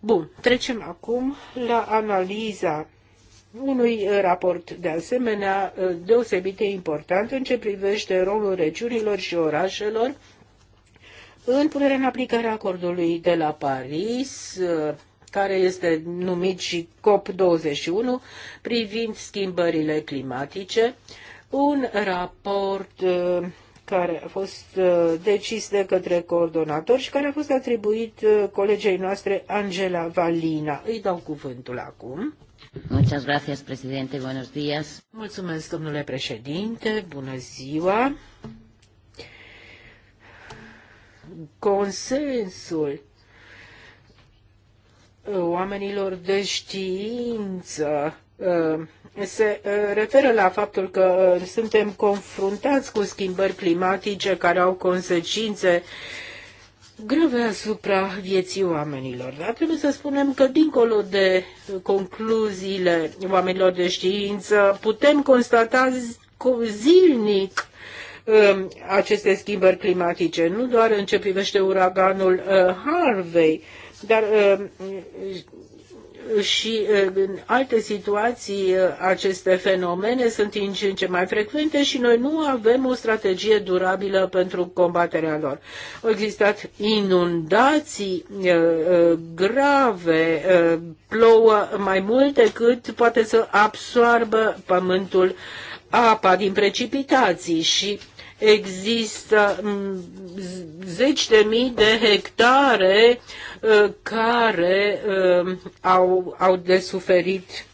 Bun, trecem acum la analiza unui raport de asemenea uh, deosebit de important în ce privește rolul regiunilor și orașelor în punerea în aplicare a acordului de la Paris care este numit și COP21, privind schimbările climatice, un raport uh, care a fost uh, decis de către coordonator și care a fost atribuit uh, colegei noastre Angela Valina. Îi dau cuvântul acum. Muchas gracias, presidente. Buenos días. Mulțumesc, domnule președinte. Bună ziua. Consensul oamenilor de știință uh, se uh, referă la faptul că uh, suntem confruntați cu schimbări climatice care au consecințe grave asupra vieții oamenilor. Dar trebuie să spunem că, dincolo de concluziile oamenilor de știință, putem constata zilnic um, aceste schimbări climatice, nu doar în ce privește uraganul Harvey, dar uh, și uh, în alte situații uh, aceste fenomene sunt din ce în ce mai frecvente și noi nu avem o strategie durabilă pentru combaterea lor. Au existat inundații grave, plouă mai mult decât poate să absoarbă pământul apa din precipitații și există mm, zeci de mii de hectare uh, Uh, care uh, au, au de suferit.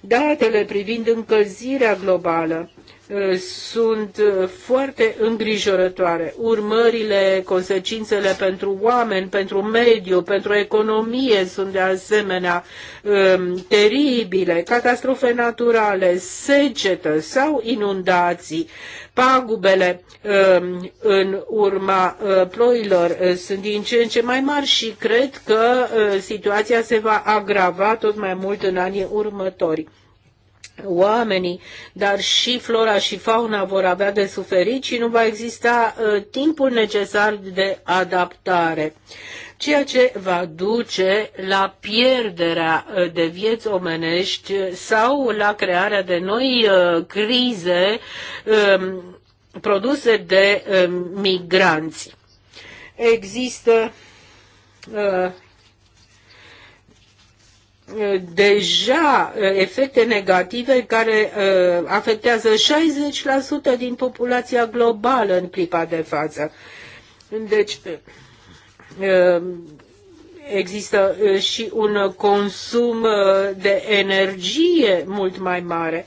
Datele privind încălzirea globală uh, sunt foarte îngrijorătoare. Urmările, consecințele pentru oameni, pentru mediu, pentru economie sunt de asemenea um, teribile. Catastrofe naturale, secetă sau inundații Pagubele um, în urma uh, ploilor uh, sunt din ce în ce mai mari și cred că uh, situația se va agrava tot mai mult în anii următori oamenii, dar și flora și fauna vor avea de suferit și nu va exista uh, timpul necesar de adaptare ceea ce va duce la pierderea uh, de vieți omenești uh, sau la crearea de noi uh, crize um, produse de um, migranți. Există deja efecte negative care afectează 60% din populația globală în clipa de față. Deci, Uh, există uh, și un consum uh, de energie mult mai mare.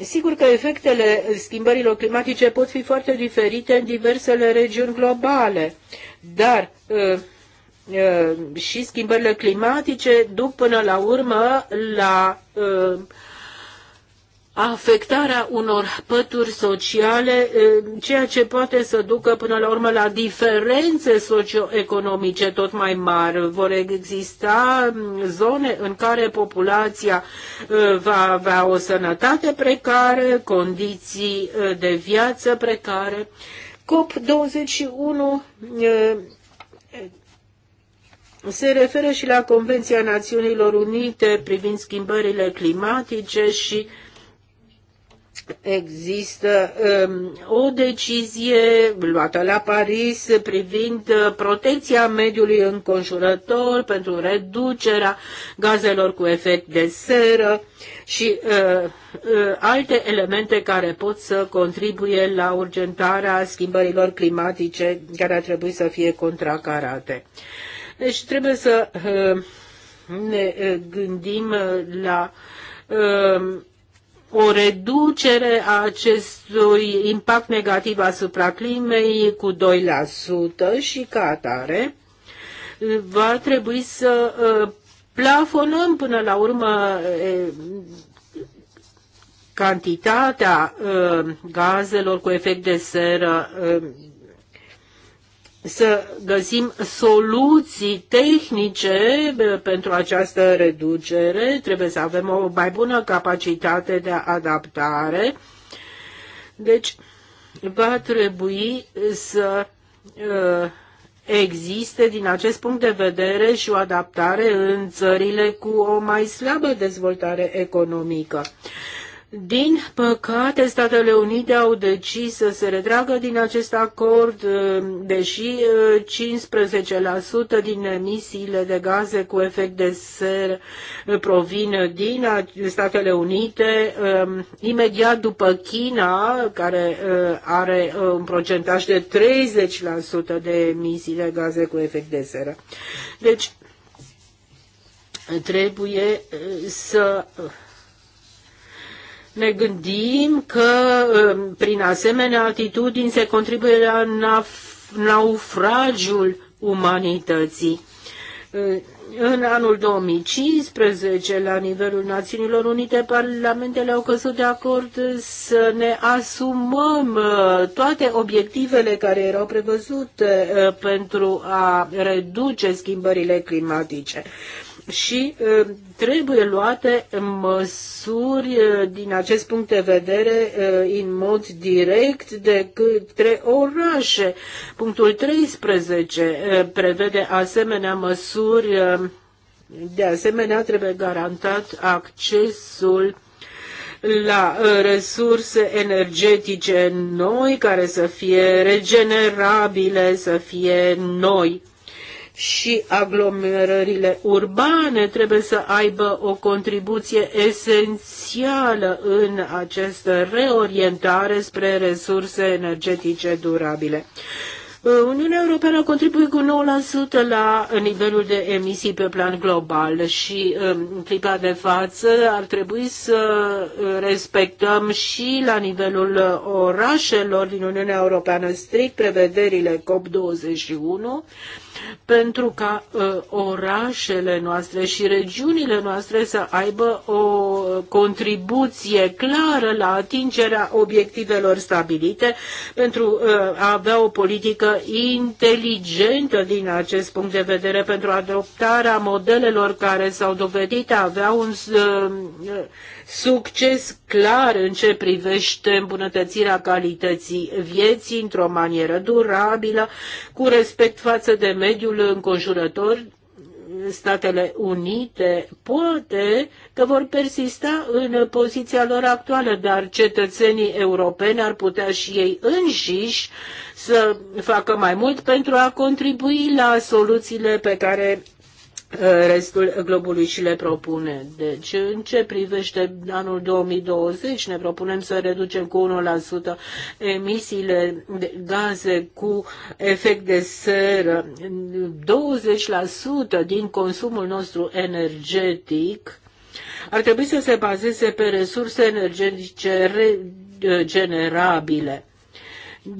Sigur că efectele schimbărilor climatice pot fi foarte diferite în diversele regiuni globale, dar și schimbările climatice duc până la urmă la afectarea unor pături sociale, ceea ce poate să ducă până la urmă la diferențe socioeconomice tot mai mari. Vor exista zone în care populația va avea o sănătate precară, condiții de viață precare. COP21 se referă și la Convenția Națiunilor Unite privind schimbările climatice și uh, Există um, o decizie luată la Paris privind uh, protecția mediului înconjurător pentru reducerea gazelor cu efect de seră și uh, uh, alte elemente care pot să contribuie la urgentarea schimbărilor climatice care ar trebui să fie contracarate. Deci trebuie să uh, ne uh, gândim uh, la uh, o reducere a acestui impact negativ asupra climei cu 2% și ca atare va trebui să uh, plafonăm până la urmă uh, cantitatea uh, gazelor cu efect de seră să găsim soluții tehnice pentru această reducere, trebuie să avem o mai bună capacitate de adaptare. Deci, va trebui să ă, Existe din acest punct de vedere și o adaptare în țările cu o mai slabă dezvoltare economică. Din păcate, Statele Unite au decis să se retragă din acest acord, uh, deși 15% uh, din emisiile de gaze cu efect de ser provin din Statele Unite. Um, imediat după China, care uh, are un procentaj de 30% de emisiile de gaze cu efect de ser. Deci, trebuie să ne gândim că um, prin asemenea atitudini se contribuie la naufragiul umanității. Uh, în anul 2015, la nivelul Națiunilor Unite, parlamentele au căzut de acord să ne asumăm uh, toate obiectivele care erau prevăzute uh, pentru a reduce schimbările climatice și trebuie luate măsuri din acest punct de vedere în mod direct de către orașe. Punctul 13 prevede asemenea măsuri. De asemenea, trebuie garantat accesul la resurse energetice noi, care să fie regenerabile, să fie noi și aglomerările urbane trebuie să aibă o contribuție esențială în această reorientare spre resurse energetice durabile. Uniunea Europeană contribuie cu 9% la nivelul de emisii pe plan global și în clipa de față ar trebui să respectăm și la nivelul orașelor din Uniunea Europeană strict prevederile COP21 pentru ca ă, orașele noastre și regiunile noastre să aibă o contribuție clară la atingerea obiectivelor stabilite pentru ă, a avea o politică inteligentă din acest punct de vedere pentru adoptarea modelelor care s-au dovedit a avea un ă, succes clar în ce privește îmbunătățirea calității vieții într-o manieră durabilă, cu respect față de mediul înconjurător, Statele Unite poate că vor persista în poziția lor actuală, dar cetățenii europeni ar putea și ei înșiși să facă mai mult pentru a contribui la soluțiile pe care restul globului și le propune. Deci, în ce privește anul 2020, ne propunem să reducem cu 1% emisiile de gaze cu efect de seră. 20% din consumul nostru energetic ar trebui să se bazeze pe resurse energetice regenerabile.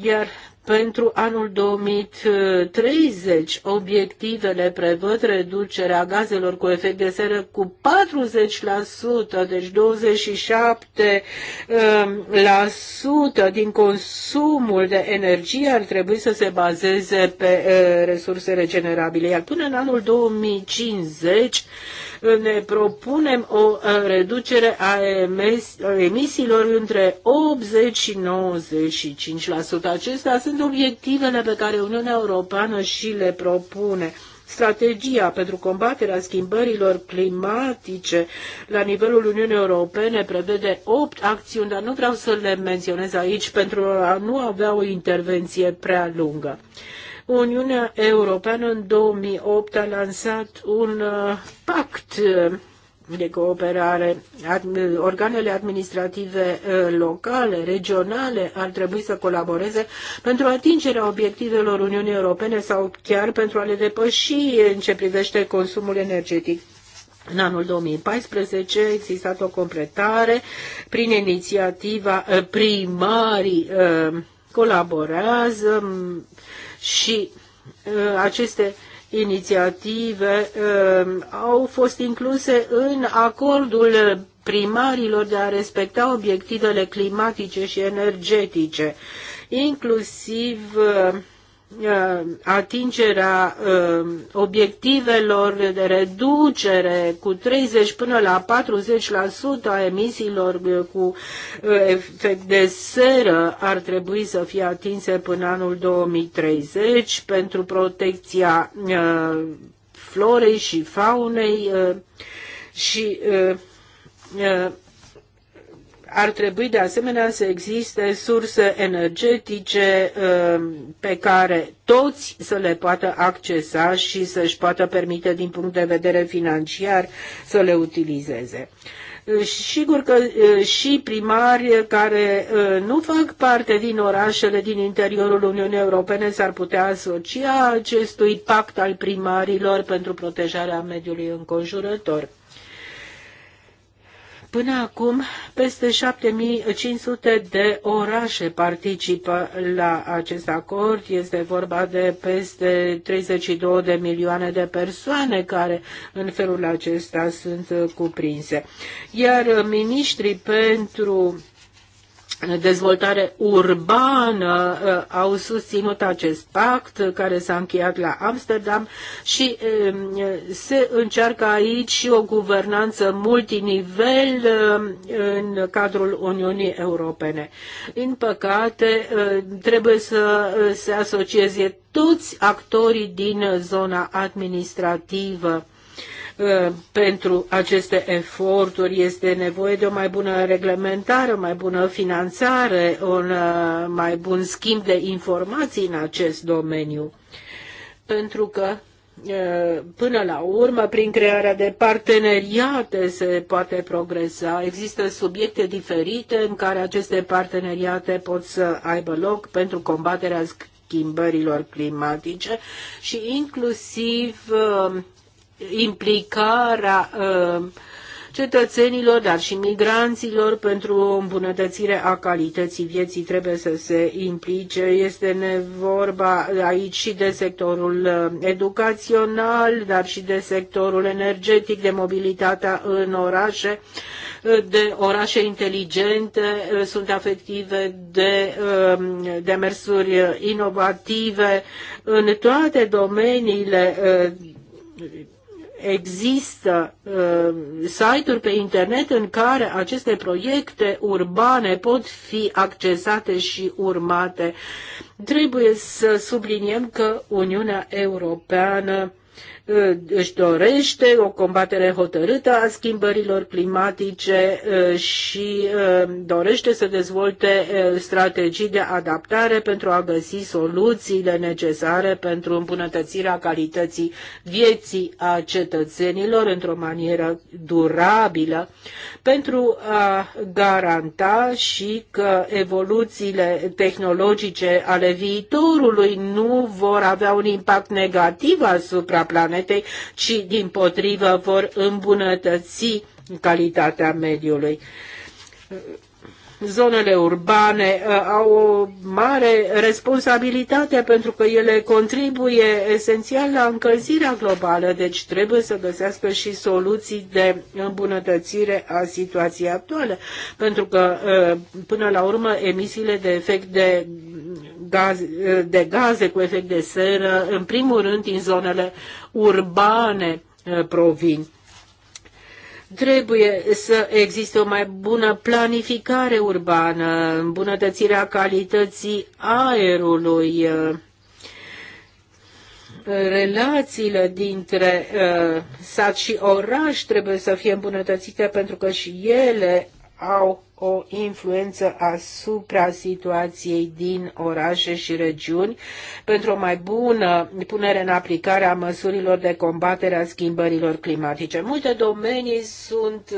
Iar pentru anul 2030 obiectivele prevăd reducerea gazelor cu efect de seră cu 40%, deci 27% um, din consumul de energie ar trebui să se bazeze pe uh, resurse regenerabile. Iar până în anul 2050 ne propunem o reducere a emisiilor între 80 și 95%. Acestea sunt obiectivele pe care Uniunea Europeană și le propune strategia pentru combaterea schimbărilor climatice la nivelul Uniunii Europene prevede opt acțiuni, dar nu vreau să le menționez aici pentru a nu avea o intervenție prea lungă. Uniunea Europeană în 2008 a lansat un uh, pact uh, de cooperare. Organele administrative uh, locale, regionale ar trebui să colaboreze pentru atingerea obiectivelor Uniunii Europene sau chiar pentru a le depăși în ce privește consumul energetic. În anul 2014 a existat o completare prin inițiativa primarii colaborează și uh, aceste inițiative uh, au fost incluse în acordul primarilor de a respecta obiectivele climatice și energetice, inclusiv uh, Uh, atingerea uh, obiectivelor de reducere cu 30 până la 40% a emisiilor uh, cu efect de seră ar trebui să fie atinse până anul 2030 pentru protecția florei și faunei și ar trebui de asemenea să existe surse energetice um, pe care toți să le poată accesa și să-și poată permite din punct de vedere financiar să le utilizeze. Sigur că uh, și primari care uh, nu fac parte din orașele din interiorul Uniunii Europene s-ar putea asocia acestui pact al primarilor pentru protejarea mediului înconjurător. Până acum, peste 7500 de orașe participă la acest acord. Este vorba de peste 32 de milioane de persoane care în felul acesta sunt cuprinse. Iar miniștrii pentru dezvoltare urbană uh, au susținut acest pact care s-a încheiat la Amsterdam și um, se încearcă aici și o guvernanță multinivel uh, în cadrul Uniunii Europene. Din păcate, uh, trebuie să se asocieze toți actorii din zona administrativă Uh, pentru aceste eforturi este nevoie de o mai bună reglementare, o mai bună finanțare, un uh, mai bun schimb de informații în acest domeniu. Pentru că uh, până la urmă, prin crearea de parteneriate se poate progresa. Există subiecte diferite în care aceste parteneriate pot să aibă loc pentru combaterea schimbărilor climatice și inclusiv implicarea uh, cetățenilor, dar și migranților pentru o îmbunătățire a calității vieții trebuie să se implice. Este nevorba aici și de sectorul uh, educațional, dar și de sectorul energetic, de mobilitatea în orașe, uh, de orașe inteligente, sunt afective de demersuri inovative în toate domeniile există uh, site-uri pe internet în care aceste proiecte urbane pot fi accesate și urmate. Trebuie să subliniem că Uniunea Europeană își dorește o combatere hotărâtă a schimbărilor climatice și dorește să dezvolte strategii de adaptare pentru a găsi soluțiile necesare pentru îmbunătățirea calității vieții a cetățenilor într-o manieră durabilă, pentru a garanta și că evoluțiile tehnologice ale viitorului nu vor avea un impact negativ asupra planetei planetei, ci din potrivă vor îmbunătăți calitatea mediului zonele urbane uh, au o mare responsabilitate pentru că ele contribuie esențial la încălzirea globală, deci trebuie să găsească și soluții de îmbunătățire a situației actuale, pentru că uh, până la urmă emisiile de efect de gaz, uh, de gaze cu efect de seră, în primul rând din zonele urbane provin. Trebuie să existe o mai bună planificare urbană, îmbunătățirea calității aerului, relațiile dintre uh, sat și oraș trebuie să fie îmbunătățite pentru că și ele au o influență asupra situației din orașe și regiuni pentru o mai bună punere în aplicare a măsurilor de combatere a schimbărilor climatice. Multe domenii sunt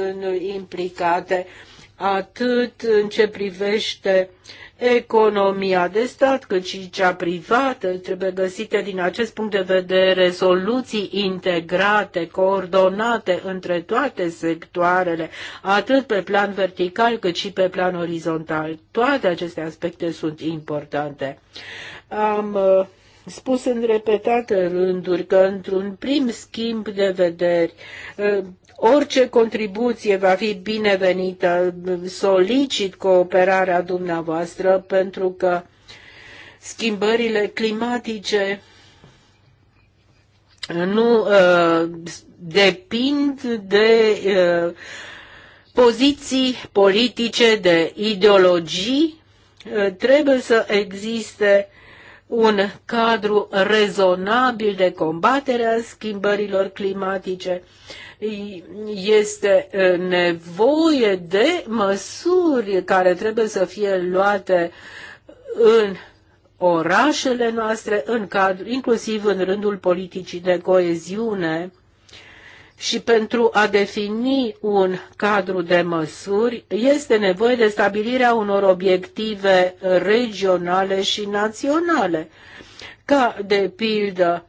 implicate atât în ce privește economia de stat, cât și cea privată, trebuie găsite din acest punct de vedere soluții integrate, coordonate între toate sectoarele, atât pe plan vertical cât și pe plan orizontal. Toate aceste aspecte sunt importante. Am uh, spus în repetate rânduri că într-un prim schimb de vederi uh, Orice contribuție va fi binevenită. Solicit cooperarea dumneavoastră pentru că schimbările climatice nu uh, depind de uh, poziții politice, de ideologii, uh, trebuie să existe un cadru rezonabil de combatere a schimbărilor climatice. Uh, este nevoie de măsuri care trebuie să fie luate în orașele noastre, în cadru, inclusiv în rândul politicii de coeziune și pentru a defini un cadru de măsuri este nevoie de stabilirea unor obiective regionale și naționale, ca de pildă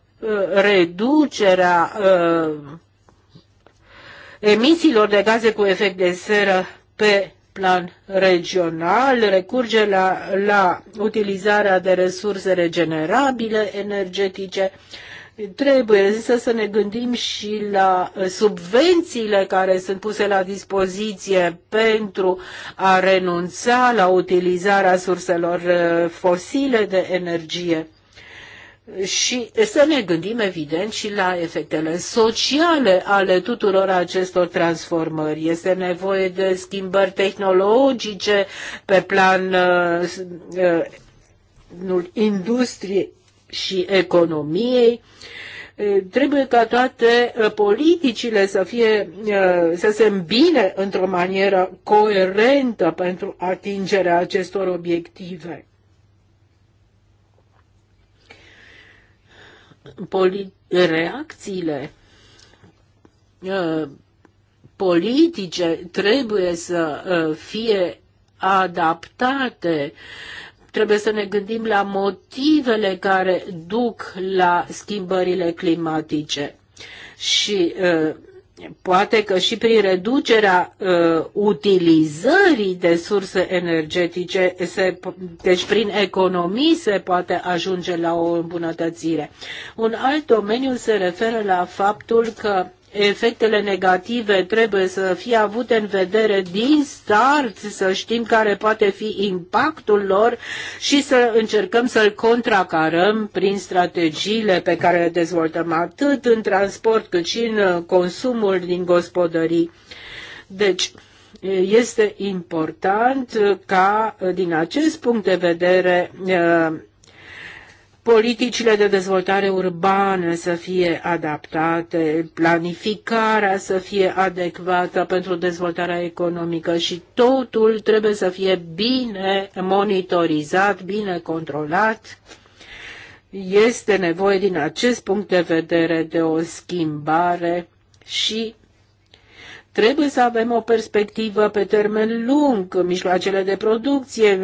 reducerea uh, emisiilor de gaze cu efect de seră pe plan regional, recurge la, la utilizarea de resurse regenerabile energetice. Trebuie însă să ne gândim și la subvențiile care sunt puse la dispoziție pentru a renunța la utilizarea surselor uh, fosile de energie și să ne gândim evident și la efectele sociale ale tuturor acestor transformări. Este nevoie de schimbări tehnologice pe plan uh, uh industriei și economiei. Uh, trebuie ca toate uh, politicile să, fie, să se îmbine într-o manieră coerentă pentru atingerea acestor obiective. reacțiile uh, politice trebuie să uh, fie adaptate. Trebuie să ne gândim la motivele care duc la schimbările climatice. Și uh, Poate că și prin reducerea uh, utilizării de surse energetice, se, deci prin economii, se poate ajunge la o îmbunătățire. Un alt domeniu se referă la faptul că efectele negative trebuie să fie avute în vedere din start, să știm care poate fi impactul lor și să încercăm să-l contracarăm prin strategiile pe care le dezvoltăm atât în transport cât și în consumul din gospodării. Deci, este important ca, din acest punct de vedere, politicile de dezvoltare urbană să fie adaptate, planificarea să fie adecvată pentru dezvoltarea economică și totul trebuie să fie bine monitorizat, bine controlat. Este nevoie din acest punct de vedere de o schimbare și trebuie să avem o perspectivă pe termen lung, mijloacele de producție,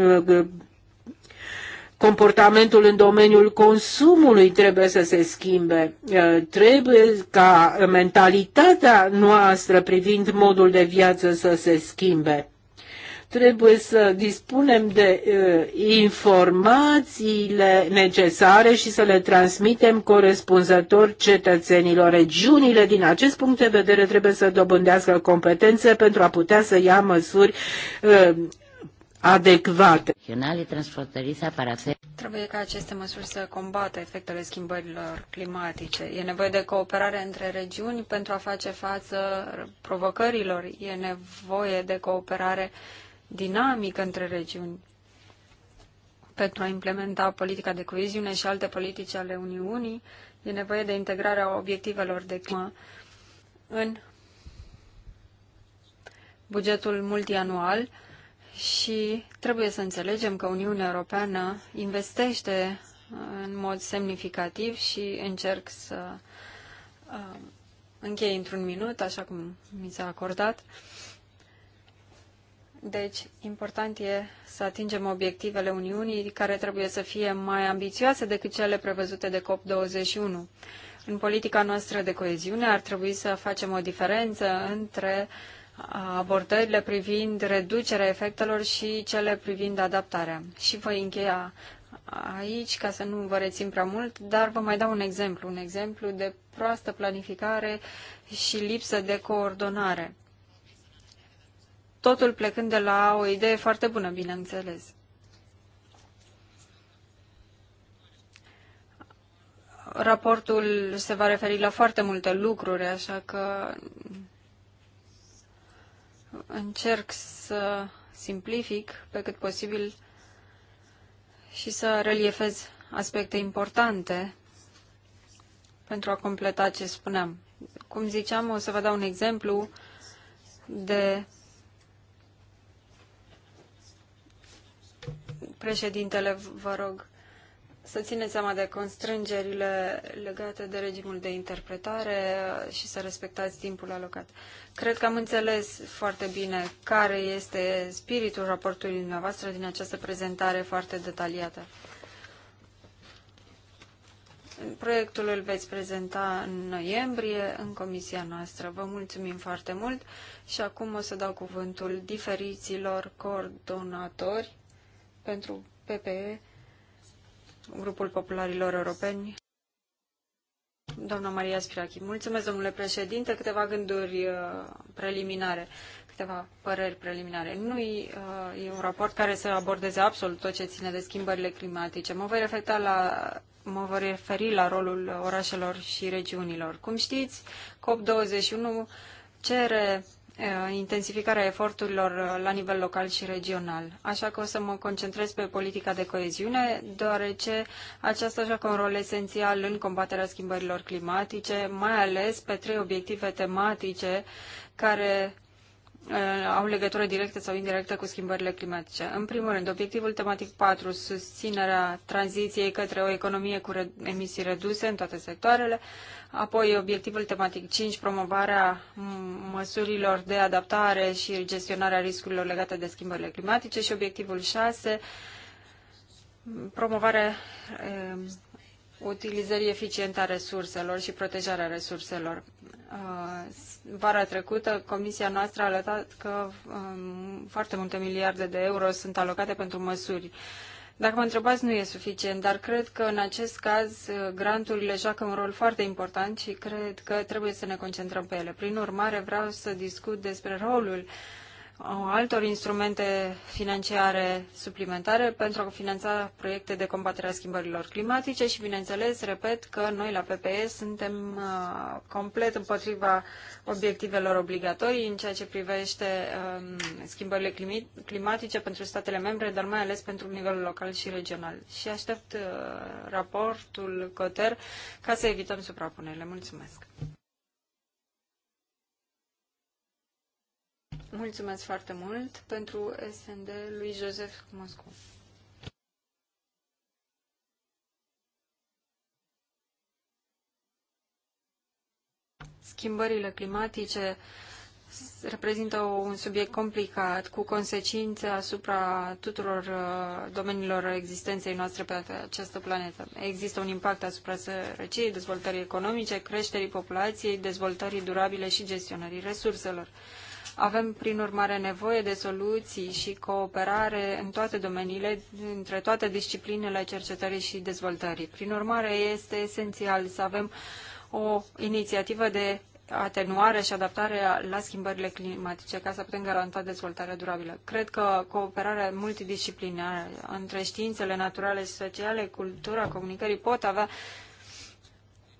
comportamentul în domeniul consumului trebuie să se schimbe. Uh, trebuie ca mentalitatea noastră privind modul de viață să se schimbe. Trebuie să dispunem de uh, informațiile necesare și să le transmitem corespunzător cetățenilor. Regiunile, din acest punct de vedere, trebuie să dobândească competențe pentru a putea să ia măsuri uh, adecvate. Trebuie ca aceste măsuri să combată efectele schimbărilor climatice. E nevoie de cooperare între regiuni pentru a face față provocărilor. E nevoie de cooperare dinamică între regiuni pentru a implementa politica de coeziune și alte politici ale Uniunii. E nevoie de integrarea obiectivelor de climă în bugetul multianual și trebuie să înțelegem că Uniunea Europeană investește uh, în mod semnificativ și încerc să uh, închei într-un minut, așa cum mi s-a acordat. Deci, important e să atingem obiectivele Uniunii, care trebuie să fie mai ambițioase decât cele prevăzute de COP21. În politica noastră de coeziune ar trebui să facem o diferență între uh, abordările privind reducerea efectelor și cele privind adaptarea. Și voi încheia aici, ca să nu vă rețin prea mult, dar vă mai dau un exemplu, un exemplu de proastă planificare și lipsă de coordonare. Totul plecând de la o idee foarte bună, bineînțeles. Raportul se va referi la foarte multe lucruri, așa că încerc să simplific pe cât posibil și să reliefez aspecte importante pentru a completa ce spuneam. Cum ziceam, o să vă dau un exemplu de președintele, vă rog, să țineți seama de constrângerile legate de regimul de interpretare uh, și să respectați timpul alocat. Cred că am înțeles foarte bine care este spiritul raportului dumneavoastră din această prezentare foarte detaliată. Proiectul îl veți prezenta în noiembrie în comisia noastră. Vă mulțumim foarte mult și acum o să dau cuvântul diferiților coordonatori pentru PPE grupul popularilor europeni. Doamna Maria Spirachi. Mulțumesc, domnule președinte. Câteva gânduri uh, preliminare, câteva păreri preliminare. Nu uh, e un raport care să abordeze absolut tot ce ține de schimbările climatice. Mă voi, reflecta la, mă voi referi la rolul orașelor și regiunilor. Cum știți, COP21 cere Uh, intensificarea eforturilor uh, la nivel local și regional. Așa că o să mă concentrez pe politica de coeziune, deoarece aceasta joacă un rol esențial în combaterea schimbărilor climatice, mai ales pe trei obiective tematice care Uh, au legătură directă sau indirectă cu schimbările climatice. În primul rând, obiectivul tematic 4, susținerea tranziției către o economie cu emisii reduse în toate sectoarele, apoi obiectivul tematic 5, promovarea măsurilor de adaptare și gestionarea riscurilor legate de schimbările climatice și obiectivul 6, promovarea um, utilizării eficiente a resurselor și protejarea resurselor. Uh, vara trecută, comisia noastră a arătat că um, foarte multe miliarde de euro sunt alocate pentru măsuri. Dacă mă întrebați, nu e suficient, dar cred că în acest caz granturile joacă un rol foarte important și cred că trebuie să ne concentrăm pe ele. Prin urmare, vreau să discut despre rolul uh, altor instrumente financiare suplimentare pentru a finanța proiecte de combatere a schimbărilor climatice și, bineînțeles, repet că noi la PPE suntem uh, complet împotriva obiectivelor obligatorii în ceea ce privește um, schimbările climatice pentru statele membre, dar mai ales pentru nivelul local și regional. Și aștept uh, raportul COTER ca să evităm suprapunerile. Mulțumesc! Mulțumesc foarte mult pentru SND lui Joseph Moscu. Schimbările climatice reprezintă un subiect complicat, cu consecințe asupra tuturor uh, domeniilor existenței noastre pe această planetă. Există un impact asupra sărăciei, dezvoltării economice, creșterii populației, dezvoltării durabile și gestionării resurselor. Avem, prin urmare, nevoie de soluții și cooperare în toate domeniile, între toate disciplinele cercetării și dezvoltării. Prin urmare, este esențial să avem o inițiativă de atenuare și adaptare la schimbările climatice ca să putem garanta dezvoltarea durabilă. Cred că cooperarea multidisciplinară între științele naturale și sociale, cultura comunicării pot avea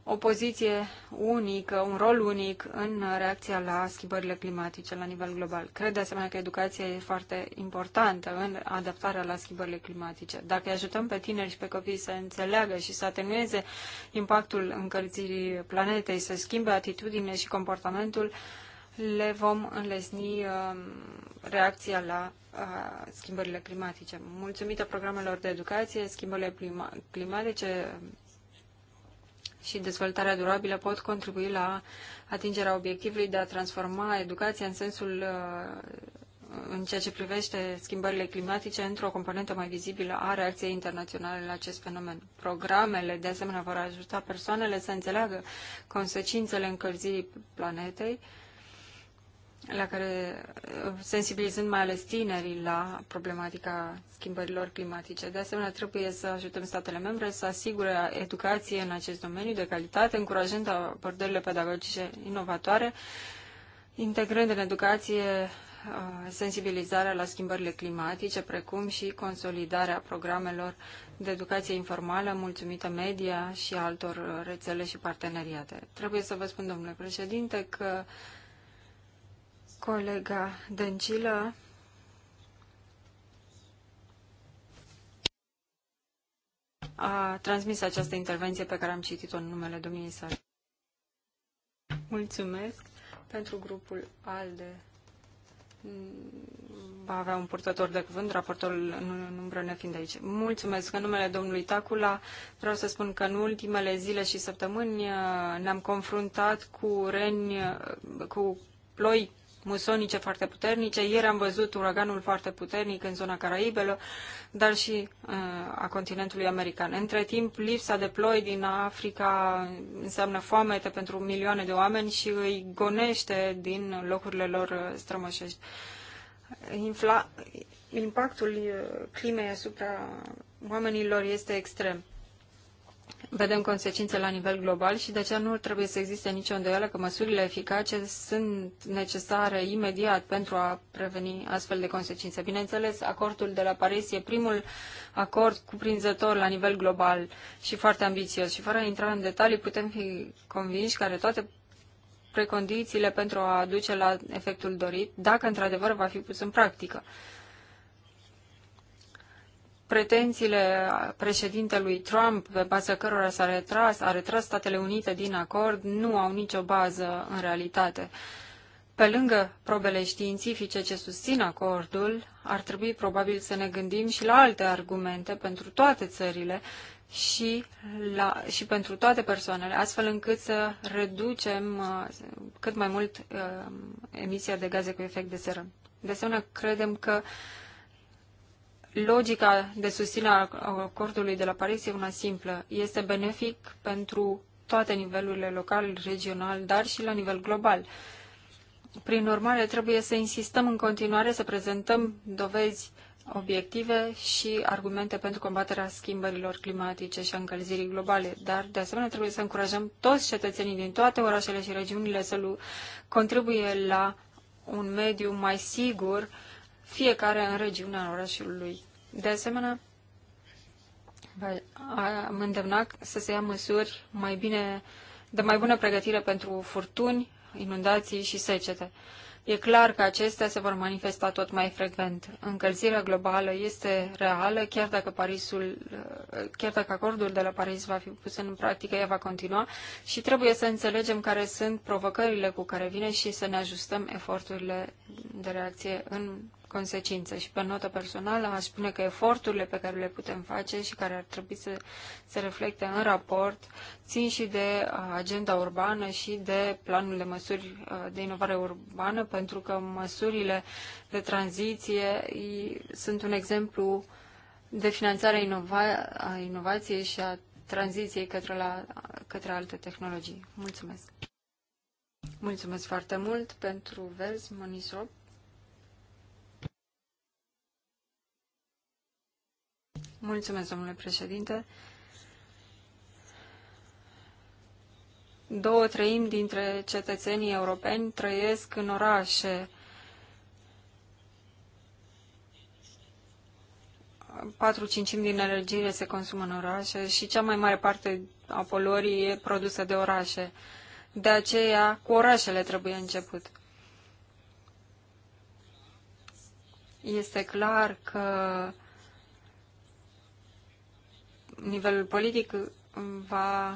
o poziție unică, un rol unic în reacția la schimbările climatice la nivel global. Cred de asemenea că educația e foarte importantă în adaptarea la schimbările climatice. Dacă ajutăm pe tineri și pe copii să înțeleagă și să atenueze impactul încălzirii planetei, să schimbe atitudine și comportamentul, le vom înlesni um, reacția la uh, schimbările climatice. Mulțumită programelor de educație, schimbările climatice și dezvoltarea durabilă pot contribui la atingerea obiectivului de a transforma educația în sensul uh, în ceea ce privește schimbările climatice într-o componentă mai vizibilă a reacției internaționale la acest fenomen. Programele, de asemenea, vor ajuta persoanele să înțeleagă consecințele încălzirii planetei, uh, la care sensibilizând mai ales tinerii la problematica schimbărilor climatice. De asemenea, trebuie să ajutăm statele membre să asigure educație în acest domeniu de calitate, încurajând abordările pedagogice inovatoare, integrând în educație uh, sensibilizarea la schimbările climatice, precum și consolidarea programelor de educație informală, mulțumită media și altor rețele și parteneriate. Trebuie să vă spun, domnule președinte, că Colega Dăncilă a transmis această intervenție pe care am citit-o în numele domniei sale. Mulțumesc pentru grupul ALDE. Va avea un purtător de cuvânt, raportorul în umbră nefiind aici. Mulțumesc în numele domnului Tacula. Vreau să spun că în ultimele zile și săptămâni uh, ne-am confruntat cu reni, uh, cu ploi musonice foarte puternice. Ieri am văzut uraganul foarte puternic în zona Caraibelor, dar și uh, a continentului american. Între timp, lipsa de ploi din Africa înseamnă foamete pentru milioane de oameni și îi gonește din locurile lor uh, strămoșești. Infla... Impactul uh, climei asupra oamenilor este extrem vedem consecințe la nivel global și de aceea nu trebuie să existe nicio îndoială că măsurile eficace sunt necesare imediat pentru a preveni astfel de consecințe. Bineînțeles, acordul de la Paris e primul acord cuprinzător la nivel global și foarte ambițios și fără a intra în detalii putem fi convinși că are toate precondițiile pentru a duce la efectul dorit, dacă într-adevăr va fi pus în practică pretențiile președintelui Trump, pe baza cărora s-a retras, a retras Statele Unite din acord, nu au nicio bază în realitate. Pe lângă probele științifice ce susțin acordul, ar trebui probabil să ne gândim și la alte argumente pentru toate țările și, la, și pentru toate persoanele, astfel încât să reducem uh, cât mai mult uh, emisia de gaze cu efect de seră. De asemenea, credem că uh, Logica de susținere a acordului de la Paris e una simplă. Este benefic pentru toate nivelurile local, regional, dar și la nivel global. Prin urmare, trebuie să insistăm în continuare să prezentăm dovezi obiective și argumente pentru combaterea schimbărilor climatice și a încălzirii globale, dar de asemenea trebuie să încurajăm toți cetățenii din toate orașele și regiunile să contribuie la un mediu mai sigur, fiecare în regiunea orașului de asemenea, am îndemnat să se ia măsuri mai bine, de mai bună pregătire pentru furtuni, inundații și secete. E clar că acestea se vor manifesta tot mai frecvent. Încălzirea globală este reală, chiar dacă, Parisul, chiar dacă acordul de la Paris va fi pus în practică, ea va continua și trebuie să înțelegem care sunt provocările cu care vine și să ne ajustăm eforturile de reacție în consecință. Și pe notă personală aș spune că eforturile pe care le putem face și care ar trebui să se reflecte în raport țin și de uh, agenda urbană și de planul de măsuri uh, de inovare urbană, pentru că măsurile de tranziție sunt un exemplu de finanțare inova- a inovației și a tranziției către, la, către alte tehnologii. Mulțumesc! Mulțumesc foarte mult pentru vers, Monisop. Mulțumesc, domnule președinte. Două treimi dintre cetățenii europeni trăiesc în orașe. Patru cincimi din energiile se consumă în orașe și cea mai mare parte a poluării e produsă de orașe. De aceea, cu orașele trebuie început. Este clar că nivelul politic va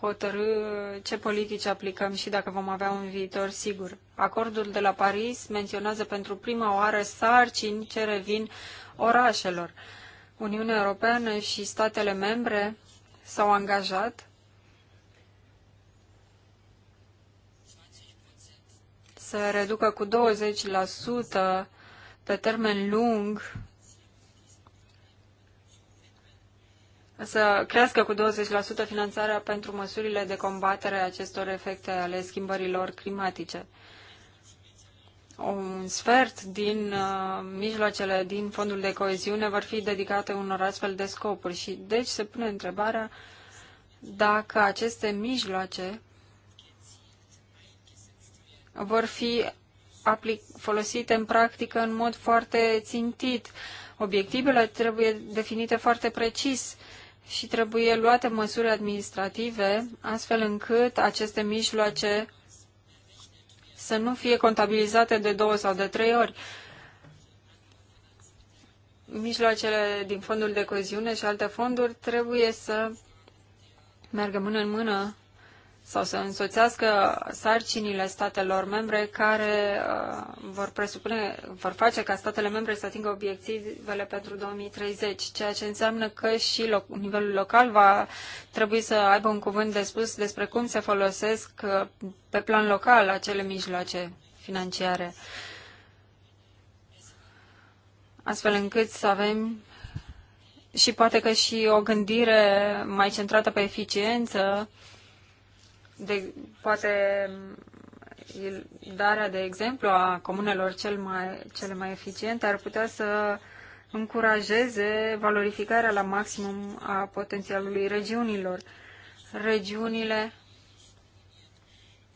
hotărâ ce politici aplicăm și dacă vom avea un viitor sigur. Acordul de la Paris menționează pentru prima oară sarcini ce revin orașelor. Uniunea Europeană și statele membre s-au angajat să reducă cu 20% pe termen lung să crească cu 20% finanțarea pentru măsurile de combatere a acestor efecte ale schimbărilor climatice. Un sfert din uh, mijloacele din fondul de coeziune vor fi dedicate unor astfel de scopuri și deci se pune întrebarea dacă aceste mijloace vor fi folosite în practică în mod foarte țintit. Obiectivele trebuie definite foarte precis și trebuie luate măsuri administrative astfel încât aceste mijloace să nu fie contabilizate de două sau de trei ori. Mijloacele din fondul de coziune și alte fonduri trebuie să meargă mână în mână sau să însoțească sarcinile statelor membre care uh, vor presupune, vor face ca statele membre să atingă obiectivele pentru 2030, ceea ce înseamnă că și nivelul local va trebui să aibă un cuvânt de spus despre cum se folosesc uh, pe plan local acele mijloace financiare, astfel încât să avem și poate că și o gândire mai centrată pe eficiență, de, poate darea de exemplu a comunelor cel mai, cele mai eficiente ar putea să încurajeze valorificarea la maximum a potențialului regiunilor. Regiunile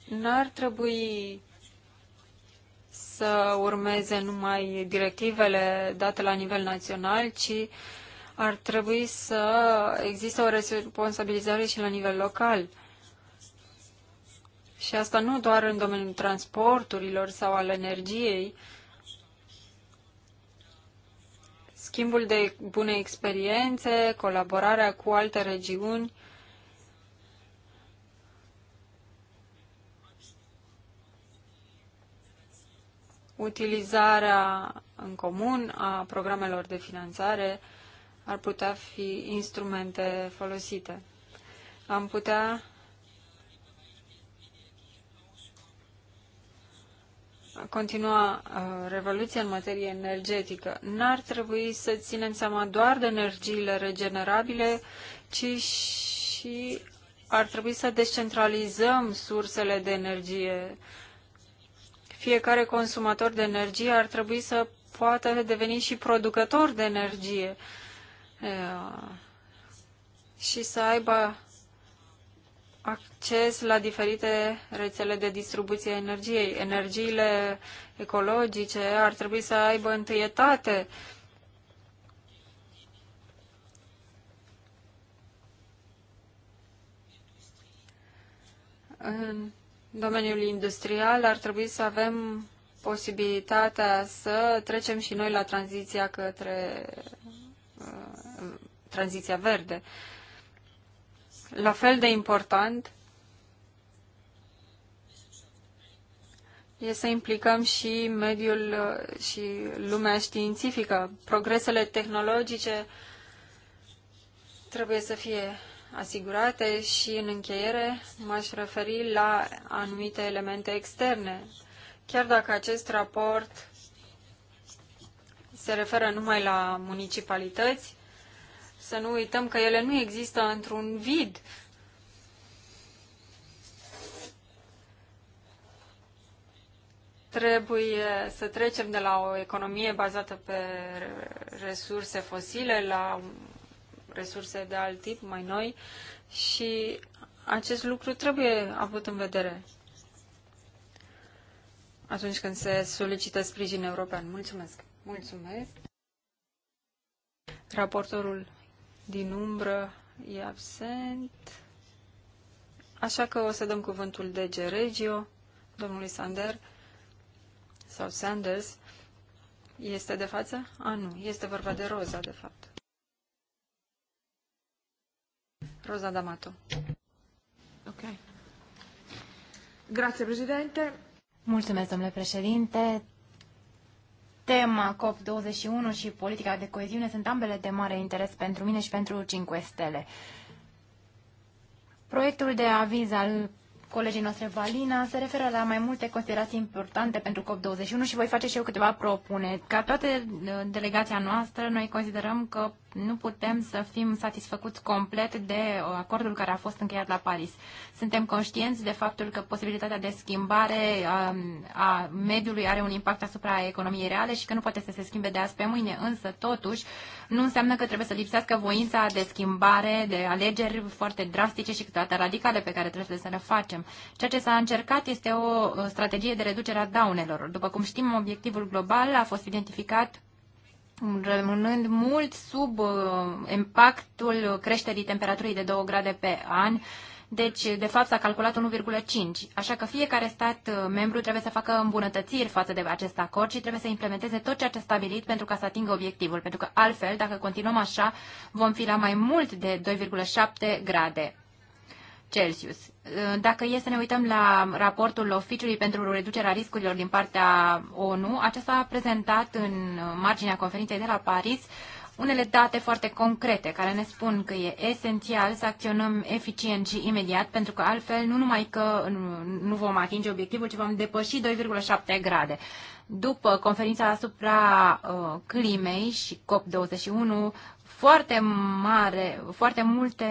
n-ar trebui să urmeze numai directivele date la nivel național, ci ar trebui să existe o responsabilizare și la nivel local. Și asta nu doar în domeniul transporturilor sau al energiei. Schimbul de bune experiențe, colaborarea cu alte regiuni, utilizarea în comun a programelor de finanțare ar putea fi instrumente folosite. Am putea continua uh, revoluția în materie energetică. N-ar trebui să ținem seama doar de energiile regenerabile, ci și ar trebui să descentralizăm sursele de energie. Fiecare consumator de energie ar trebui să poată deveni și producător de energie uh, și să aibă acces la diferite rețele de distribuție a energiei. Energiile ecologice ar trebui să aibă întâietate. În domeniul industrial ar trebui să avem posibilitatea să trecem și noi la tranziția către uh, tranziția verde. Uh, la fel de important e să implicăm și mediul uh, și lumea științifică. Progresele tehnologice trebuie să fie asigurate și în încheiere m-aș referi la anumite elemente externe. Chiar dacă acest raport se referă numai la municipalități, să nu uităm că ele nu există într-un vid. Trebuie să trecem de la o economie bazată pe resurse fosile la resurse de alt tip, mai noi, și acest lucru trebuie avut în vedere atunci când se solicită sprijin european. Mulțumesc! Mulțumesc! Raportorul din umbră e absent. Așa că o să dăm cuvântul de Geregio, domnului Sander, sau Sanders. Este de față? A, nu. Este vorba de Roza, de fapt. Rosa D'Amato. Ok. Grazie, președinte. Mulțumesc, domnule președinte tema uh, COP21 și politica de coeziune sunt ambele de mare interes pentru mine și pentru 5 stele. Proiectul de aviz al colegii noastre Valina se referă la mai multe considerații importante pentru COP21 și voi face și eu câteva propuneri. Ca toată uh, delegația noastră, noi considerăm că nu putem să fim satisfăcuți complet de uh, acordul care a fost încheiat la Paris. Suntem conștienți de faptul că posibilitatea de schimbare um, a mediului are un impact asupra economiei reale și că nu poate să se schimbe de azi pe mâine, însă totuși nu înseamnă că trebuie să lipsească voința de schimbare, de alegeri foarte drastice și câteodată radicale pe care trebuie să le facem. Ceea ce s-a încercat este o uh, strategie de reducere a daunelor. După cum știm, obiectivul global a fost identificat rămânând mult sub uh, impactul creșterii temperaturii de 2 grade pe an, deci, de fapt, s-a calculat 1,5. Așa că fiecare stat uh, membru trebuie să facă îmbunătățiri față de acest acord și trebuie să implementeze tot ceea ce a stabilit pentru ca să atingă obiectivul. Pentru că altfel, dacă continuăm așa, vom fi la mai mult de 2,7 grade Celsius. Dacă e să ne uităm la raportul oficiului pentru reducerea riscurilor din partea ONU, acesta a prezentat în marginea conferinței de la Paris unele date foarte concrete care ne spun că e esențial să acționăm eficient și imediat, pentru că altfel nu numai că nu vom atinge obiectivul, ci vom depăși 2,7 grade. După conferința asupra uh, climei și COP21, foarte mare, foarte multe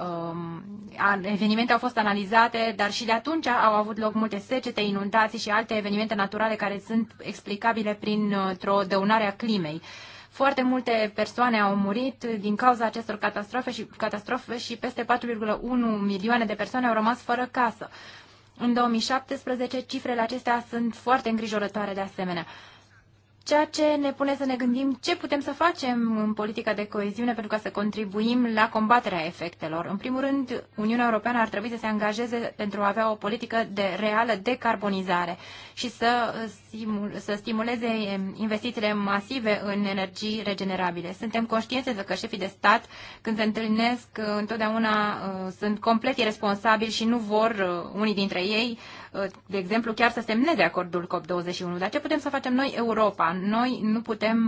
uh, evenimente au fost analizate, dar și de atunci au avut loc multe secete, inundații și alte evenimente naturale care sunt explicabile printr-o uh, dăunare a climei. Foarte multe persoane au murit din cauza acestor catastrofe și, catastrofe și peste 4,1 milioane de persoane au rămas fără casă. În 2017, cifrele acestea sunt foarte îngrijorătoare de asemenea ceea ce ne pune să ne gândim ce putem să facem în politica de coeziune pentru ca să contribuim la combaterea efectelor. În primul rând, Uniunea Europeană ar trebui să se angajeze pentru a avea o politică de reală decarbonizare și să să stimuleze investițiile masive în energii regenerabile. Suntem conștienți că șefii de stat, când se întâlnesc, uh, întotdeauna uh, sunt complet irresponsabili și nu vor, uh, unii dintre ei, de exemplu, chiar să semneze acordul COP21. Dar ce putem să facem noi, Europa? Noi nu putem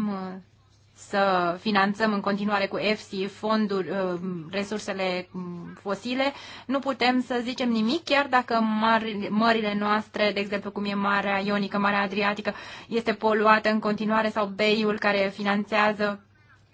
să finanțăm în continuare cu EFSI fonduri, uh, resursele mm, fosile, nu putem să zicem nimic, chiar dacă mările noastre, de exemplu cum e Marea Ionică, Marea Adriatică, este poluată în continuare sau Beiul care finanțează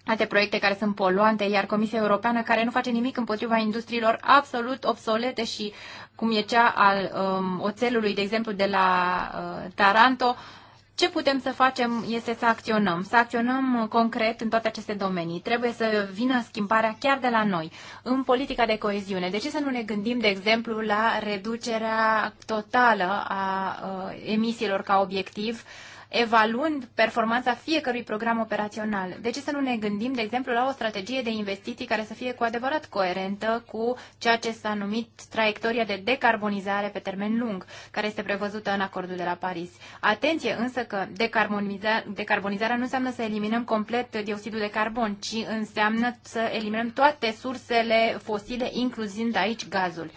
alte proiecte care sunt poluante, iar Comisia Europeană care nu face nimic împotriva industriilor absolut obsolete și cum e cea al um, oțelului, de exemplu, de la uh, Taranto, uh, ce putem să facem este să acționăm, să acționăm uh, concret în toate aceste domenii. Trebuie să vină schimbarea chiar de la noi, în politica de coeziune. De ce să nu ne gândim, de exemplu, la reducerea totală a uh, emisiilor ca obiectiv uh, evaluând performanța fiecărui program operațional. De ce să nu ne gândim, de exemplu, la o strategie de investiții care să fie cu adevărat coerentă cu ceea ce s-a numit traiectoria de decarbonizare pe termen lung, care este prevăzută în acordul de la Paris. Atenție însă că decarboniza decarbonizarea nu înseamnă să eliminăm complet dioxidul de carbon, ci înseamnă să eliminăm toate sursele fosile, incluzând aici gazul.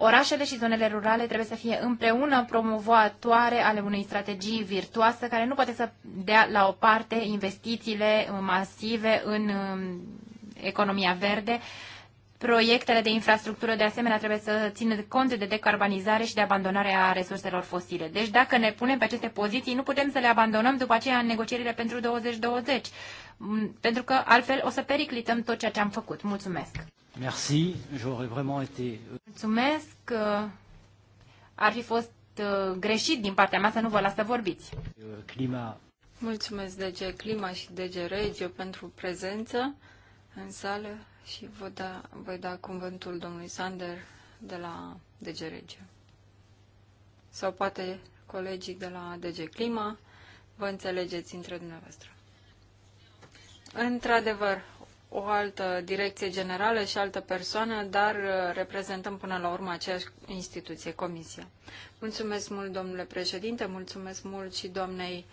Orașele și zonele rurale trebuie să fie împreună promovatoare ale unei strategii virtuoase care nu poate să dea la o parte investițiile uh, masive în um, economia verde. Proiectele de infrastructură, de asemenea, trebuie să țină cont de decarbonizare și de abandonarea resurselor fosile. Deci, dacă ne punem pe aceste poziții, nu putem să le abandonăm după aceea în negocierile pentru 2020, mm, pentru că altfel o să periclităm tot ceea ce am făcut. Mulțumesc! Merci, j'aurais vraiment été... Euh, Mulțumesc, uh, ar fi fost uh, greșit din partea mea să nu vă las să vorbiți. Euh, Clima. Mulțumesc DG Clima și DG Regio pentru prezență în sală și vă da, voi da cuvântul domnului Sander de la DG Regio. Sau poate colegii de la DG Clima, vă înțelegeți între dumneavoastră. Într-adevăr, o altă direcție generală și altă persoană, dar uh, reprezentăm până la urmă aceeași instituție, Comisia. Mulțumesc mult, domnule președinte, mulțumesc mult și doamnei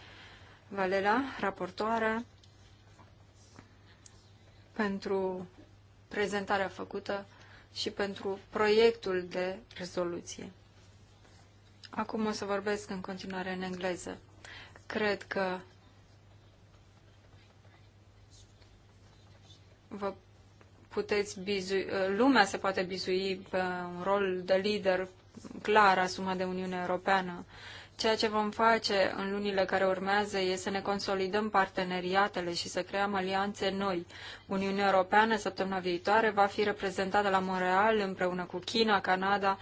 Valela, raportoarea, pentru prezentarea făcută și pentru proiectul de rezoluție. Acum o să vorbesc în continuare în engleză. Cred că vă puteți bizui, lumea se poate bizui pe un rol de lider clar asumat de Uniunea Europeană. Ceea ce vom face în lunile care urmează este să ne consolidăm parteneriatele și să creăm alianțe noi. Uniunea Europeană săptămâna viitoare va fi reprezentată la Montreal împreună cu China, Canada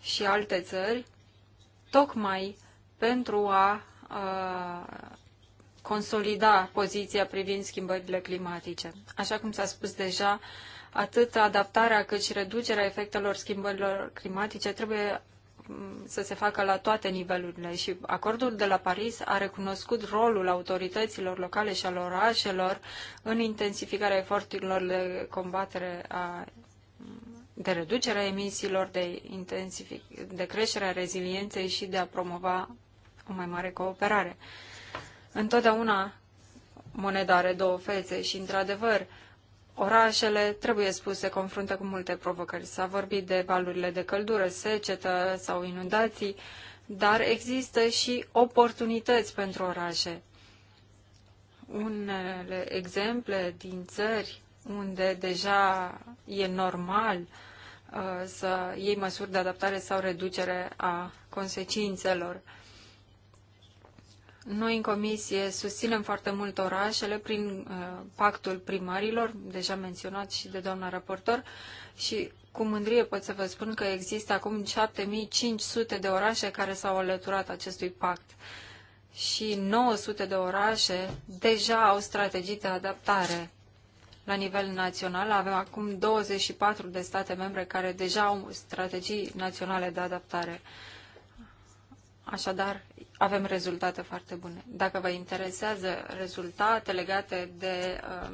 și alte țări, tocmai pentru a, a consolida poziția privind schimbările climatice. Așa cum s-a spus deja, atât adaptarea cât și reducerea efectelor schimbărilor climatice trebuie mm, să se facă la toate nivelurile și acordul de la Paris a recunoscut rolul autorităților locale și al orașelor în intensificarea eforturilor de combatere a de reducere a emisiilor, de, intensific, de creșterea rezilienței și de a promova o mai mare cooperare. Întotdeauna moneda are două fețe și, într-adevăr, orașele, trebuie spus, se confruntă cu multe provocări. S-a vorbit de valurile de căldură, secetă sau inundații, dar există și oportunități pentru orașe. Unele exemple din țări unde deja e normal uh, să iei măsuri de adaptare sau reducere a consecințelor. Noi în comisie susținem foarte mult orașele prin uh, pactul primarilor, deja menționat și de doamna raportor, și cu mândrie pot să vă spun că există acum 7500 de orașe care s-au alăturat acestui pact și 900 de orașe deja au strategii de adaptare. La nivel național avem acum 24 de state membre care deja au strategii naționale de adaptare. Așadar, avem rezultate foarte bune. Dacă vă interesează rezultate legate de um,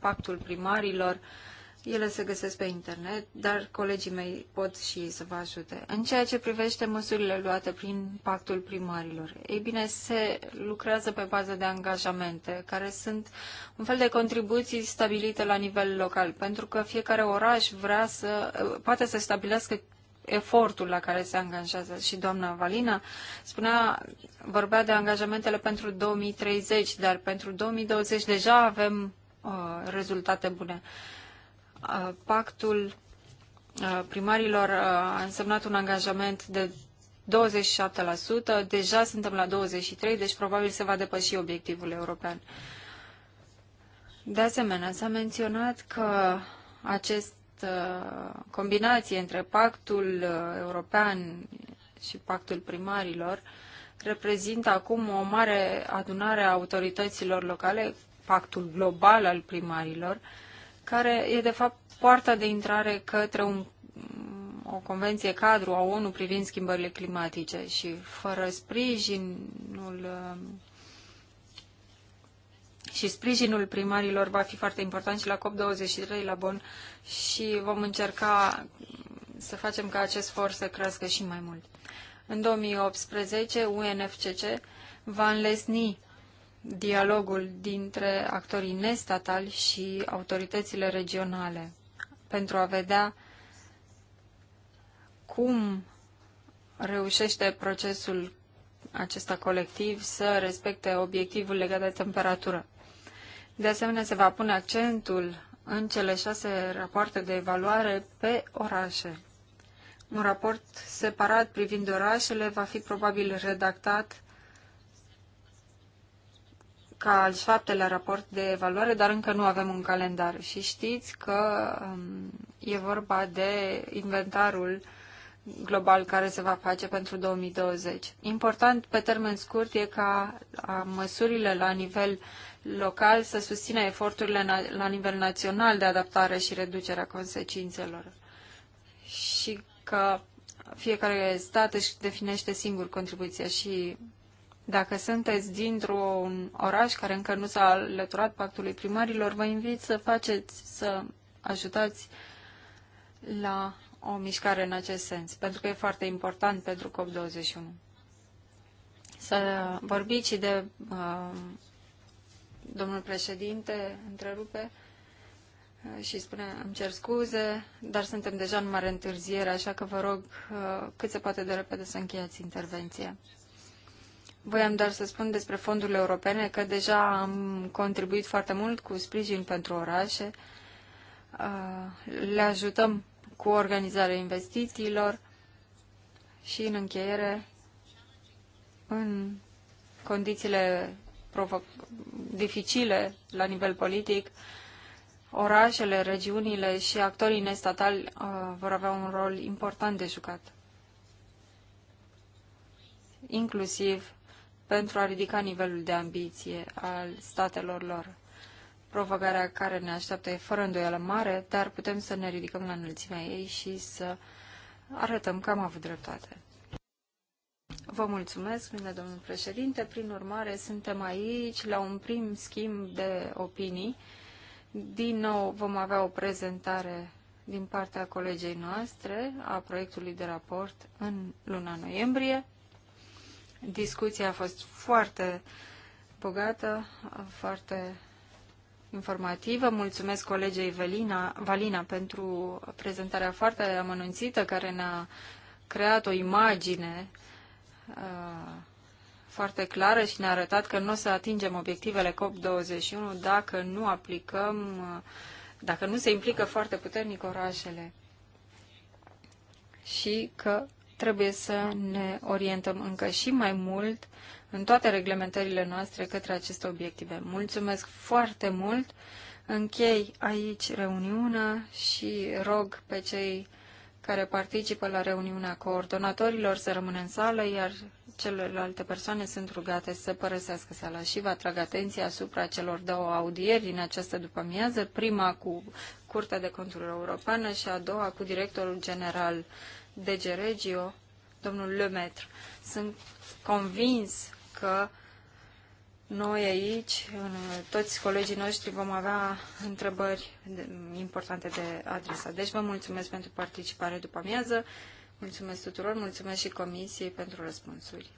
pactul primarilor, ele se găsesc pe internet, dar colegii mei pot și ei să vă ajute. În ceea ce privește măsurile luate prin pactul primarilor, ei bine, se lucrează pe bază de angajamente, care sunt un fel de contribuții stabilite la nivel local, pentru că fiecare oraș vrea să, poate să stabilească efortul la care se angajează. Și doamna Valina spunea, vorbea de angajamentele pentru 2030, dar pentru 2020 deja avem uh, rezultate bune. Uh, pactul uh, primarilor uh, a însemnat un angajament de 27%, deja suntem la 23%, deci probabil se va depăși obiectivul european. De asemenea, s-a menționat că acest această combinație între pactul uh, european și pactul primarilor reprezintă acum o mare adunare a autorităților locale, pactul global al primarilor, care e de fapt poarta de intrare către un, o convenție cadru a ONU privind schimbările climatice și fără sprijinul uh, și sprijinul primarilor va fi foarte important și la COP23 la Bonn și vom încerca să facem ca acest for să crească și mai mult. În 2018, UNFCC va înlesni dialogul dintre actorii nestatali și autoritățile regionale pentru a vedea cum reușește procesul acesta colectiv să respecte obiectivul legat de temperatură. De asemenea, se va pune accentul în cele șase rapoarte de evaluare pe orașe. Un raport separat privind orașele va fi probabil redactat ca al șaptelea raport de evaluare, dar încă nu avem un calendar. Și știți că um, e vorba de inventarul global care se va face pentru 2020. Important pe termen scurt e ca uh, măsurile la nivel local să susțină eforturile la nivel național de adaptare și reducerea consecințelor și că fiecare stat își definește singur contribuția și dacă sunteți dintr-un oraș care încă nu s-a alăturat pactului primarilor, vă invit să faceți, să ajutați la o mișcare în acest sens, pentru că e foarte important pentru COP21. Să vorbiți și de uh, Domnul președinte întrerupe uh, și spune, îmi cer scuze, dar suntem deja în mare întârziere, așa că vă rog uh, cât se poate de repede să încheiați intervenția. Voiam doar să spun despre fondurile europene că deja am contribuit foarte mult cu sprijin pentru orașe, uh, le ajutăm cu organizarea investițiilor și în încheiere, în condițiile dificile la nivel politic, orașele, regiunile și actorii nestatali uh, vor avea un rol important de jucat. Inclusiv pentru a ridica nivelul de ambiție al statelor lor. Provocarea care ne așteaptă e fără îndoială mare, dar putem să ne ridicăm la înălțimea ei și să arătăm că am avut dreptate. Vă mulțumesc, bine, domnul președinte. Prin urmare, suntem aici la un prim schimb de opinii. Din nou vom avea o prezentare din partea colegei noastre a proiectului de raport în luna noiembrie. Discuția a fost foarte bogată, foarte informativă. Mulțumesc colegei Velina, Valina pentru prezentarea foarte amănunțită care ne-a creat o imagine Uh, foarte clară și ne-a arătat că nu o să atingem obiectivele COP21 dacă nu aplicăm, uh, dacă nu se implică foarte puternic orașele și că trebuie să ne orientăm încă și mai mult în toate reglementările noastre către aceste obiective. Mulțumesc foarte mult! Închei aici reuniunea și rog pe cei care participă la reuniunea coordonatorilor să rămână în sală, iar celelalte persoane sunt rugate să părăsească sala. Și vă atrag atenția asupra celor două audieri din această după-amiază, prima cu Curtea de Conturi Europeană și a doua cu directorul general DG Regio, domnul Lemaitre. Sunt convins că noi aici, toți colegii noștri, vom avea întrebări importante de adresat. Deci vă mulțumesc pentru participare după amiază, mulțumesc tuturor, mulțumesc și comisiei pentru răspunsuri.